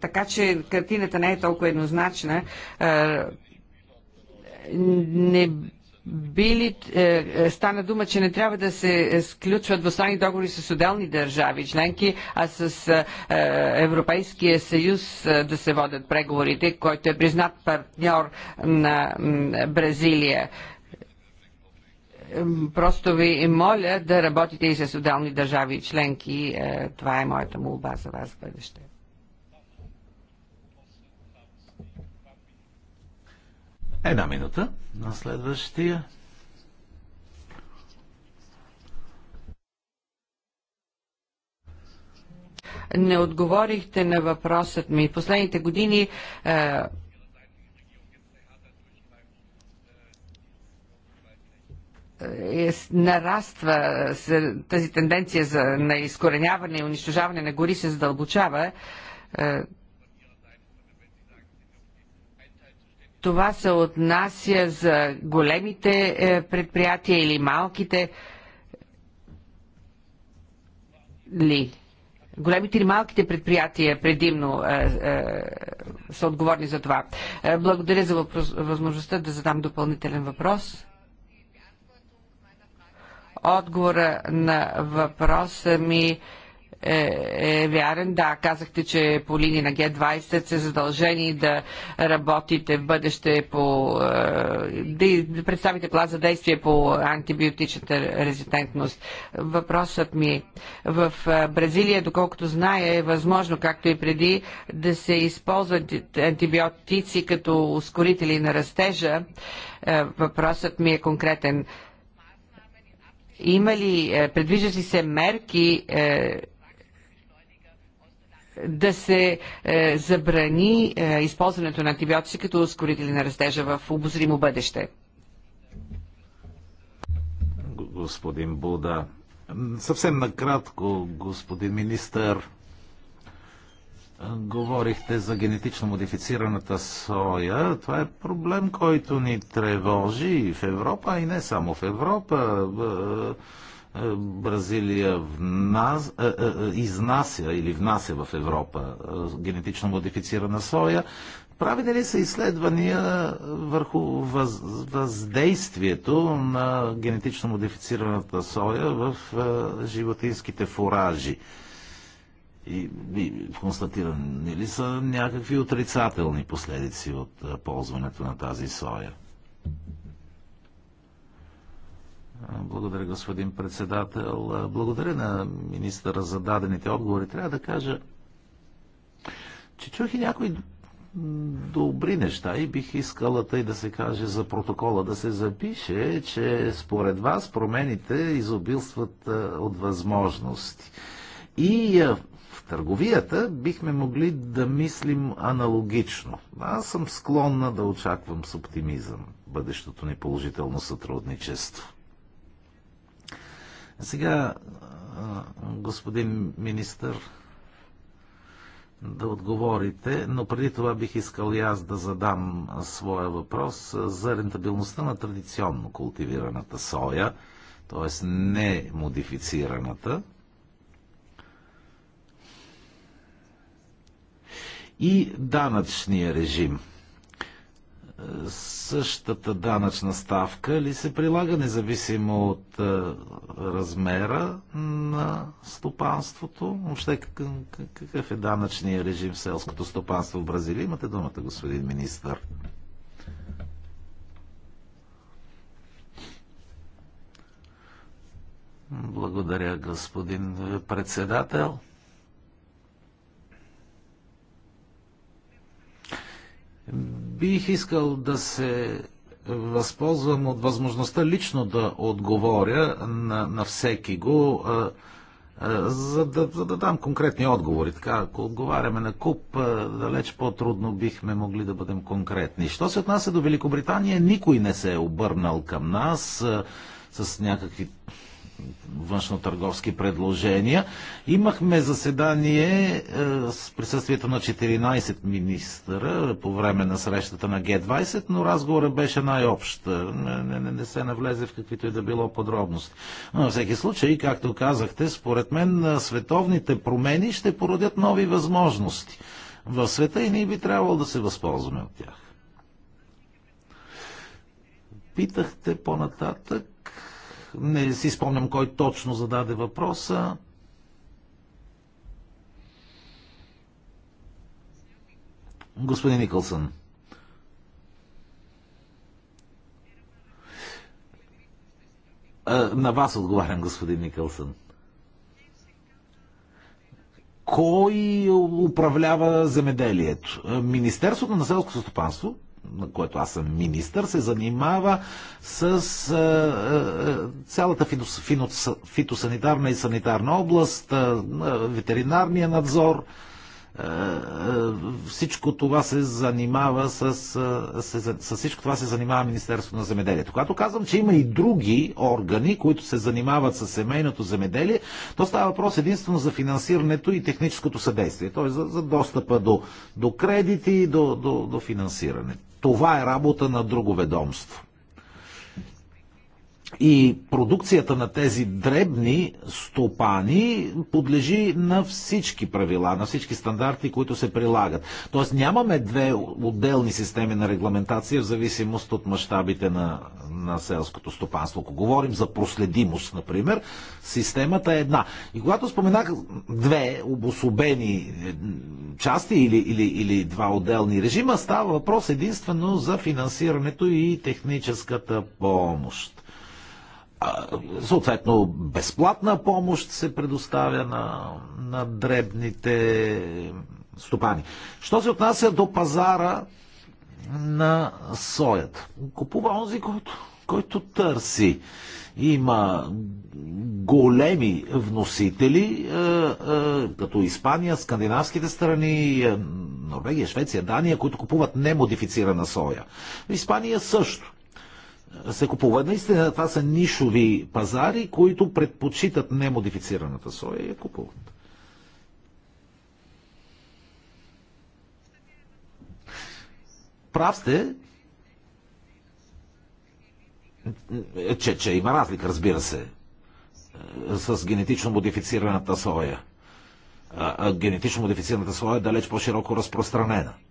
Speaker 2: Така че картината не е толкова еднозначна не били, е, е, стана дума, че не трябва да се сключват двустранни договори с отделни държави членки, а с е, е Европейския съюз е, да се водят преговорите, който е признат партньор на Бразилия. Просто ви моля да работите и с отделни държави членки. Е, това е моята молба за вас в бъдеще.
Speaker 7: Една минута на следващия.
Speaker 2: Не отговорихте на въпросът ми. Последните години е, Е, нараства се, тази тенденция за, на изкореняване и унищожаване на гори се задълбочава. Е, Това се отнася за големите е, предприятия или малките ли? Големите или малките предприятия предимно е, е, са отговорни за това. Е, благодаря за въпрос, възможността да задам допълнителен въпрос. Отговора на въпроса ми е е, е вярен. Да, казахте, че по линия на Г-20 сте задължени да работите в бъдеще по... Е, да представите план за действие по антибиотичната резистентност. Въпросът ми е, в е, Бразилия, доколкото зная, е възможно, както и преди, да се използват антибиотици като ускорители на растежа. Въпросът ми е конкретен има ли, предвиждат ли се мерки е, да се е, забрани е, използването на антибиотици като ускорители на растежа в обозримо бъдеще.
Speaker 7: Господин Буда, съвсем накратко, господин министър, говорихте за генетично модифицираната соя. Това е проблем, който ни тревожи и в Европа, и не само в Европа е, Бразилия внас, е, е, е, изнася или внася в Европа генетично модифицирана соя. Правили ли са изследвания върху въз, въздействието на генетично модифицираната соя в животинските фуражи? И, и констатирани ли са някакви отрицателни последици от ползването на тази соя? Благодаря, господин председател. Благодаря на министъра за дадените отговори. Трябва да кажа, че чух и някои добри неща и бих искала тъй да се каже за протокола, да се запише, че според вас промените изобилстват от възможности. И в търговията бихме могли да мислим аналогично. Аз съм склонна да очаквам с оптимизъм бъдещото ни положително сътрудничество. Сега, господин министър, да отговорите, но преди това бих искал и аз да задам своя въпрос за рентабилността на традиционно култивираната соя, т.е. не модифицираната. И данъчния режим – същата данъчна ставка ли се прилага, независимо от е, размера на стопанството? Въобще какъв е данъчният режим в селското стопанство в Бразилия? Имате думата, господин министър. Благодаря, господин председател. Бих искал да се възползвам от възможността лично да отговоря на, на всеки го, а, а, за, да, за да дам конкретни отговори. Така, ако отговаряме на куп, а, далеч по-трудно бихме могли да бъдем конкретни. Що се отнася до Великобритания, никой не се е обърнал към нас а, с някакви външно-търговски предложения. Имахме заседание е, с присъствието на 14 министъра по време на срещата на Г-20, но разговорът беше най-общ. Не, не, не се навлезе в каквито и да било подробности. Но на всеки случай, както казахте, според мен е, световните промени ще породят нови възможности в света и ние би трябвало да се възползваме от тях. Питахте по-нататък не си спомням кой точно зададе въпроса. Господин Никълсън. На вас отговарям, господин Никълсън. Кой управлява земеделието? Министерството на селското стопанство на което аз съм министър, се занимава с е, е, е цялата фитос, фитос, фитосанитарна и санитарна област, е, е ветеринарния надзор. Е, всичко това се занимава с, с, с всичко това се занимава Министерство на земеделието. Когато казвам, че има и други органи, които се занимават с семейното земеделие, то става въпрос единствено за финансирането и техническото съдействие, т.е. За, за достъпа до, до кредити, до, до, до финансирането това е работа на друго ведомство. И продукцията на тези дребни стопани подлежи на всички правила, на всички стандарти, които се прилагат. Тоест нямаме две отделни системи на регламентация в зависимост от мащабите на, на селското стопанство. Ако говорим за проследимост, например, системата е една. И когато споменах две обособени е, части или, или, или два отделни режима, става въпрос единствено за финансирането и техническата помощ. Съответно, безплатна помощ се предоставя на, на дребните стопани. Що се отнася до пазара на соят, Купува онзи, който, който търси. Има големи вносители, е, е, като Испания, скандинавските страни, е, Норвегия, Швеция, Дания, които купуват немодифицирана соя. В Испания също се купува. Наистина това са нишови пазари, които предпочитат немодифицираната соя и я купуват. Прав сте, че, че има разлика, разбира се, с генетично модифицираната соя. генетично модифицираната соя е далеч по-широко разпространена –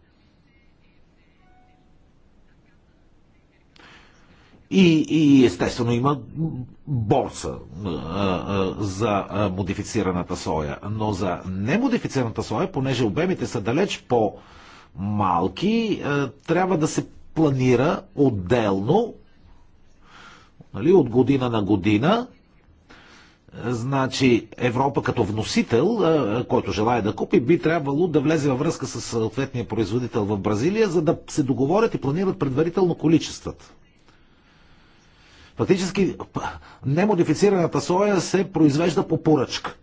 Speaker 7: И, и естествено има борса а, а, за модифицираната соя. Но за немодифицираната соя, понеже обемите са далеч по-малки, трябва да се планира отделно нали, от година на година. Значи Европа като вносител, който желая да купи, би трябвало да влезе във връзка с съответния производител в Бразилия, за да се договорят и планират предварително количествата. Фактически немодифицираната соя се произвежда по поръчка.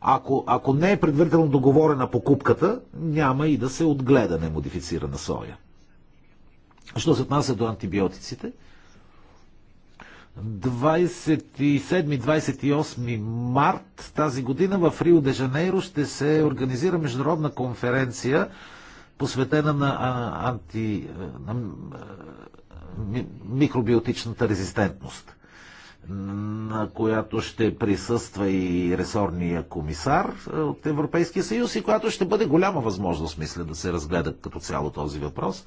Speaker 7: Ако, ако не е предварително договорена покупката, няма и да се отгледа немодифицирана соя. Що се отнася до антибиотиците? 27-28 март тази година в Рио де Жанейро ще се организира международна конференция, посветена на, анти, на микробиотичната резистентност, на която ще присъства и ресорния комисар е, от Европейския съюз и която ще бъде голяма възможност, мисля, да се разгледа като цяло този въпрос.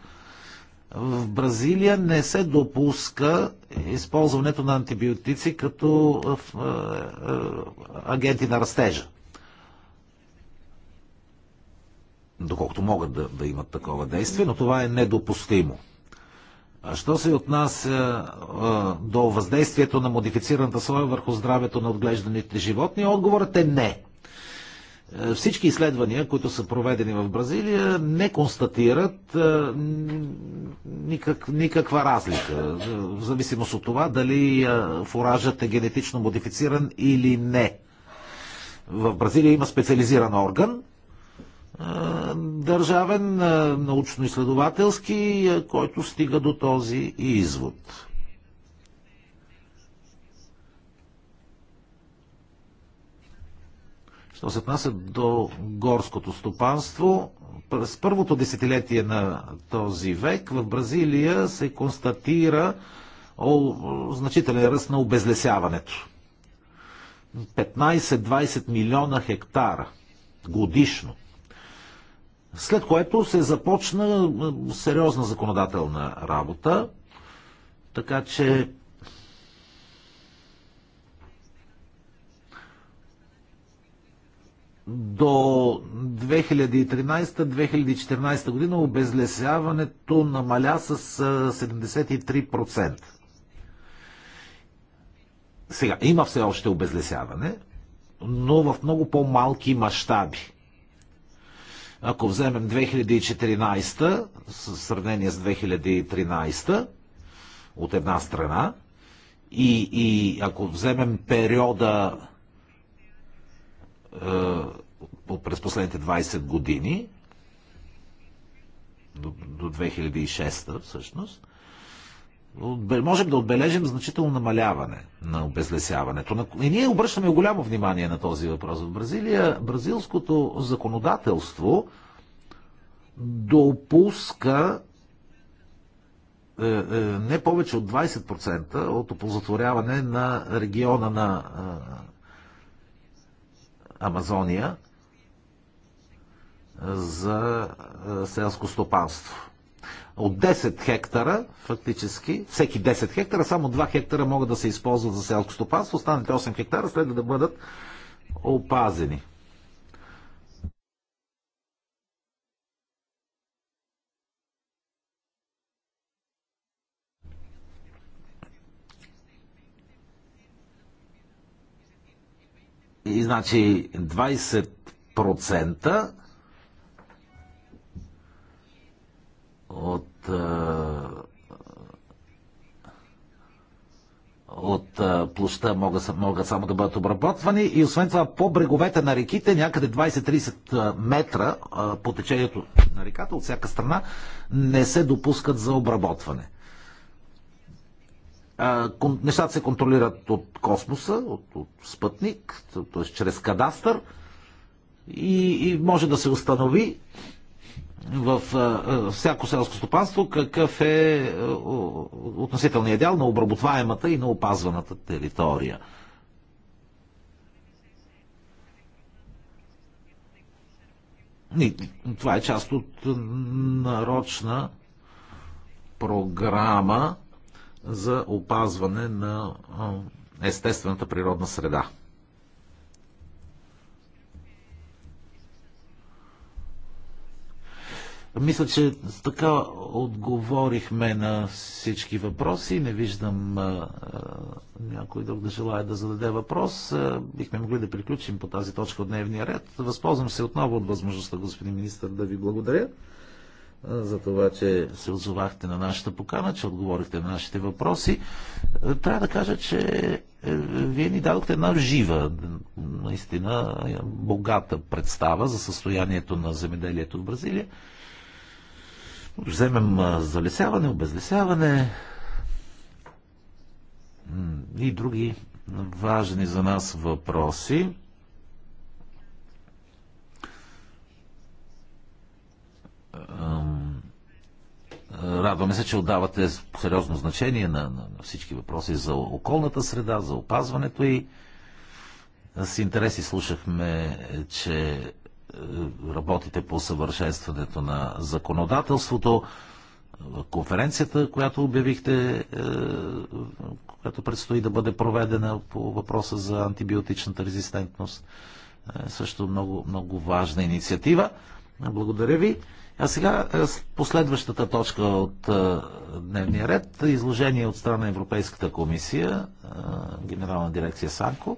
Speaker 7: В Бразилия не се допуска използването на антибиотици като е, е, агенти на растежа. доколкото могат да, да имат такова действие, но това е недопустимо. А що се отнася а, до въздействието на модифицираната соя върху здравето на отглежданите животни, отговорът е не. Е, всички изследвания, които са проведени в Бразилия, не констатират а, е, никак, никаква разлика, в зависимост от това дали е, фуражът е генетично модифициран или не. В Бразилия има специализиран орган, държавен научно-изследователски, който стига до този извод. Що се отнася до горското стопанство, през първото десетилетие на този век в Бразилия се констатира значителен ръст на обезлесяването. 15-20 милиона хектара годишно. След което се започна сериозна законодателна работа, така че до 2013-2014 година обезлесяването намаля с 73%. Сега, има все още обезлесяване, но в много по-малки мащаби. Ако вземем 2014 в сравнение с 2013 от една страна и, и ако вземем периода е, през последните 20 години до, до 2006 всъщност, можем да отбележим значително намаляване на обезлесяването. И ние обръщаме голямо внимание на този въпрос в Бразилия. Бразилското законодателство допуска е, е, не повече от 20% от оползотворяване на региона на е, Амазония за селско стопанство. От 10 хектара, фактически, всеки 10 хектара, само 2 хектара могат да се използват за селско стопанство, останалите 8 хектара следва да бъдат опазени. И значи 20% от от площа могат, могат само да бъдат обработвани и освен това по бреговете на реките някъде 20-30 метра по течението на реката от всяка страна не се допускат за обработване. Нещата се контролират от космоса, от, от спътник, т.е. чрез кадастър и, и може да се установи в всяко селско стопанство какъв е относителният дял на обработваемата и на опазваната територия. И това е част от нарочна програма за опазване на естествената природна среда. Мисля, че така отговорихме на всички въпроси. Не виждам а, някой друг да желая да зададе въпрос. А, бихме могли да приключим по тази точка от дневния ред. Възползвам се отново от възможността, господин министр, да ви благодаря за това, че се отзовахте на нашата покана, че отговорихте на нашите въпроси. Трябва да кажа, че е, вие ни дадохте една жива, наистина богата представа за състоянието на земеделието в Бразилия. Може вземем залесяване, обезлесяване и други важни за нас въпроси. Радваме се, че отдавате сериозно значение на, на, на всички въпроси за околната среда, за опазването и с интерес и слушахме, че е, работите по съвършенстването на законодателството. Конференцията, която обявихте, е, която предстои да бъде проведена по въпроса за антибиотичната резистентност, е, също много, много важна инициатива. Благодаря ви. А сега последващата точка от дневния ред. Изложение от страна Европейската комисия, генерална дирекция Санко.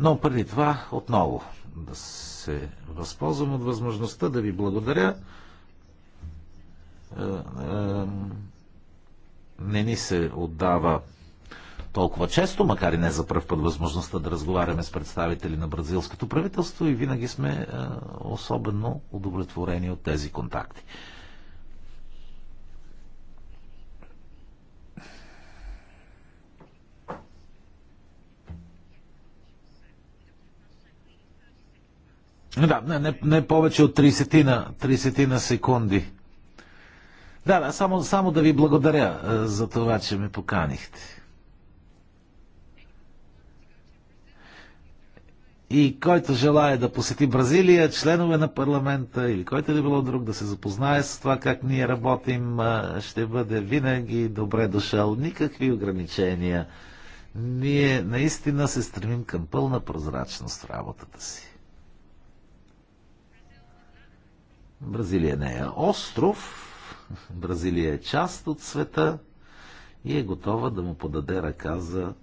Speaker 7: Но преди това отново да се възползвам от възможността да ви благодаря. Е, е, не ни се отдава толкова често, макар и не за първ път възможността да разговаряме с представители на бразилското правителство и винаги сме е, особено удовлетворени от тези контакти. Да, не, не, не повече от 30 на, 30 на секунди. Да, да, само, само да ви благодаря а, е, за това, че ме поканихте. И който желая да посети Бразилия, членове на парламента или който ли било друг да се запознае с това как ние работим, а, е, ще бъде винаги добре дошъл. Никакви ограничения. Ние наистина се стремим към пълна прозрачност в работата си. Бразилия не е остров, Бразилия е част от света и е готова да му подаде ръка за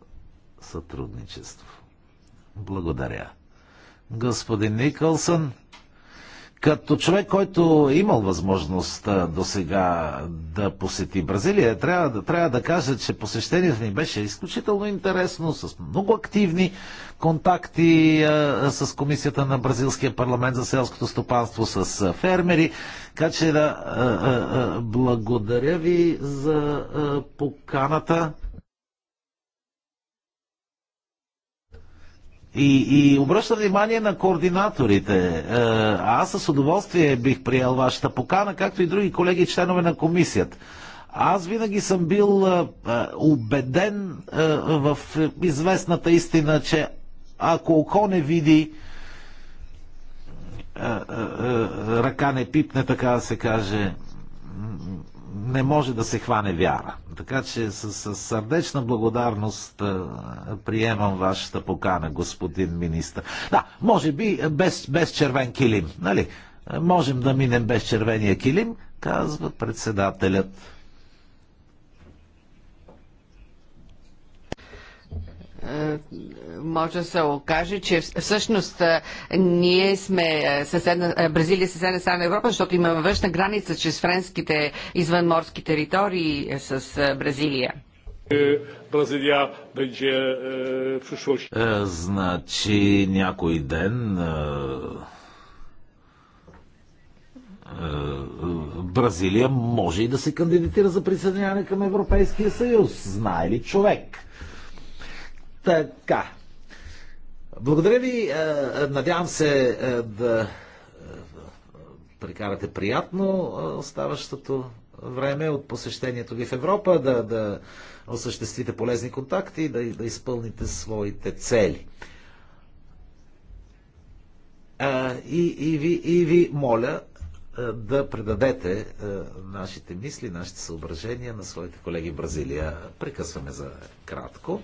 Speaker 7: сътрудничество. Благодаря. Господин Никълсън, като човек, който е имал възможност до сега да посети Бразилия, трябва да, трябва да кажа, че посещението ни беше изключително интересно, с много активни контакти а, с Комисията на Бразилския парламент за селското стопанство, с а, фермери. Така че да, а, благодаря ви за поканата. И, и обръща внимание на координаторите. Е, аз с удоволствие бих приел вашата покана, както и други колеги, членове на комисията. Аз винаги съм бил е, е, убеден в известната истина, че ако око не види, ръка не пипне, така да се каже, не може да се хване вяра. Така че с, с сърдечна благодарност е, приемам вашата покана, господин министр. Да, може би без, без червен килим, нали? Е, можем да минем без червения килим,
Speaker 2: казва председателят. Е, може да се окаже, че всъщност е, ние сме е, съседна, Бразилия съседна страна на Европа, защото имаме външна граница чрез френските извънморски територии с Бразилия.
Speaker 5: Бразилия бъде Значи някой
Speaker 7: ден Бразилия може и да се кандидатира за присъединяване към Европейския съюз. Знае ли човек? Така. Благодаря ви. Е, е, надявам се е, да прекарате приятно оставащото време от посещението ви в Европа, да, да осъществите полезни контакти и да, да изпълните своите цели. А, и, и, ви, и ви моля е, да предадете е, нашите мисли, нашите съображения на своите колеги в Бразилия. Прекъсваме за кратко.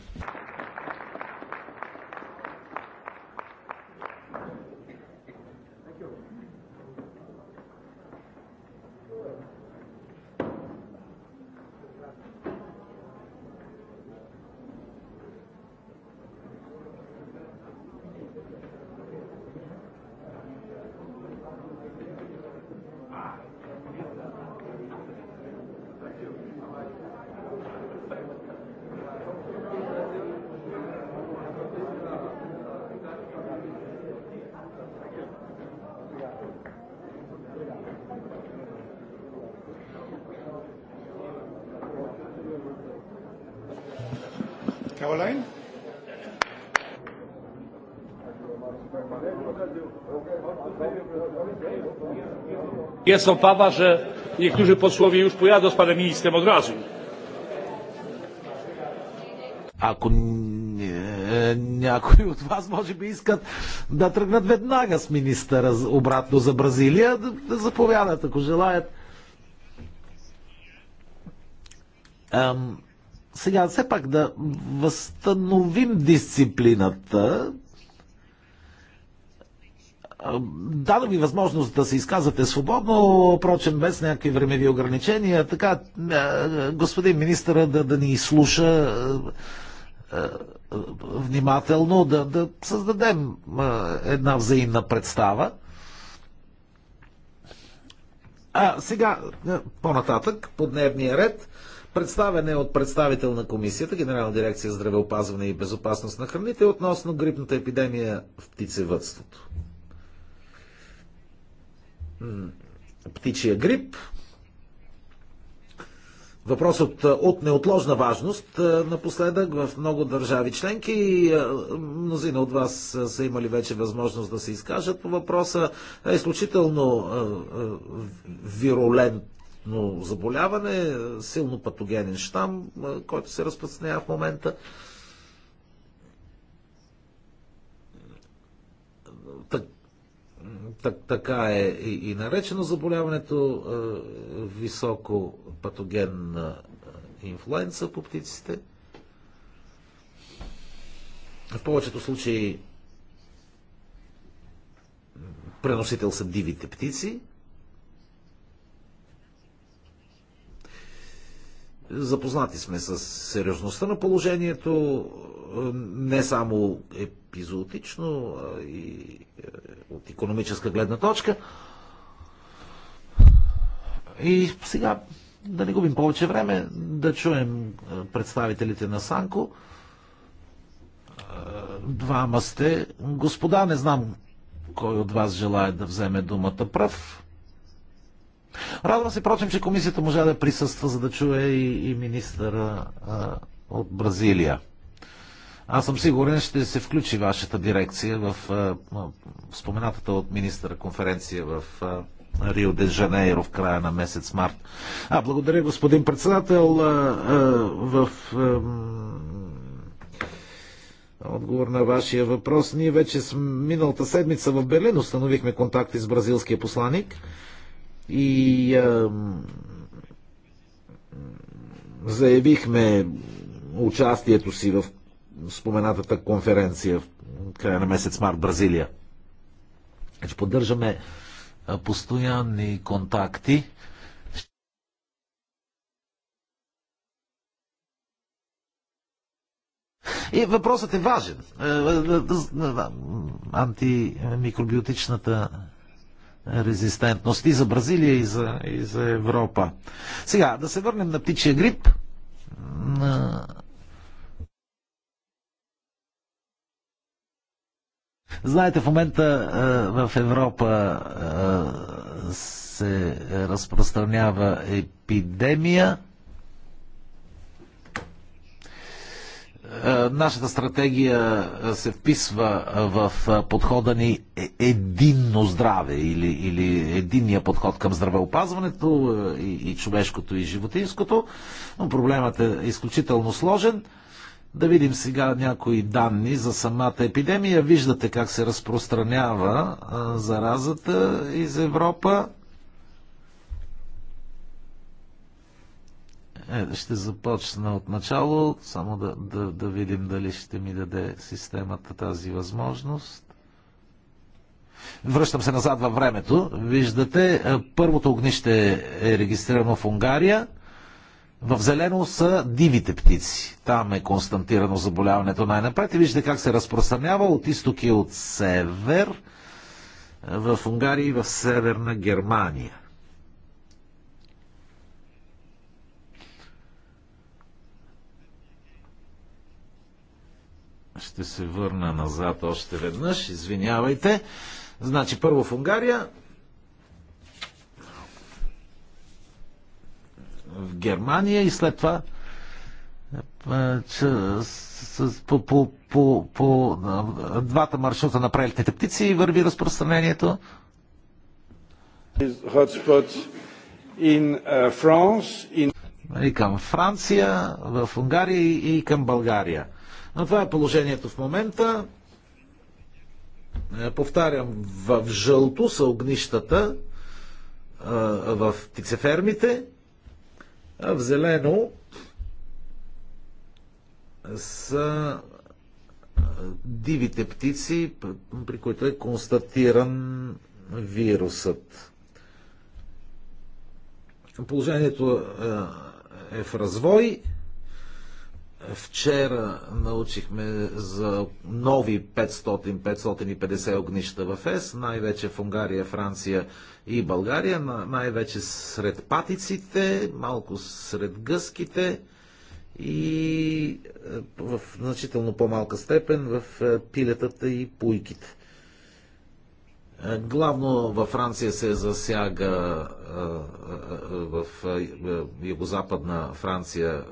Speaker 5: Jest obawa, że niektórzy posłowie już pojadą z panem ministrem od razu.
Speaker 7: Ако някой от вас може би искат да тръгнат веднага с министъра обратно за Бразилия, да, да заповядат, ако желаят. Ам, сега все пак да възстановим дисциплината, Дадох ви възможност да се изказвате свободно, впрочем без някакви времеви ограничения. Така, господин министъра да, да ни изслуша внимателно, да, да създадем една взаимна представа. А сега, по-нататък, по дневния ред, представене от представител на комисията, Генерална дирекция здравеопазване и безопасност на храните, относно грипната епидемия в птицевътството птичия грип. Въпрос от, от неотложна важност е, напоследък в много държави членки. Е, мнозина от вас е, са имали вече възможност да се изкажат по въпроса. Е изключително вирулентно заболяване, силно патогенен щам, който се разпространява в момента. так, така е и, и наречено заболяването, е, високо патогенна е, инфлуенца по птиците. В повечето случаи преносител са дивите птици. Запознати сме с сериозността на положението. Е, не само е епизоотично и е, от економическа гледна точка. И сега да не губим повече време, да чуем е, представителите на Санко. Е, двама сте. Господа, не знам кой от вас желая да вземе думата пръв. Радвам се, прочим, че комисията можа да присъства, за да чуе и, и министъра а, от Бразилия. Аз съм сигурен, ще се включи вашата дирекция в споменатата от министъра конференция в Рио де Жанейро в края на месец март. А, благодаря, господин председател. В отговор на вашия въпрос, ние вече с миналата седмица в Берлин установихме контакти с бразилския посланник и заявихме участието си в споменатата конференция в края на месец март Бразилия. Значи поддържаме постоянни контакти. И въпросът е важен. Е, е, е, антимикробиотичната резистентност и за Бразилия, и за, и за Европа. Сега, да се върнем на птичия грип. Знаете, в момента в Европа се разпространява епидемия. Нашата стратегия се вписва в подхода ни е, единно здраве или, или единния подход към здравеопазването и, и човешкото и животинското. Но проблемът е изключително сложен да видим сега някои данни за самата епидемия. Виждате как се разпространява заразата из Европа. Е, ще започна от начало, само да, да, да видим дали ще ми даде системата тази възможност. Връщам се назад във времето. Виждате, първото огнище е регистрирано в Унгария – в зелено са дивите птици. Там е константирано заболяването най-напред и виждате как се разпространява от изток и от север в Унгария и в северна Германия. Ще се върна назад още веднъж, извинявайте. Значи първо в Унгария, в Германия и след това по, по, по, по двата маршрута на прелетните птици върви разпространението. И към Франция, в Унгария и към България. Но това е положението в момента. Е, повтарям, в жълто са огнищата в птицефермите а в зелено са дивите птици, при които е констатиран вирусът. Положението е в развой Вчера научихме за нови 500-550 огнища в ЕС, най-вече в Унгария, Франция и България, най-вече сред патиците, малко сред гъските и е, в значително по-малка степен в е, пилетата и пуйките. Е, главно във Франция се засяга в югозападна Франция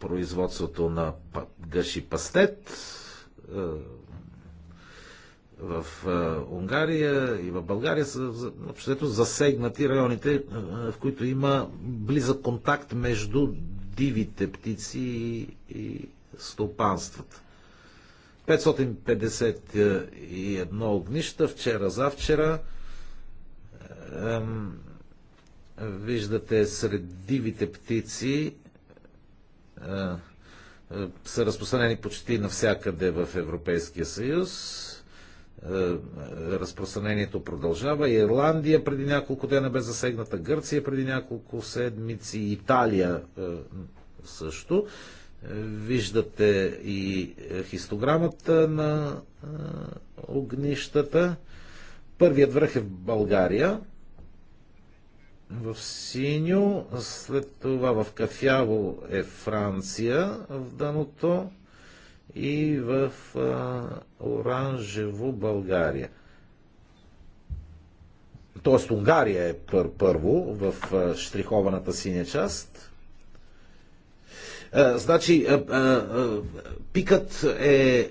Speaker 7: производството на гъши пастет в Унгария и в България са общото засегнати районите, в които има близък контакт между дивите птици и стопанствата. 551 огнища вчера, завчера. Виждате сред дивите птици са разпространени почти навсякъде в Европейския съюз. Разпространението продължава. Ирландия преди няколко дена бе засегната, Гърция преди няколко седмици, Италия също. Виждате и хистограмата на огнищата. Първият връх е в България, в синьо, след това в кафяво е Франция в дъното и в а, оранжево България. Тоест Унгария е пър- първо в а, штрихованата синя част. А, значи, а, а, а, пикът е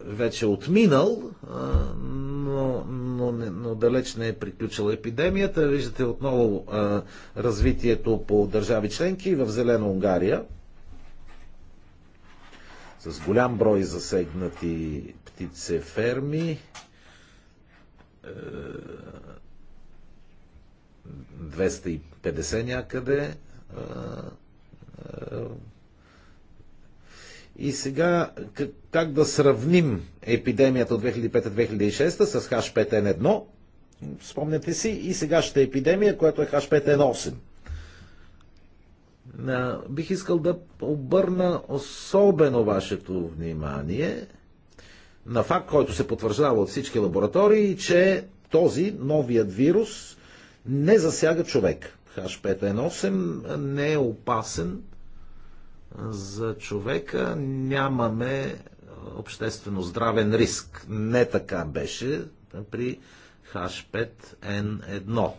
Speaker 7: вече отминал, но, но, но далеч не е приключила епидемията. Виждате отново развитието по държави членки в Зелена Унгария с голям брой засегнати птицеферми. 250 е, някъде и сега как, как да сравним епидемията от 2005-2006 с H5N1? Спомняте си и сегашната е епидемия, която е H5N8. Бих искал да обърна особено вашето внимание на факт, който се потвърждава от всички лаборатории, че този новият вирус не засяга човек. H5N8 не е опасен за човека нямаме обществено-здравен риск. Не така беше при H5N1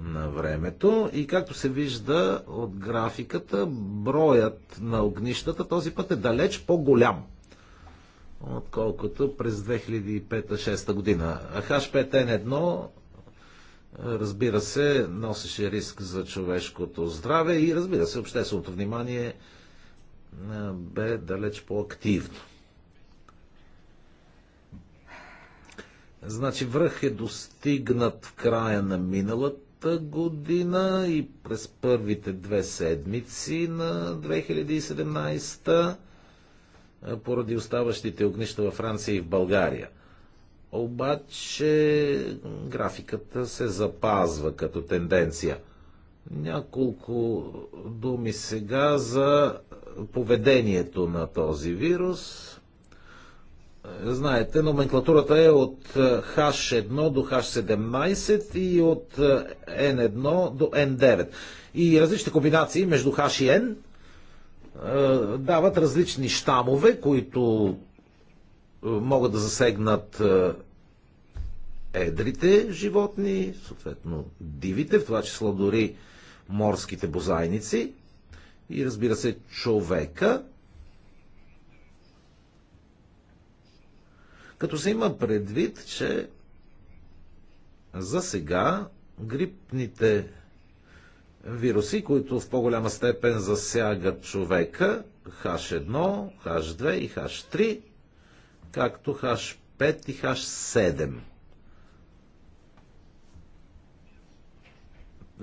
Speaker 7: на времето. И както се вижда от графиката, броят на огнищата този път е далеч по-голям отколкото през 2005-2006 година. H5N1 разбира се, носеше риск за човешкото здраве и разбира се, общественото внимание бе далеч по-активно. Значи връх е достигнат в края на миналата година и през първите две седмици на 2017 поради оставащите огнища във Франция и в България обаче графиката се запазва като тенденция. Няколко думи сега за поведението на този вирус. Знаете, номенклатурата е от H1 до H17 и от N1 до N9. И различни комбинации между H и N е, дават различни щамове, които е, могат да засегнат е, едрите животни, съответно дивите, в това число дори морските бозайници и разбира се човека. Като се има предвид, че за сега грипните вируси, които в по-голяма степен засягат човека, H1, H2 и H3, както H5 и H7.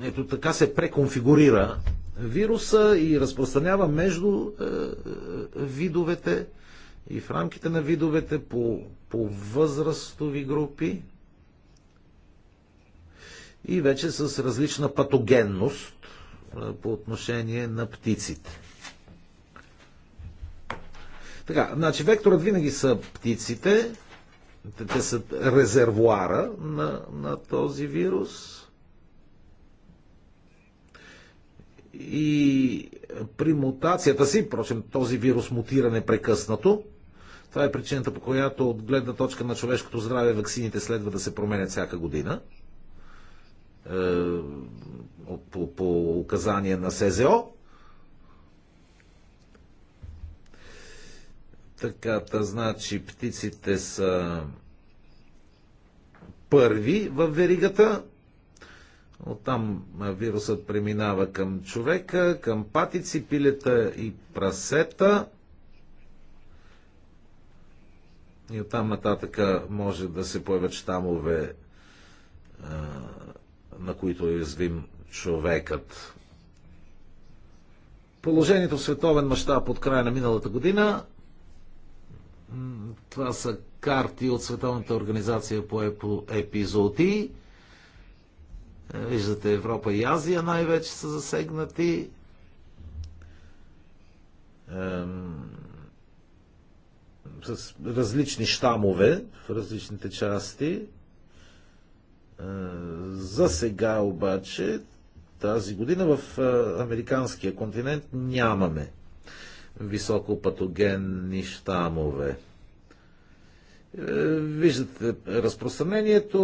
Speaker 7: Ето така се преконфигурира вируса и разпространява между е, е, е, видовете и в рамките на видовете по, по възрастови групи и вече с различна патогенност е, по отношение на птиците. Така, значи векторът винаги са птиците, те са резервуара на, на този вирус. И при мутацията си, впрочем, този вирус мутира непрекъснато. Това е причината, по която от гледна точка на човешкото здраве ваксините следва да се променят всяка година. Е, по, по указание на СЗО. Така, та значи птиците са първи в веригата. Оттам вирусът преминава към човека, към патици, пилета и прасета. И оттам нататък може да се появят щамове, на които е уязвим човекът. Положението в световен мащаб от края на миналата година това са карти от Световната организация по епизоотии. Е, виждате, Европа и Азия най-вече са засегнати. Ем, с различни щамове в различните части. Е, за сега обаче, тази година в е, американския континент нямаме високопатогенни щамове. Виждате разпространението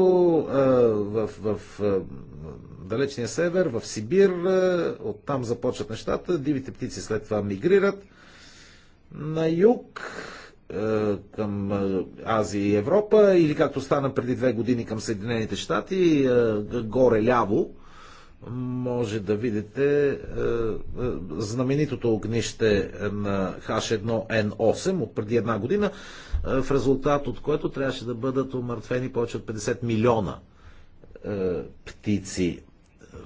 Speaker 7: в, в, в далечния север, в Сибир, оттам започват нещата, дивите птици след това мигрират на юг към Азия и Европа или както стана преди две години към Съединените щати, горе-ляво може да видите знаменитото огнище на H1N8 от преди една година. Е, в резултат от което трябваше да бъдат умъртвени повече от 50 милиона е, птици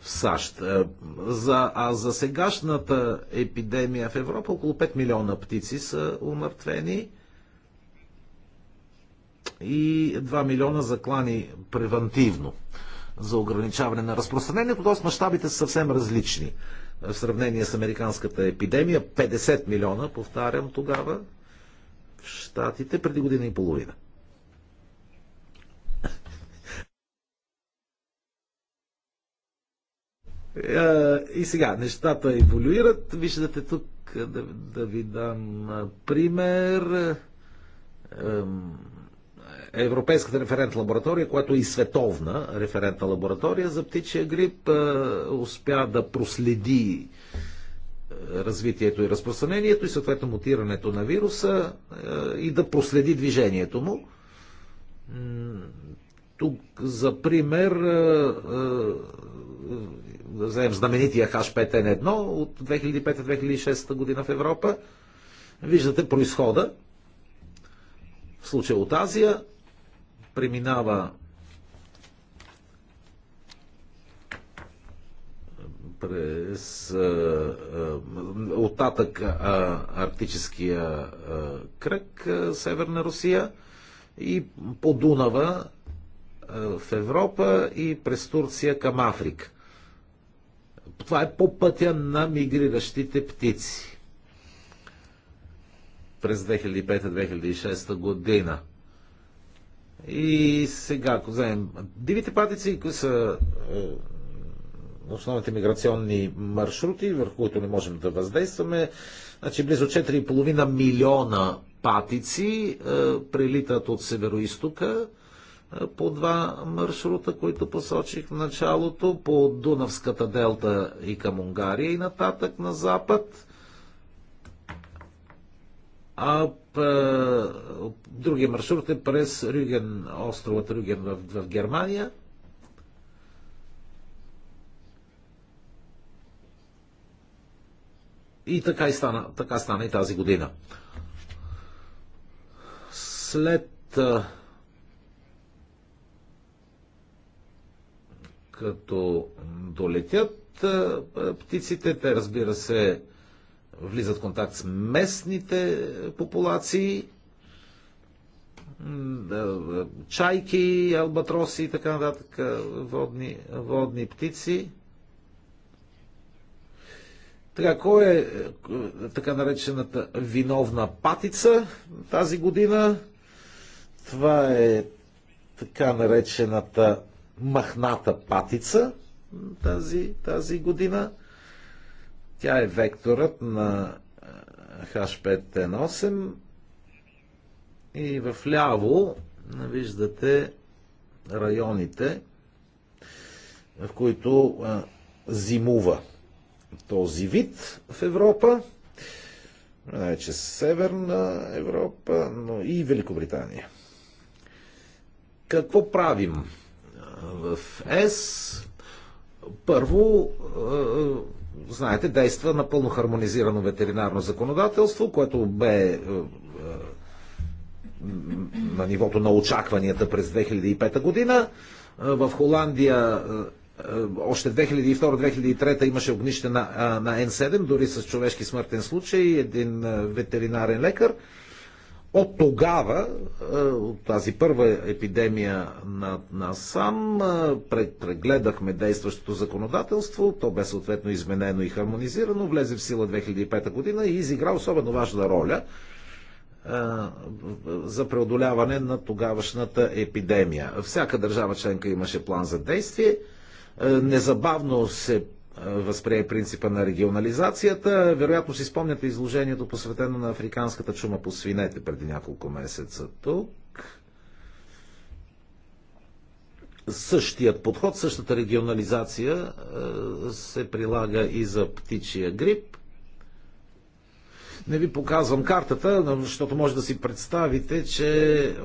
Speaker 7: в САЩ. Е, за, а за сегашната епидемия в Европа около 5 милиона птици са умъртвени и 2 милиона заклани превентивно за ограничаване на разпространението, Тоест мащабите са съвсем различни в сравнение с американската епидемия. 50 милиона, повтарям тогава, Штатите преди година и половина. Е, и сега, нещата еволюират. Виждате тук да, да ви дам пример. Европейската референтна лаборатория, която е и световна референтна лаборатория за птичия грип, успя да проследи развитието и разпространението и съответно мутирането на вируса е, и да проследи движението му. Тук, за пример, е, е, вземем знаменития H5N1 от 2005-2006 година в Европа. Виждате происхода. В случая от Азия преминава през оттатък Арктическия кръг, Северна Русия и по Дунава в Европа и през Турция към Африка. Това е по пътя на мигриращите птици. През 2005-2006 година. И сега, ако вземем дивите патици, които са е, основните миграционни маршрути, върху които не можем да въздействаме. Значи близо 4,5 милиона патици е, прилитат от северо-истока е, по два маршрута, които посочих в началото, по Дунавската делта и към Унгария и нататък на запад. А е, другия маршрут е през Рюген, островът Рюген в, в Германия – И така, и стана, така стана и тази година. След като долетят птиците, те разбира се влизат в контакт с местните популации, чайки, албатроси и така нататък, водни, водни птици. Така, кой е, е така наречената виновна патица тази година? Това е така наречената махната патица тази, тази година. Тя е векторът на H5N8 е, и в ляво е, виждате районите, в които зимува този вид в Европа, най-вече Северна Европа, но и Великобритания. Какво правим в ЕС? Първо, знаете, действа на пълно хармонизирано ветеринарно законодателство, което бе на нивото на очакванията през 2005 година. В Холандия е, още 2002-2003 имаше огнище на, на Н7, дори с човешки смъртен случай, един е, ветеринарен лекар. От тогава, е, от тази първа епидемия на, на сам, прегледахме действащото законодателство, то бе съответно изменено и хармонизирано, влезе в сила 2005 година и изигра особено важна роля за преодоляване на тогавашната епидемия. Всяка държава членка имаше план за действие – е, незабавно се е, възприе принципа на регионализацията. Вероятно си спомняте изложението посветено на африканската чума по свинете преди няколко месеца тук. Същият подход, същата регионализация е, се прилага и за птичия грип. Не ви показвам картата, защото може да си представите, че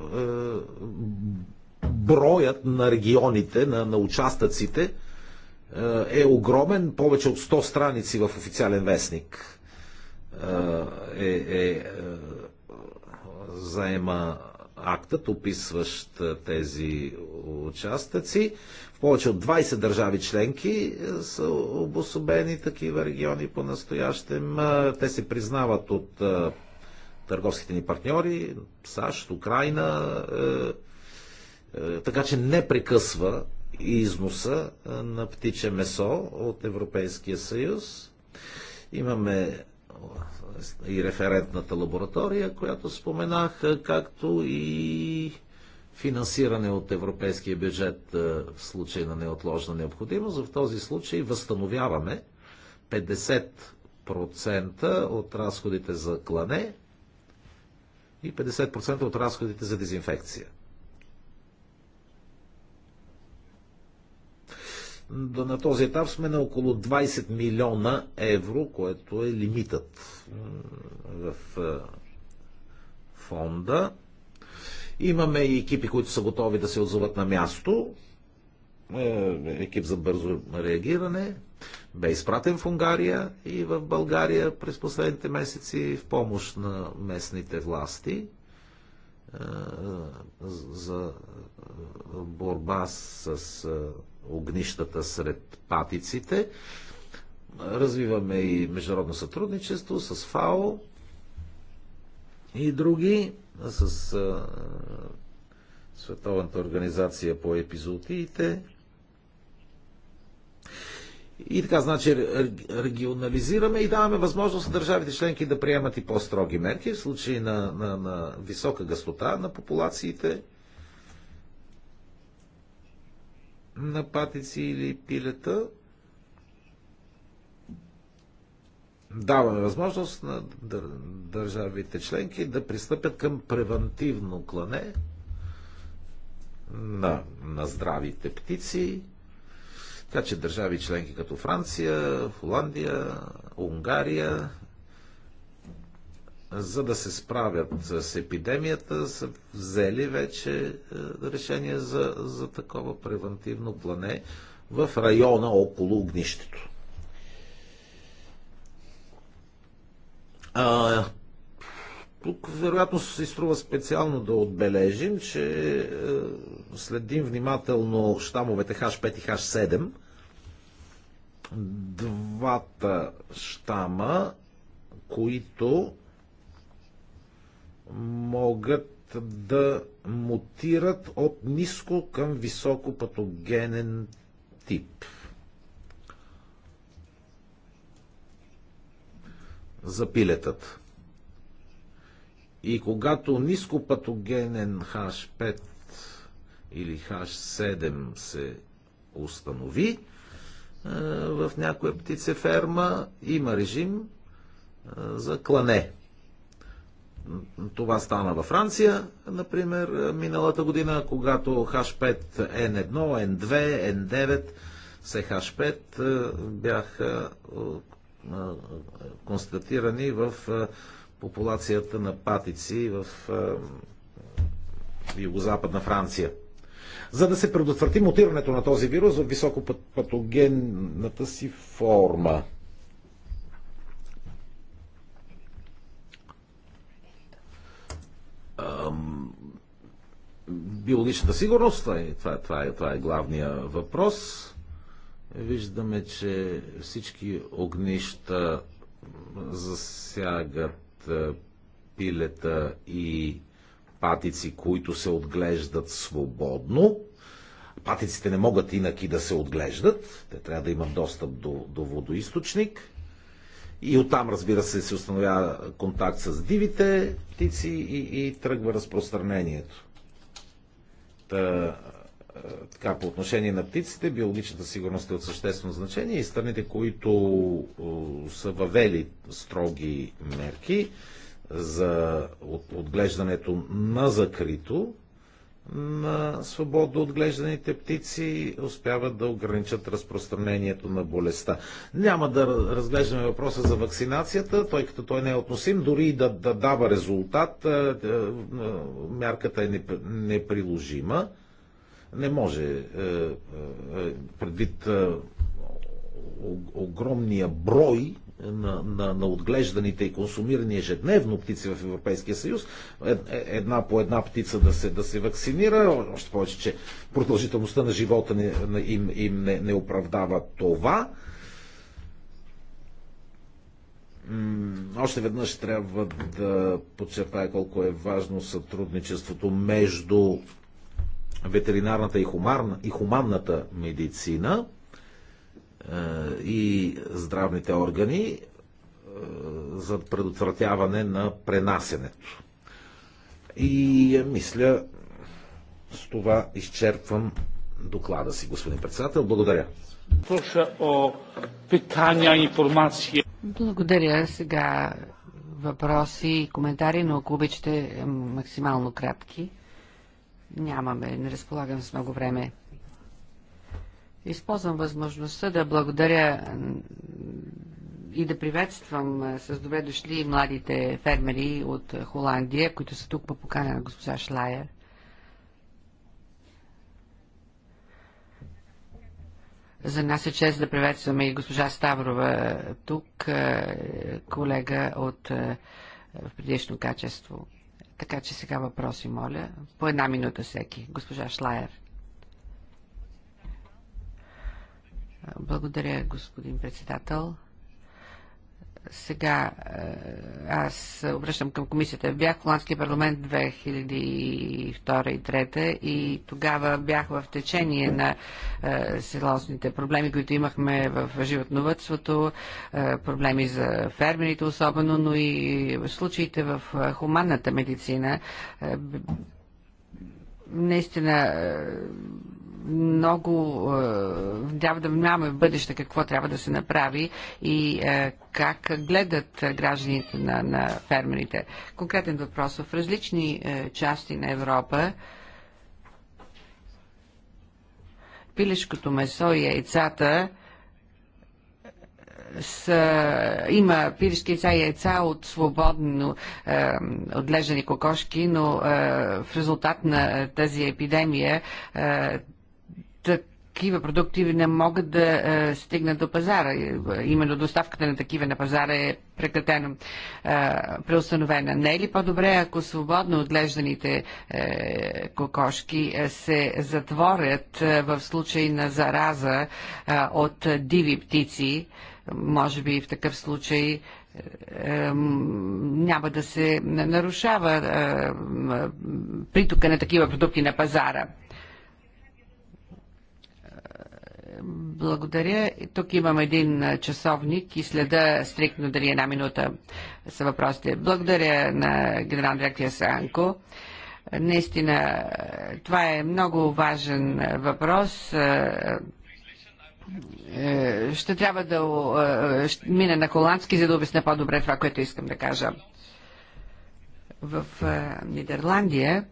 Speaker 7: броят на регионите, на, на участъците е, е огромен. Повече от 100 страници в официален вестник е, е, е заема актът, описващ е, тези участъци. В повече от 20 държави членки са обособени такива региони по-настоящем. Те се признават от търговските ни партньори, САЩ, Украина, е, така че не прекъсва износа е, на птиче месо от Европейския съюз. Имаме е, и референтната лаборатория, която споменах, както и финансиране от европейския бюджет в случай на неотложна необходимост. В този случай възстановяваме 50% от разходите за клане и 50% от разходите за дезинфекция. на този етап сме на около 20 милиона евро, което е лимитът в фонда. Имаме и екипи, които са готови да се отзоват на място. Е, екип за бързо реагиране бе изпратен в Унгария и в България през последните месеци в помощ на местните власти е, за борба с огнищата сред патиците. Развиваме и международно сътрудничество с ФАО и други, с а, Световната организация по епизоотиите. И така, значи, регионализираме и даваме възможност на държавите членки да приемат и по-строги мерки в случай на, на, на висока гъстота на популациите на патици или пилета, даваме възможност на държавите членки да пристъпят към превентивно клане на, на здравите птици, така че държави членки като Франция, Холандия, Унгария за да се справят с епидемията, са взели вече е, решение за, за такова превентивно плане в района около огнището. А, тук вероятно се струва специално да отбележим, че е, следим внимателно щамовете H5 и H7. Двата щама, които могат да мутират от ниско към високо патогенен тип. За пилетът. И когато нископатогенен H5 или H7 се установи е, в някоя птицеферма, има режим е, за клане това стана във Франция, например, миналата година, когато H5N1, N2, N9, CH5 бяха е, констатирани в е, популацията на патици в е, югозападна Франция. За да се предотврати мутирането на този вирус в високопатогенната си форма. биологичната сигурност, това е, това, е, това е, това е главния въпрос. Виждаме, че всички огнища засягат пилета и патици, които се отглеждат свободно. Патиците не могат инаки да се отглеждат. Те трябва да имат достъп до, до водоисточник. И оттам, разбира се, се установява контакт с дивите птици и, и тръгва разпространението. Та, е, така, по отношение на птиците, биологичната сигурност е от съществено значение и страните, които са въвели строги мерки за отглеждането на закрито, на свободно отглежданите птици успяват да ограничат разпространението на болестта. Няма да разглеждаме въпроса за вакцинацията, тъй като той не е относим. Дори и да, да дава резултат, е, е, мярката е неприложима. Не може е, предвид огромния брой на, на, на отглежданите и консумирани ежедневно птици в Европейския съюз, е, е, една по една птица да се, да се вакцинира, още повече, че продължителността на живота не, им, им не, не оправдава това. Още веднъж трябва да подчертая колко е важно сътрудничеството между ветеринарната и, хумарна, и хуманната медицина – е, и здравните органи е, за предотвратяване на пренасенето. И е, мисля, с това изчерпвам доклада си, господин
Speaker 5: председател. Благодаря. Проша о питания, информация.
Speaker 2: Благодаря. Сега въпроси и коментари, но ако обичате максимално кратки. Нямаме, не разполагам с много време. Използвам възможността да благодаря и да приветствам с добре дошли младите фермери от Холандия, които са тук по покана на госпожа Шлайер. За нас е чест да приветстваме и госпожа Ставрова тук, колега от в предишно качество. Така че сега въпроси, моля. По една минута всеки. Госпожа Шлайер. Благодаря, господин председател. Сега е, аз обръщам към комисията. Бях в Холандския парламент 2002 и 2003 и тогава бях в течение на е, селосните проблеми, които имахме в животновътството, е, проблеми за фермерите особено, но и в случаите в хуманната медицина. Е, наистина много е, трябва да внимаваме в бъдеще какво трябва да се направи и е, как гледат гражданите на, на фермерите. Конкретен въпрос. В различни е, части на Европа пилешкото месо и яйцата с, има пилешки яйца и яйца от свободно е, отглеждани кокошки, но е, в резултат на тази епидемия е, такива продукти не могат да е, стигнат до пазара. Именно доставката на такива на пазара е прекратена, е, преустановена. Не е ли по-добре, ако свободно отглежданите е, кокошки е, се затворят е, в случай на зараза е, от диви птици? Може би в такъв случай е, е, няма да се нарушава притока на такива продукти на пазара. Благодаря. Тук имам един часовник и следа стриктно дали една минута са въпросите. Благодаря на генерал директор Санко. Наистина, това е много важен въпрос е, ще трябва да мина на холандски, за да обясня по-добре това, което искам да кажа. В Нидерландия,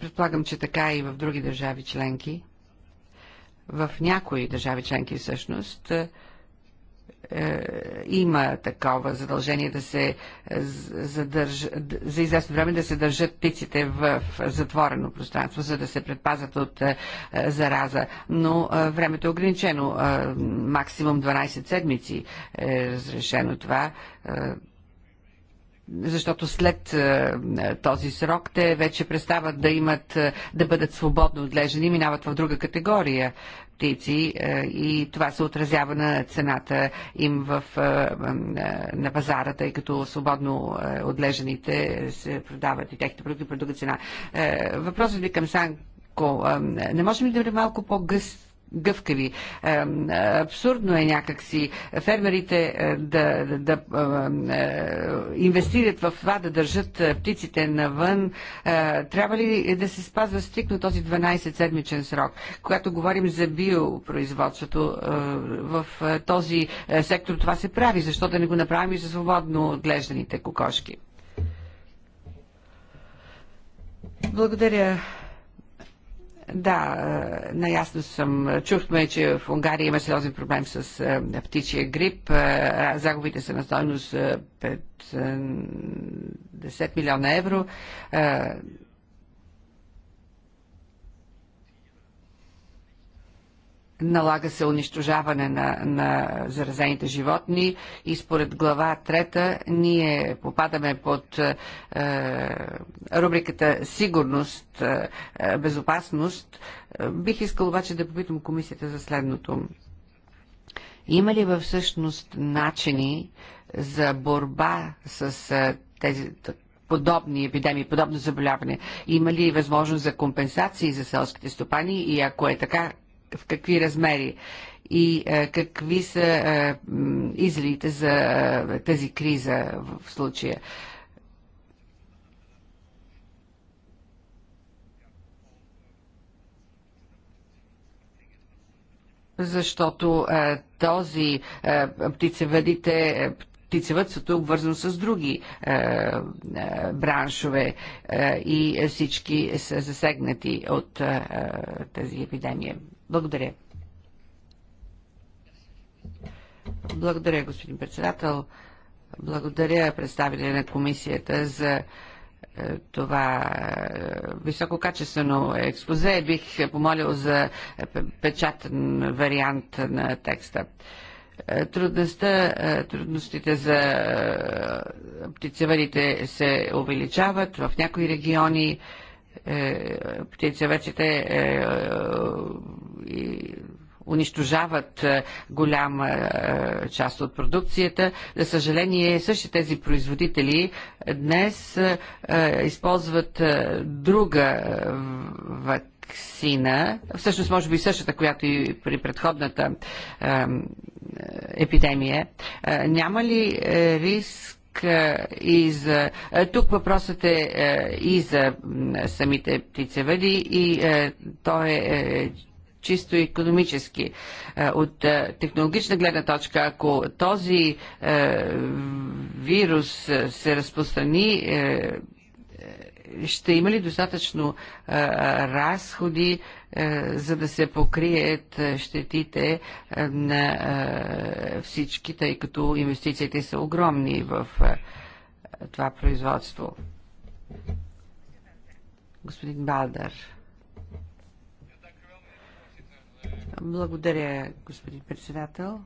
Speaker 2: предполагам, че така и в други държави членки, в някои държави членки всъщност е, е, има такова задължение да се е, задържа, за известно време да се държат птиците в затворено пространство, за да се предпазат от зараза. Но времето е ограничено. Максимум 12 седмици е разрешено това защото след е, този срок те вече престават да имат, е, да бъдат свободно отлежени, минават в друга категория птици е, и това се отразява на цената им в, на пазара, тъй като свободно отлежените се продават и техните продукти по друга цена. Въпросът ви към Санко, не можем ли да бъде малко по-гъст гъвкави. Абсурдно е някакси фермерите е, да, да, да е, е, инвестират в това, да държат птиците навън. Трябва ли да се спазва стрикно този 12-седмичен срок? Когато говорим за биопроизводството в този сектор, това се прави. Защо да не го направим и за свободно отглежданите кокошки? Благодаря, да, е, наясно съм. Чухме, че в Унгария има сериозен проблем с е, птичия грип. Е, загубите са на стойност 50 милиона евро. Налага се унищожаване на, на заразените животни и според глава трета ние попадаме под е, рубриката сигурност, е, безопасност. Е, бих искал обаче да попитам комисията за следното. Има ли във всъщност начини за борба с е, тези подобни епидемии, подобно заболяване? Има ли възможност за компенсации за селските стопани и ако е така, в какви размери и а, е, какви са е, изливите за а, е, тази криза в случая. Защото а, този а, птицевъдите, птицевъдството е обвързано с други а, а, браншове а, и всички са засегнати от а, тази епидемия. Благодаря. Благодаря, господин председател. Благодаря представителя на комисията за е, това е, висококачествено експозе. Бих помолил за е, печатен вариант на текста трудността, трудностите за птицеварите се увеличават в някои региони. Е, птицевъдите е, унищожават е, голяма част от продукцията. За съжаление, същите тези производители днес използват друга вакцина, всъщност може би същата, която и при предходната епидемия. Няма ли риск е, и за... Е, тук въпросът е, е и за самите птицевъди и то е чисто економически. От технологична гледна точка, ако този вирус се разпространи, ще има ли достатъчно разходи, за да се покрият щетите на всички, тъй като инвестициите са огромни в това производство? Господин Балдар, Благодаря, господин председател.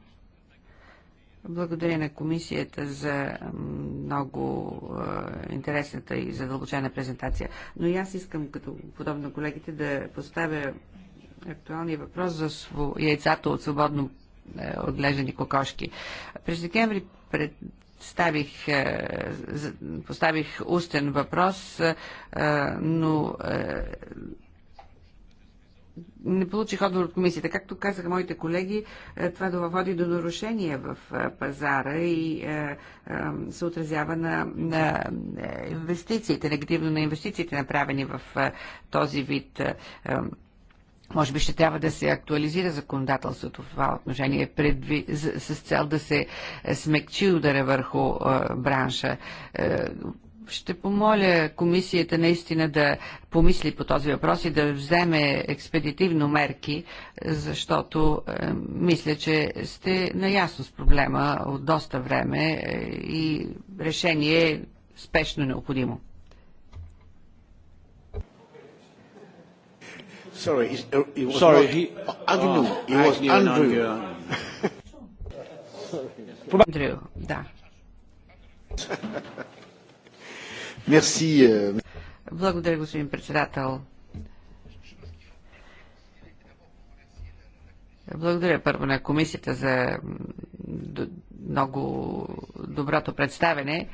Speaker 2: Благодаря на комисията за много е, интересната и задълбочена презентация. Но и аз искам, като подобно колегите, да поставя актуалния въпрос за яйцата от свободно е, отглеждани кокошки. През декември пред ставих, е, поставих устен въпрос, е, но е, не получих отговор от комисията. Както казаха моите колеги, е, това да води до нарушения в е, пазара и е, се отразява на, на инвестициите, негативно на инвестициите, направени в този вид може би ще трябва да се актуализира законодателството в това отношение предви, с, с цел да се смекчи удара върху е, бранша. Е, ще помоля комисията наистина да помисли по този въпрос и да вземе експедитивно мерки, защото е, мисля, че сте наясно с проблема от доста време е, и решение е спешно необходимо.
Speaker 1: Sorry, uh, it was Sorry, not he, Agnew. Oh, it was Andrew.
Speaker 2: Andrew. Andrew, да. Euh, Благодаря, господин председател. Благодаря първо на комисията за много доброто представене.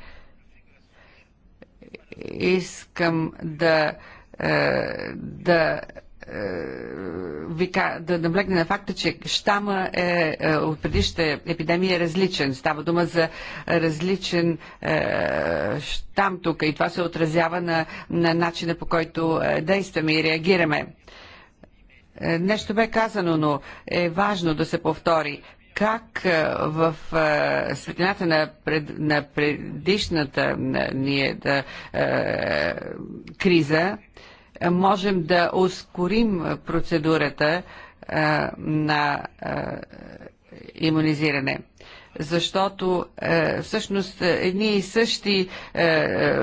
Speaker 2: Искам да, е, да да наблегне на факта, че щама е, от е, предишната епидемия е различен. Става дума за различен е, щам тук и това се отразява на, на начина по който е, действаме и реагираме. Е, нещо бе казано, но е важно да се повтори как в светлината на, пред, на предишната ние да, е, криза можем да ускорим процедурата на имунизиране защото е, всъщност е, едни и същи е, е,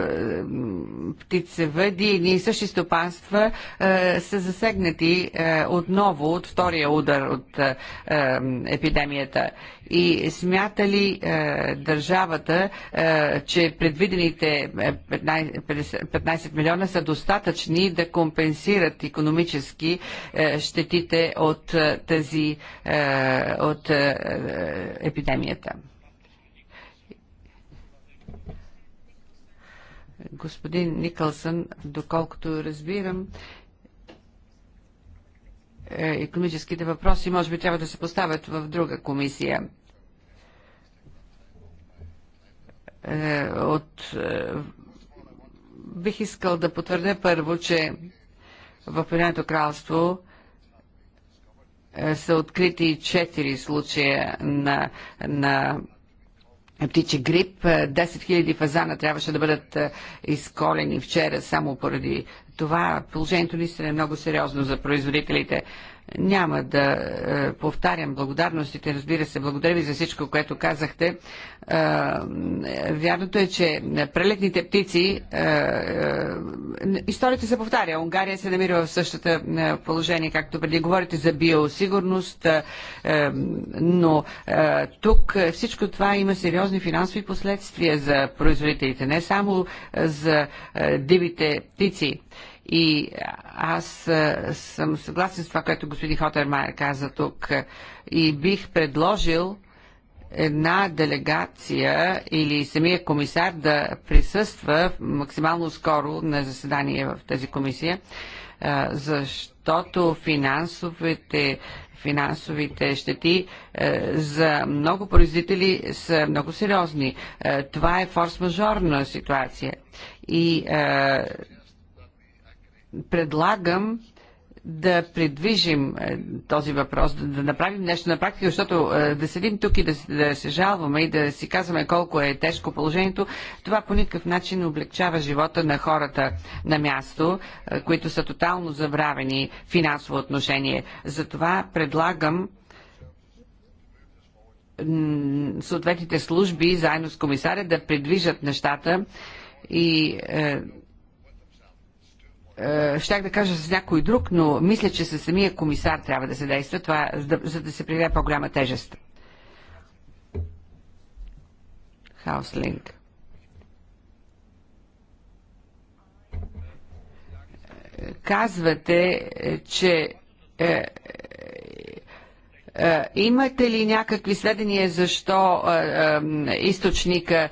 Speaker 2: птицевъди, едни и същи стопанства е, са засегнати е, отново от втория удар от е, е епидемията. И смята ли е, държавата, е, че предвидените 15, е, 15 милиона са достатъчни да компенсират економически е, щетите от тази е, от е, епидемията? бюджета. Господин Никълсън, доколкото разбирам, е, економическите въпроси може би трябва да се поставят в друга комисия. Е, от... Е, бих искал да потвърдя първо, че в Обединеното кралство е, са открити 4 случая на, на птичи грип. 10 е, 000 фазана трябваше да бъдат е, изколени вчера само поради това. Положението наистина е много сериозно за производителите. Няма да е, повтарям благодарностите. Разбира се, благодаря ви за всичко, което казахте. Е, вярното е, че прелетните птици. Е, Историята се повтаря. Унгария се намира в същата положение, както преди. Говорите за биосигурност, но тук всичко това има сериозни финансови последствия за производителите, не само за дивите птици. И аз съм съгласен с това, което господин Хотермайер каза тук и бих предложил една делегация или самия комисар да присъства максимално скоро на заседание в тази комисия, защото финансовите финансовите щети за много производители са много сериозни. Това е форс-мажорна ситуация. И предлагам да придвижим е, този въпрос, да, направим нещо на практика, защото е, да седим тук и да, да се жалваме и да си казваме колко е тежко положението, това по никакъв начин облегчава живота на хората на място, е, които са тотално забравени финансово отношение. Затова предлагам съответните служби, заедно с комисаря, да придвижат нещата и е, щях да кажа с някой друг, но мисля, че със самия комисар трябва да се действа, това, за, за да се приведе по-голяма тежест. Хауслинг. Казвате, е, че е, е, имате ли някакви сведения защо е, е, източника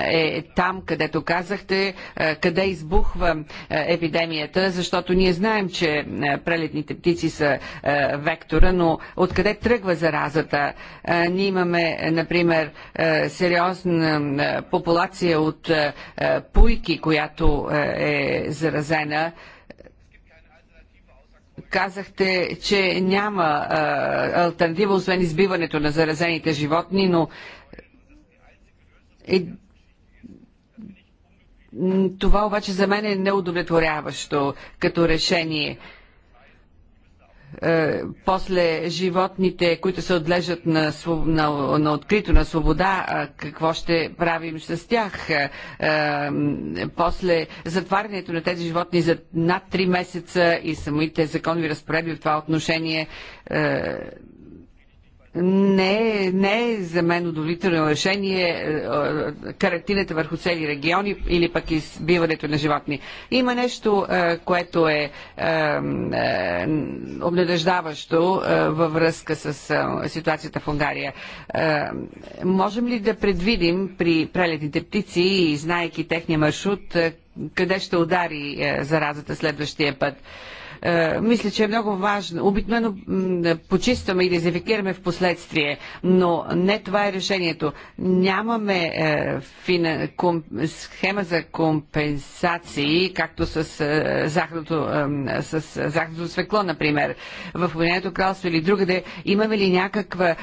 Speaker 2: е там, където казахте, къде избухва епидемията? Защото ние знаем, че прелетните птици са вектора, но откъде тръгва заразата? Ние имаме, например, сериозна популация от пуйки, която е заразена. Казахте, че няма альтернатива, освен избиването на заразените животни, но е... това обаче за мен е неудовлетворяващо като решение. Е, после животните, които се отлежат на, на, на открито, на свобода, какво ще правим с тях? Е, е, после затварянето на тези животни за над 3 месеца и самите законови разпоредби в това отношение не, не е за мен удовлетворително решение е, е, карантината върху цели региони или пък избиването на животни. Има нещо, е, което е обнадеждаващо във връзка с ситуацията в Унгария. Можем ли да предвидим при прелетните птици и знаеки техния маршрут къде ще удари заразата следващия път? Е, мисля, че е много важно. Обикновено почистваме и дезинфекираме в последствие, но не това е решението. Нямаме е, фина, ком, схема за компенсации, както с е, захарното, с захарното свекло, например, в Обединеното кралство или другаде. Имаме ли някаква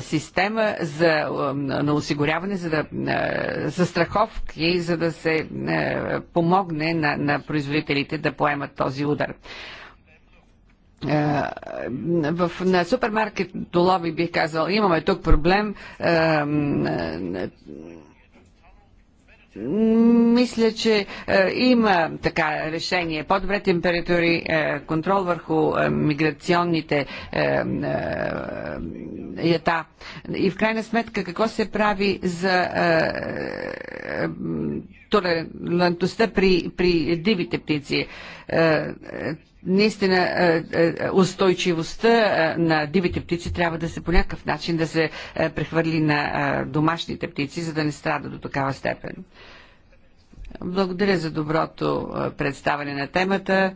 Speaker 2: система за, на осигуряване за, да, за страховки, за да се помогне на, на производителите да поемат този удар? Е, в, на до лоби бих казал, имаме тук проблем. Е, мисля, че е, има така решение. По-добре температури, е, контрол върху е, миграционните е, ята. И в крайна сметка, какво се прави за толерантността при, при дивите птици? наистина е, е, устойчивостта е, на дивите птици трябва да се по някакъв начин да се прехвърли на домашните птици, за да не страда до такава степен. Благодаря за доброто представане на темата.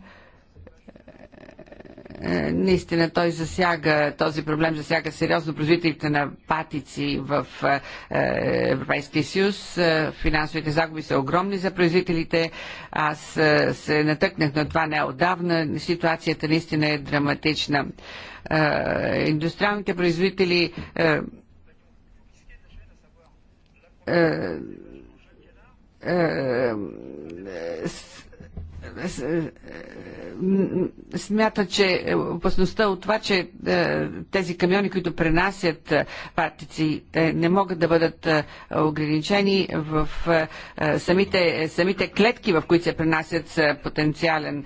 Speaker 2: Е, наистина той засяга, този проблем засяга сериозно производителите на патици в е, е, Европейския съюз. Финансовите загуби са огромни за производителите. Аз се натъкнах на това неодавна. Ситуацията наистина е драматична. Индустриалните производители е, е, смята, че опасността от това, че е, тези камиони, които пренасят партици, не могат да бъдат ограничени в самите, самите клетки, в които се пренасят с потенциален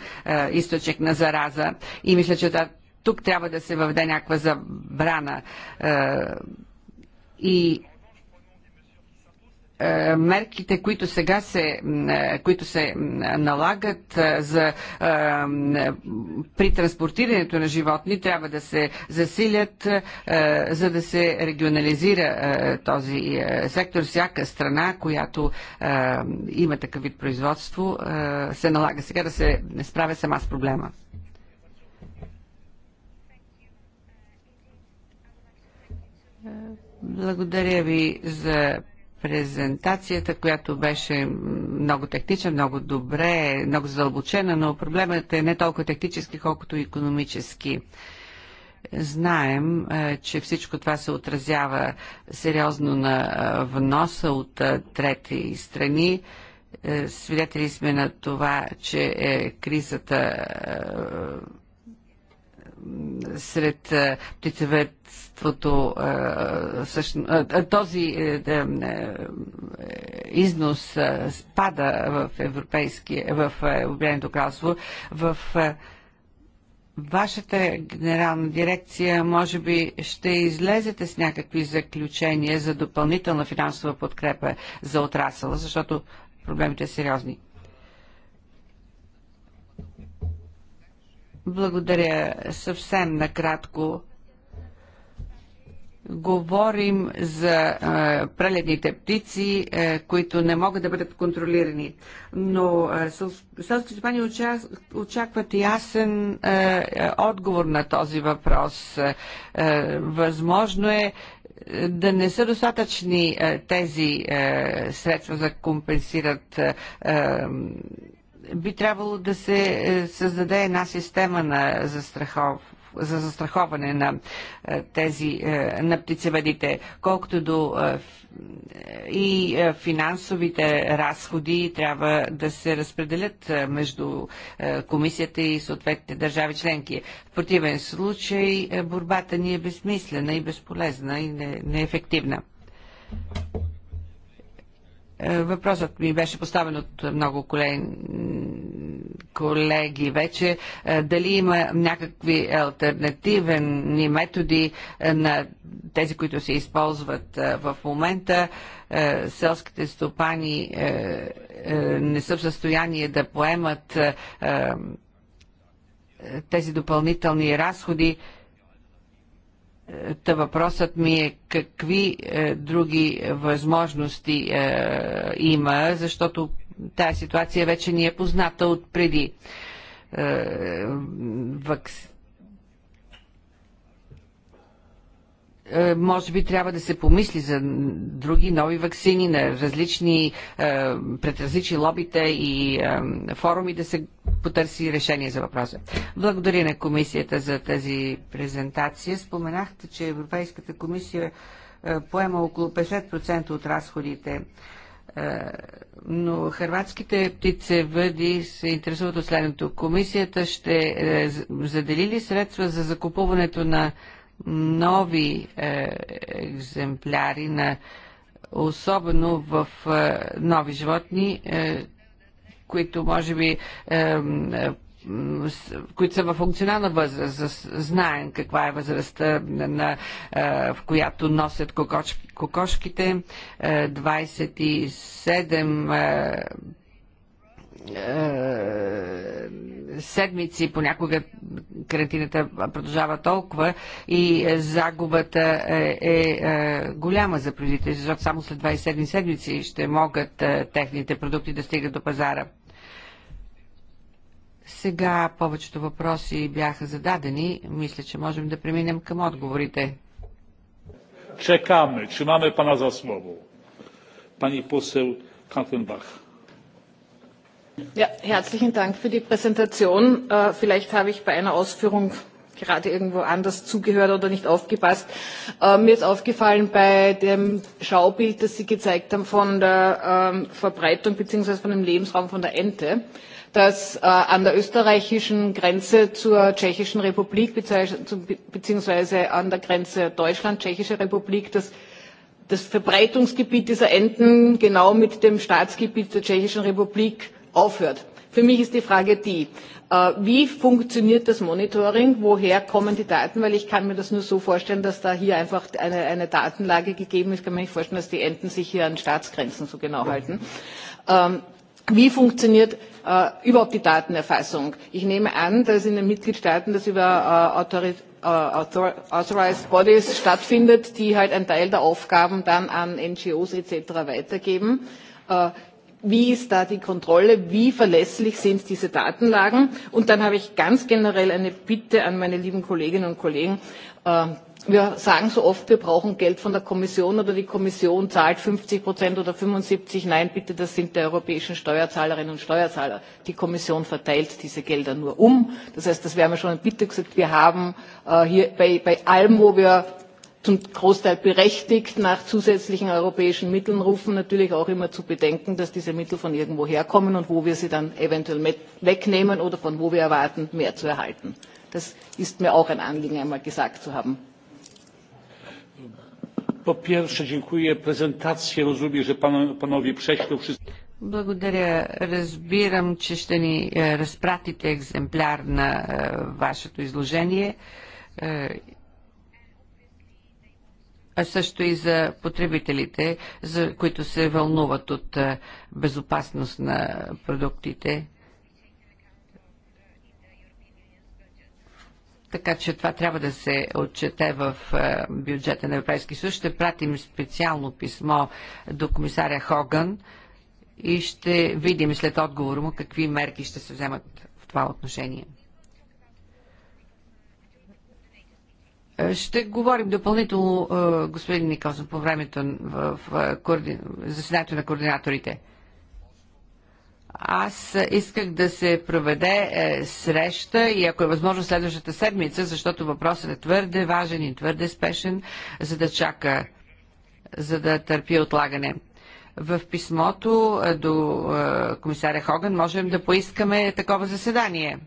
Speaker 2: източник на зараза. И мисля, че тук трябва да се въведе някаква забрана. И е, мерките, които сега се, е, които се налагат е, за, при транспортирането на животни, трябва да се засилят, за да се регионализира този сектор. Всяка страна, която има такъв вид производство, се налага сега да се справя сама с проблема. Благодаря ви за презентацията, която беше много технична, много добре, много задълбочена, но проблемът е не толкова технически, колкото и економически. Знаем, е, че всичко това се отразява сериозно на е, вноса от е, трети страни. Свидетели сме на това, че е кризата сред птицевет количеството, този е, е, износ спада в европейски, в е, Обединеното кралство, в вашата генерална дирекция може би ще излезете с някакви заключения за допълнителна финансова подкрепа за отрасъла, защото проблемите са сериозни. Благодаря съвсем накратко Говорим за а, преледните птици, а, които не могат да бъдат контролирани. Но е, селските стопани очакват ясен а, отговор на този въпрос. А, възможно е да не са достатъчни а, тези а, средства за компенсират. А, би трябвало да се е, създаде една система на застрахов, за застраховане на е, тези, е, на птицевъдите, колкото до е, и финансовите разходи трябва да се разпределят между комисията и съответните държави членки. В противен случай борбата ни е безсмислена и безполезна и не, неефективна. Е, въпросът ми беше поставен от много колеги вече. Е, дали има някакви альтернативни методи е, на тези, които се използват в момента? Селските стопани не са в състояние да поемат тези допълнителни разходи. Та въпросът ми е какви е, други възможности е, има, защото тази ситуация вече ни е позната от преди. Е, вакс... Е, може би трябва да се помисли за други нови вакцини на различни, е, пред различни лобите и е, форуми да се потърси решение за въпроса. Благодаря на комисията за тази презентация. Споменахте, че Европейската комисия поема около 50% от разходите но хрватските въди се интересуват от следното. Комисията ще задели ли средства за закупуването на нови е, екземпляри на особено в е, нови животни, е, които може би е, е които са във функционална възраст, знаем каква е възрастта, на, на, е, в която носят кокошките. 27 е, е, седмици, понякога карантината продължава толкова и загубата е, е, е голяма за производителите, защото само след 27 седмици ще могат е, техните продукти да стигат до пазара. Сега повечето въпроси бяха зададени. Мисля, че можем да преминем към отговорите.
Speaker 5: Чекаме. Чимаме пана за слово. Пани посел Кантенбах.
Speaker 3: Ja, herzlichen Dank für die Präsentation. Vielleicht habe ich bei einer Ausführung gerade irgendwo anders zugehört oder nicht aufgepasst. mir ist aufgefallen bei dem Schaubild, das Sie gezeigt haben von der Verbreitung bzw. von dem Lebensraum von der Ente, dass an der österreichischen Grenze zur Tschechischen Republik bzw. an der Grenze Deutschland-Tschechische Republik dass das Verbreitungsgebiet dieser Enten genau mit dem Staatsgebiet der Tschechischen Republik aufhört. Für mich ist die Frage die, wie funktioniert das Monitoring? Woher kommen die Daten? Weil ich kann mir das nur so vorstellen, dass da hier einfach eine, eine Datenlage gegeben ist. Ich kann mir nicht vorstellen, dass die Enten sich hier an Staatsgrenzen so genau halten. Wie funktioniert überhaupt die Datenerfassung? Ich nehme an, dass in den Mitgliedstaaten das über Authorized Bodies stattfindet, die halt einen Teil der Aufgaben dann an NGOs etc. weitergeben wie ist da die Kontrolle, wie verlässlich sind diese Datenlagen. Und dann habe ich ganz generell eine Bitte an meine lieben Kolleginnen und Kollegen. Wir sagen so oft, wir brauchen Geld von der Kommission oder die Kommission zahlt 50 Prozent oder 75. Nein, bitte, das sind die europäischen Steuerzahlerinnen und Steuerzahler. Die Kommission verteilt diese Gelder nur um. Das heißt, das wäre mir schon eine Bitte gesagt. Wir haben hier bei, bei allem, wo wir zum Großteil berechtigt nach zusätzlichen europäischen Mitteln rufen, natürlich auch immer zu bedenken, dass diese Mittel von irgendwo herkommen und wo wir sie dann eventuell wegnehmen oder von wo wir erwarten, mehr zu erhalten. Das ist mir auch ein Anliegen, einmal gesagt zu haben.
Speaker 2: Благодаря. Разбирам, че ще ни разпратите екземпляр на вашето изложение а също и за потребителите, за които се вълнуват от безопасност на продуктите. Така че това трябва да се отчете в бюджета на Европейски съюз. Ще пратим специално писмо до комисаря Хоган и ще видим след отговора му какви мерки ще се вземат в това отношение. Ще говорим допълнително, е, господин Николсон, по времето в е, заседанието на координаторите. Аз исках да се проведе е, среща и ако е възможно следващата седмица, защото въпросът е твърде важен и твърде спешен, за да чака, за да търпи отлагане. В писмото до комисаря Хоган можем да поискаме такова заседание.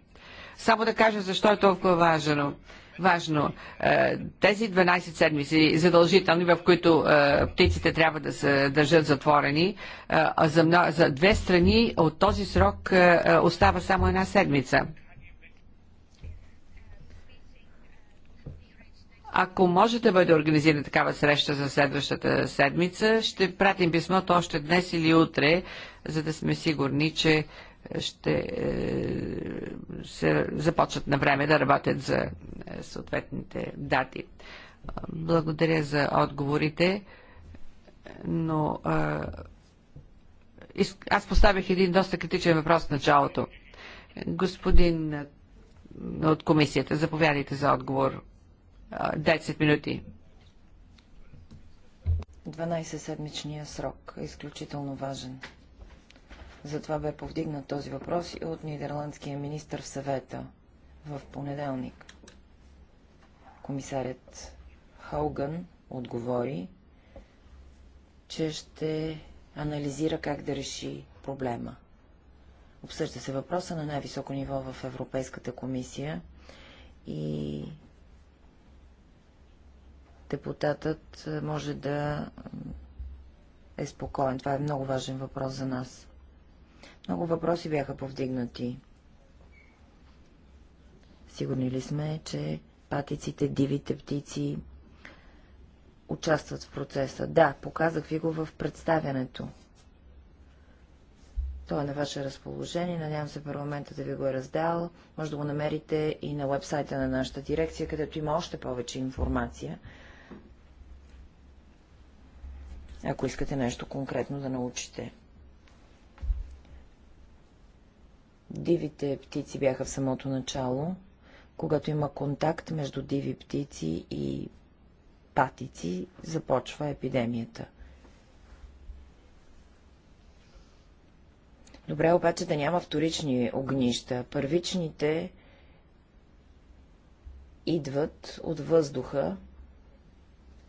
Speaker 2: Само да кажа защо е толкова важно важно. Е, тези 12 седмици задължителни, в които е, птиците трябва да се държат затворени, е, за две страни от този срок остава само една седмица. Ако може да бъде организирана такава среща за следващата седмица, ще пратим писмото още днес или утре, за да сме сигурни, че ще е, се започнат на време да работят за е, съответните дати. Е, благодаря за отговорите, но аз поставих един доста критичен въпрос в началото. Господин от комисията, заповядайте за отговор. 10 минути.
Speaker 4: 12-седмичния срок е изключително важен. Затова бе повдигнат този въпрос и от нидерландския министр в съвета в понеделник. Комисарят Хауган отговори, че ще анализира как да реши проблема. Обсъжда се въпроса на най-високо ниво в Европейската комисия и депутатът може да е спокоен. Това е много важен въпрос за нас. Много въпроси бяха повдигнати. Сигурни ли сме, че патиците, дивите птици участват в процеса? Да, показах ви го в представянето. То е на ваше разположение. Надявам се парламента да ви го е раздал. Може да го намерите и на вебсайта на нашата дирекция, където има още повече информация. Ако искате нещо конкретно да научите. Дивите птици бяха в самото начало. Когато има контакт между диви птици и патици, започва епидемията. Добре обаче да няма вторични огнища. Първичните идват от въздуха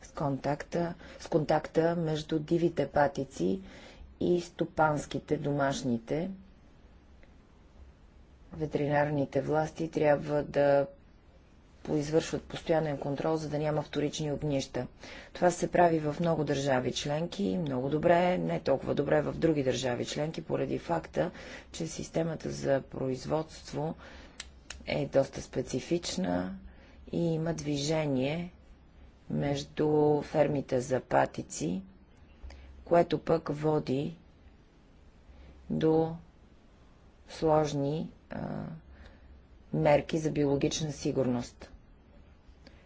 Speaker 4: с контакта, с контакта между дивите патици и стопанските, домашните, ветеринарните власти трябва да поизвършват постоянен контрол, за да няма вторични огнища. Това се прави в много държави членки, много добре, не толкова добре в други държави членки, поради факта, че системата за производство е доста специфична и има движение между фермите за патици, което пък води до сложни а, мерки за биологична сигурност.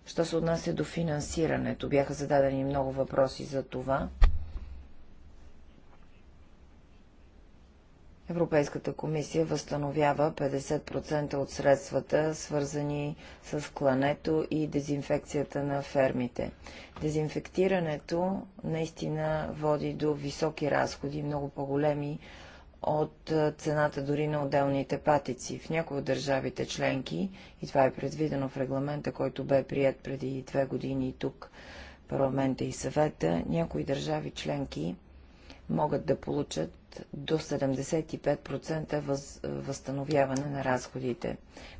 Speaker 4: Що се отнася до финансирането, бяха зададени много въпроси за това. Европейската комисия възстановява 50% от средствата, свързани с клането и дезинфекцията на фермите. Дезинфектирането наистина води до високи разходи, много по-големи от цената дори на отделните патици. В някои от държавите членки, и това е предвидено в регламента, който бе прият преди две години тук, парламента и съвета, някои държави членки могат да получат до 75% въз, възстановяване на разходите.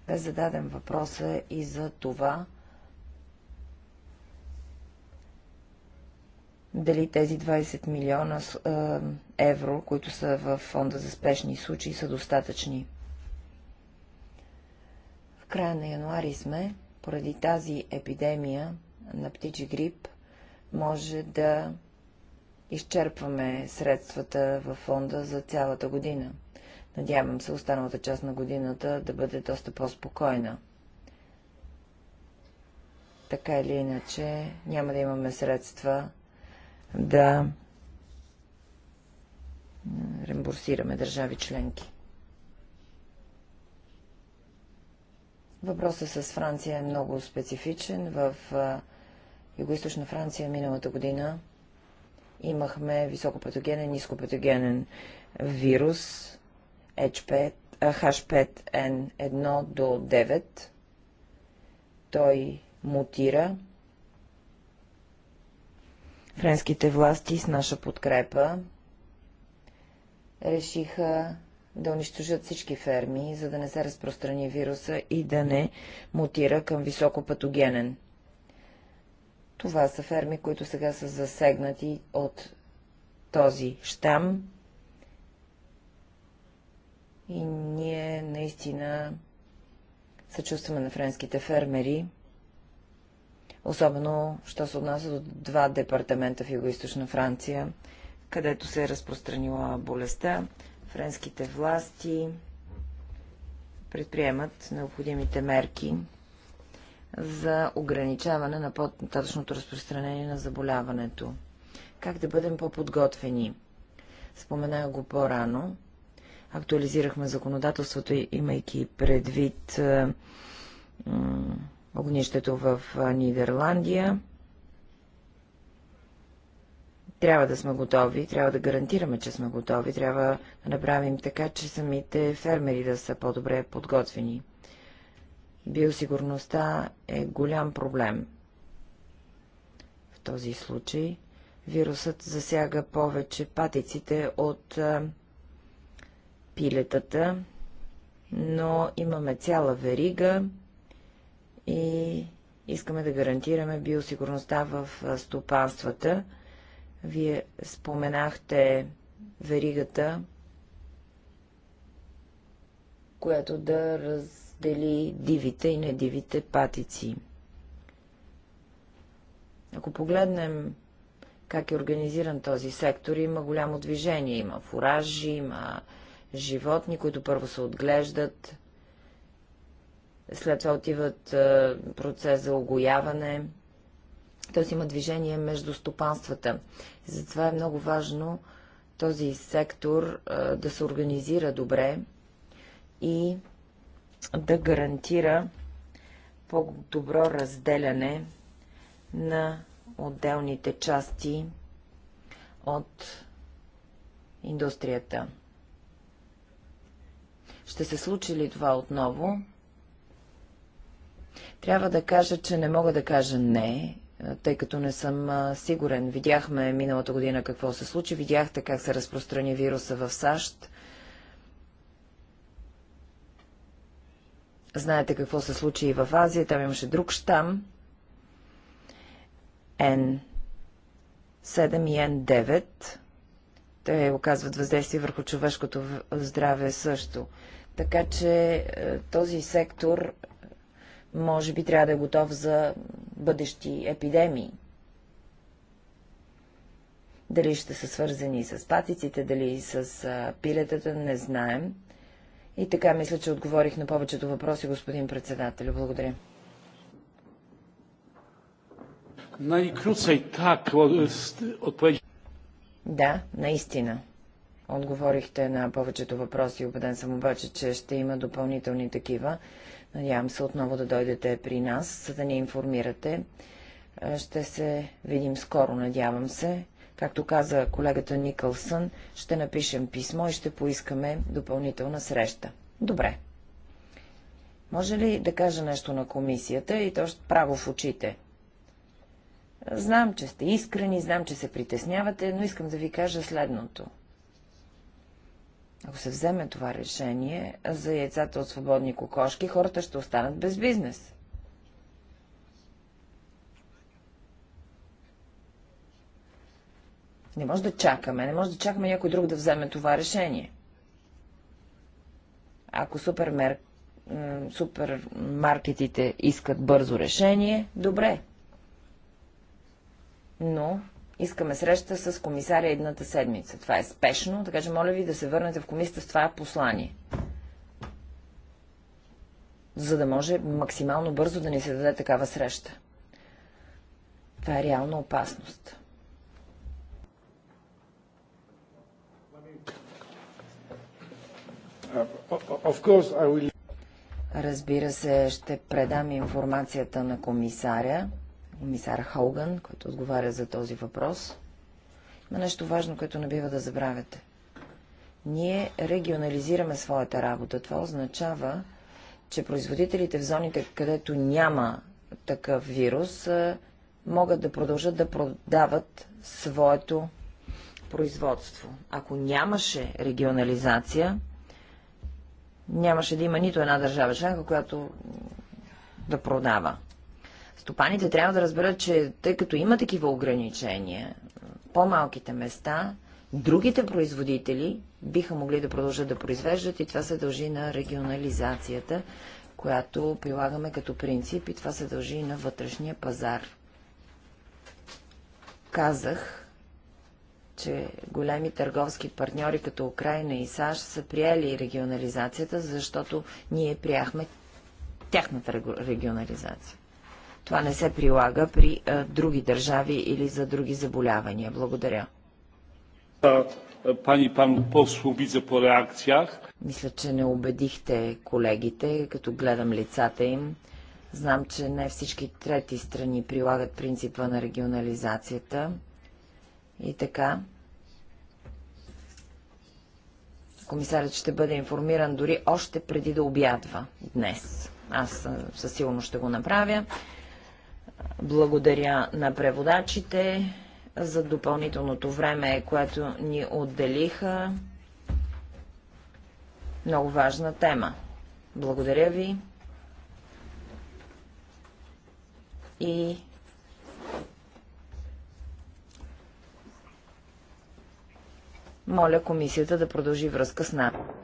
Speaker 4: Бе зададен въпроса и за това, дали тези 20 милиона е, евро, които са в фонда за спешни случаи, са достатъчни. В края на януари сме, поради тази епидемия на птичи грип, може да изчерпваме средствата в фонда за цялата година. Надявам се останалата част на годината да бъде доста по-спокойна. Така или иначе, няма да имаме средства да рембурсираме държави членки. Въпросът с Франция е много специфичен. В Юго-Источна Франция миналата година имахме високопатогенен, нископатогенен вирус H5, H5N1 до 9. Той мутира Френските власти с наша подкрепа решиха да унищожат всички ферми, за да не се разпространи вируса и да не мутира към високопатогенен. Това са ферми, които сега са засегнати от този щам. И ние наистина съчувстваме на френските фермери, особено, що се отнася до два департамента в Юго-Источна Франция, където се е разпространила болестта. Френските власти предприемат необходимите мерки за ограничаване на по-нататъчното разпространение на заболяването. Как да бъдем по-подготвени? Споменах го по-рано. Актуализирахме законодателството, имайки предвид е, огнището в Нидерландия. Трябва да сме готови, трябва да гарантираме, че сме готови, трябва да направим така, че самите фермери да са по-добре подготвени. Биосигурността е голям проблем. В този случай вирусът засяга повече патиците от пилетата, но имаме цяла верига и искаме да гарантираме биосигурността в стопанствата. Вие споменахте веригата, която да раздели дивите и недивите патици. Ако погледнем как е организиран този сектор, има голямо движение. Има фуражи, има животни, които първо се отглеждат, след това отиват е, процес за огояване, т.е. има движение между стопанствата. Затова е много важно този сектор е, да се организира добре и да гарантира по-добро разделяне на отделните части от индустрията. Ще се случи ли това отново? Трябва да кажа, че не мога да кажа не, тъй като не съм сигурен. Видяхме миналата година какво се случи, видяхте как се разпространи вируса в САЩ. Знаете какво се случи и в Азия, там имаше друг штам. N7 и N9. Те оказват въздействие върху човешкото здраве също. Така че е, този сектор е, може би трябва да е готов за бъдещи епидемии. Дали ще са свързани с патиците, дали с пилетата, не знаем. И така мисля, че отговорих на повечето въпроси, господин председател. Благодаря.
Speaker 5: най так е,
Speaker 4: Да, наистина. Отговорихте на повечето въпроси, убеден съм обаче, че ще има допълнителни такива. Надявам се отново да дойдете при нас, за да ни информирате. Е, ще се видим скоро, надявам се. Както каза колегата Никълсън, ще напишем писмо и ще поискаме допълнителна среща. Добре. Може ли да кажа нещо на комисията и то ще право в очите? Знам, че сте искрени, знам, че се притеснявате, но искам да ви кажа следното ако се вземе това решение за яйцата от свободни кокошки, хората ще останат без бизнес. Не може да чакаме, не може да чакаме някой друг да вземе това решение. Ако супермер... супермаркетите искат бързо решение, добре. Но Искаме среща с комисаря едната седмица. Това е спешно, така че моля ви да се върнете в комисията с това послание. За да може максимално бързо да ни се даде такава среща. Това е реална опасност. Разбира се, ще предам информацията на комисаря комисар Холган, който отговаря за този въпрос. Има нещо важно, което не бива да забравяте. Ние регионализираме своята работа. Това означава, че производителите в зоните, където няма такъв вирус, могат да продължат да продават своето производство. Ако нямаше регионализация, нямаше да има нито една държава членка, която да продава. Стопаните трябва да разберат, че тъй като има такива ограничения, по-малките места, другите производители биха могли да продължат да произвеждат и това се дължи на регионализацията, която прилагаме като принцип и това се дължи и на вътрешния пазар. Казах, че големи търговски партньори като Украина и САЩ са приели регионализацията, защото ние прияхме тяхната регионализация. Това не се прилага при а, други държави или за други заболявания. Благодаря.
Speaker 5: Пани пан послу видя по реакциях.
Speaker 4: Мисля, че не убедихте колегите, като гледам лицата им. Знам, че не всички трети страни прилагат принципа на регионализацията. И така. Комисарят ще бъде информиран дори още преди да обядва днес. Аз със сигурност ще го направя. Благодаря на преводачите за допълнителното време, което ни отделиха. Много важна тема. Благодаря ви. И моля комисията да продължи връзка с нас.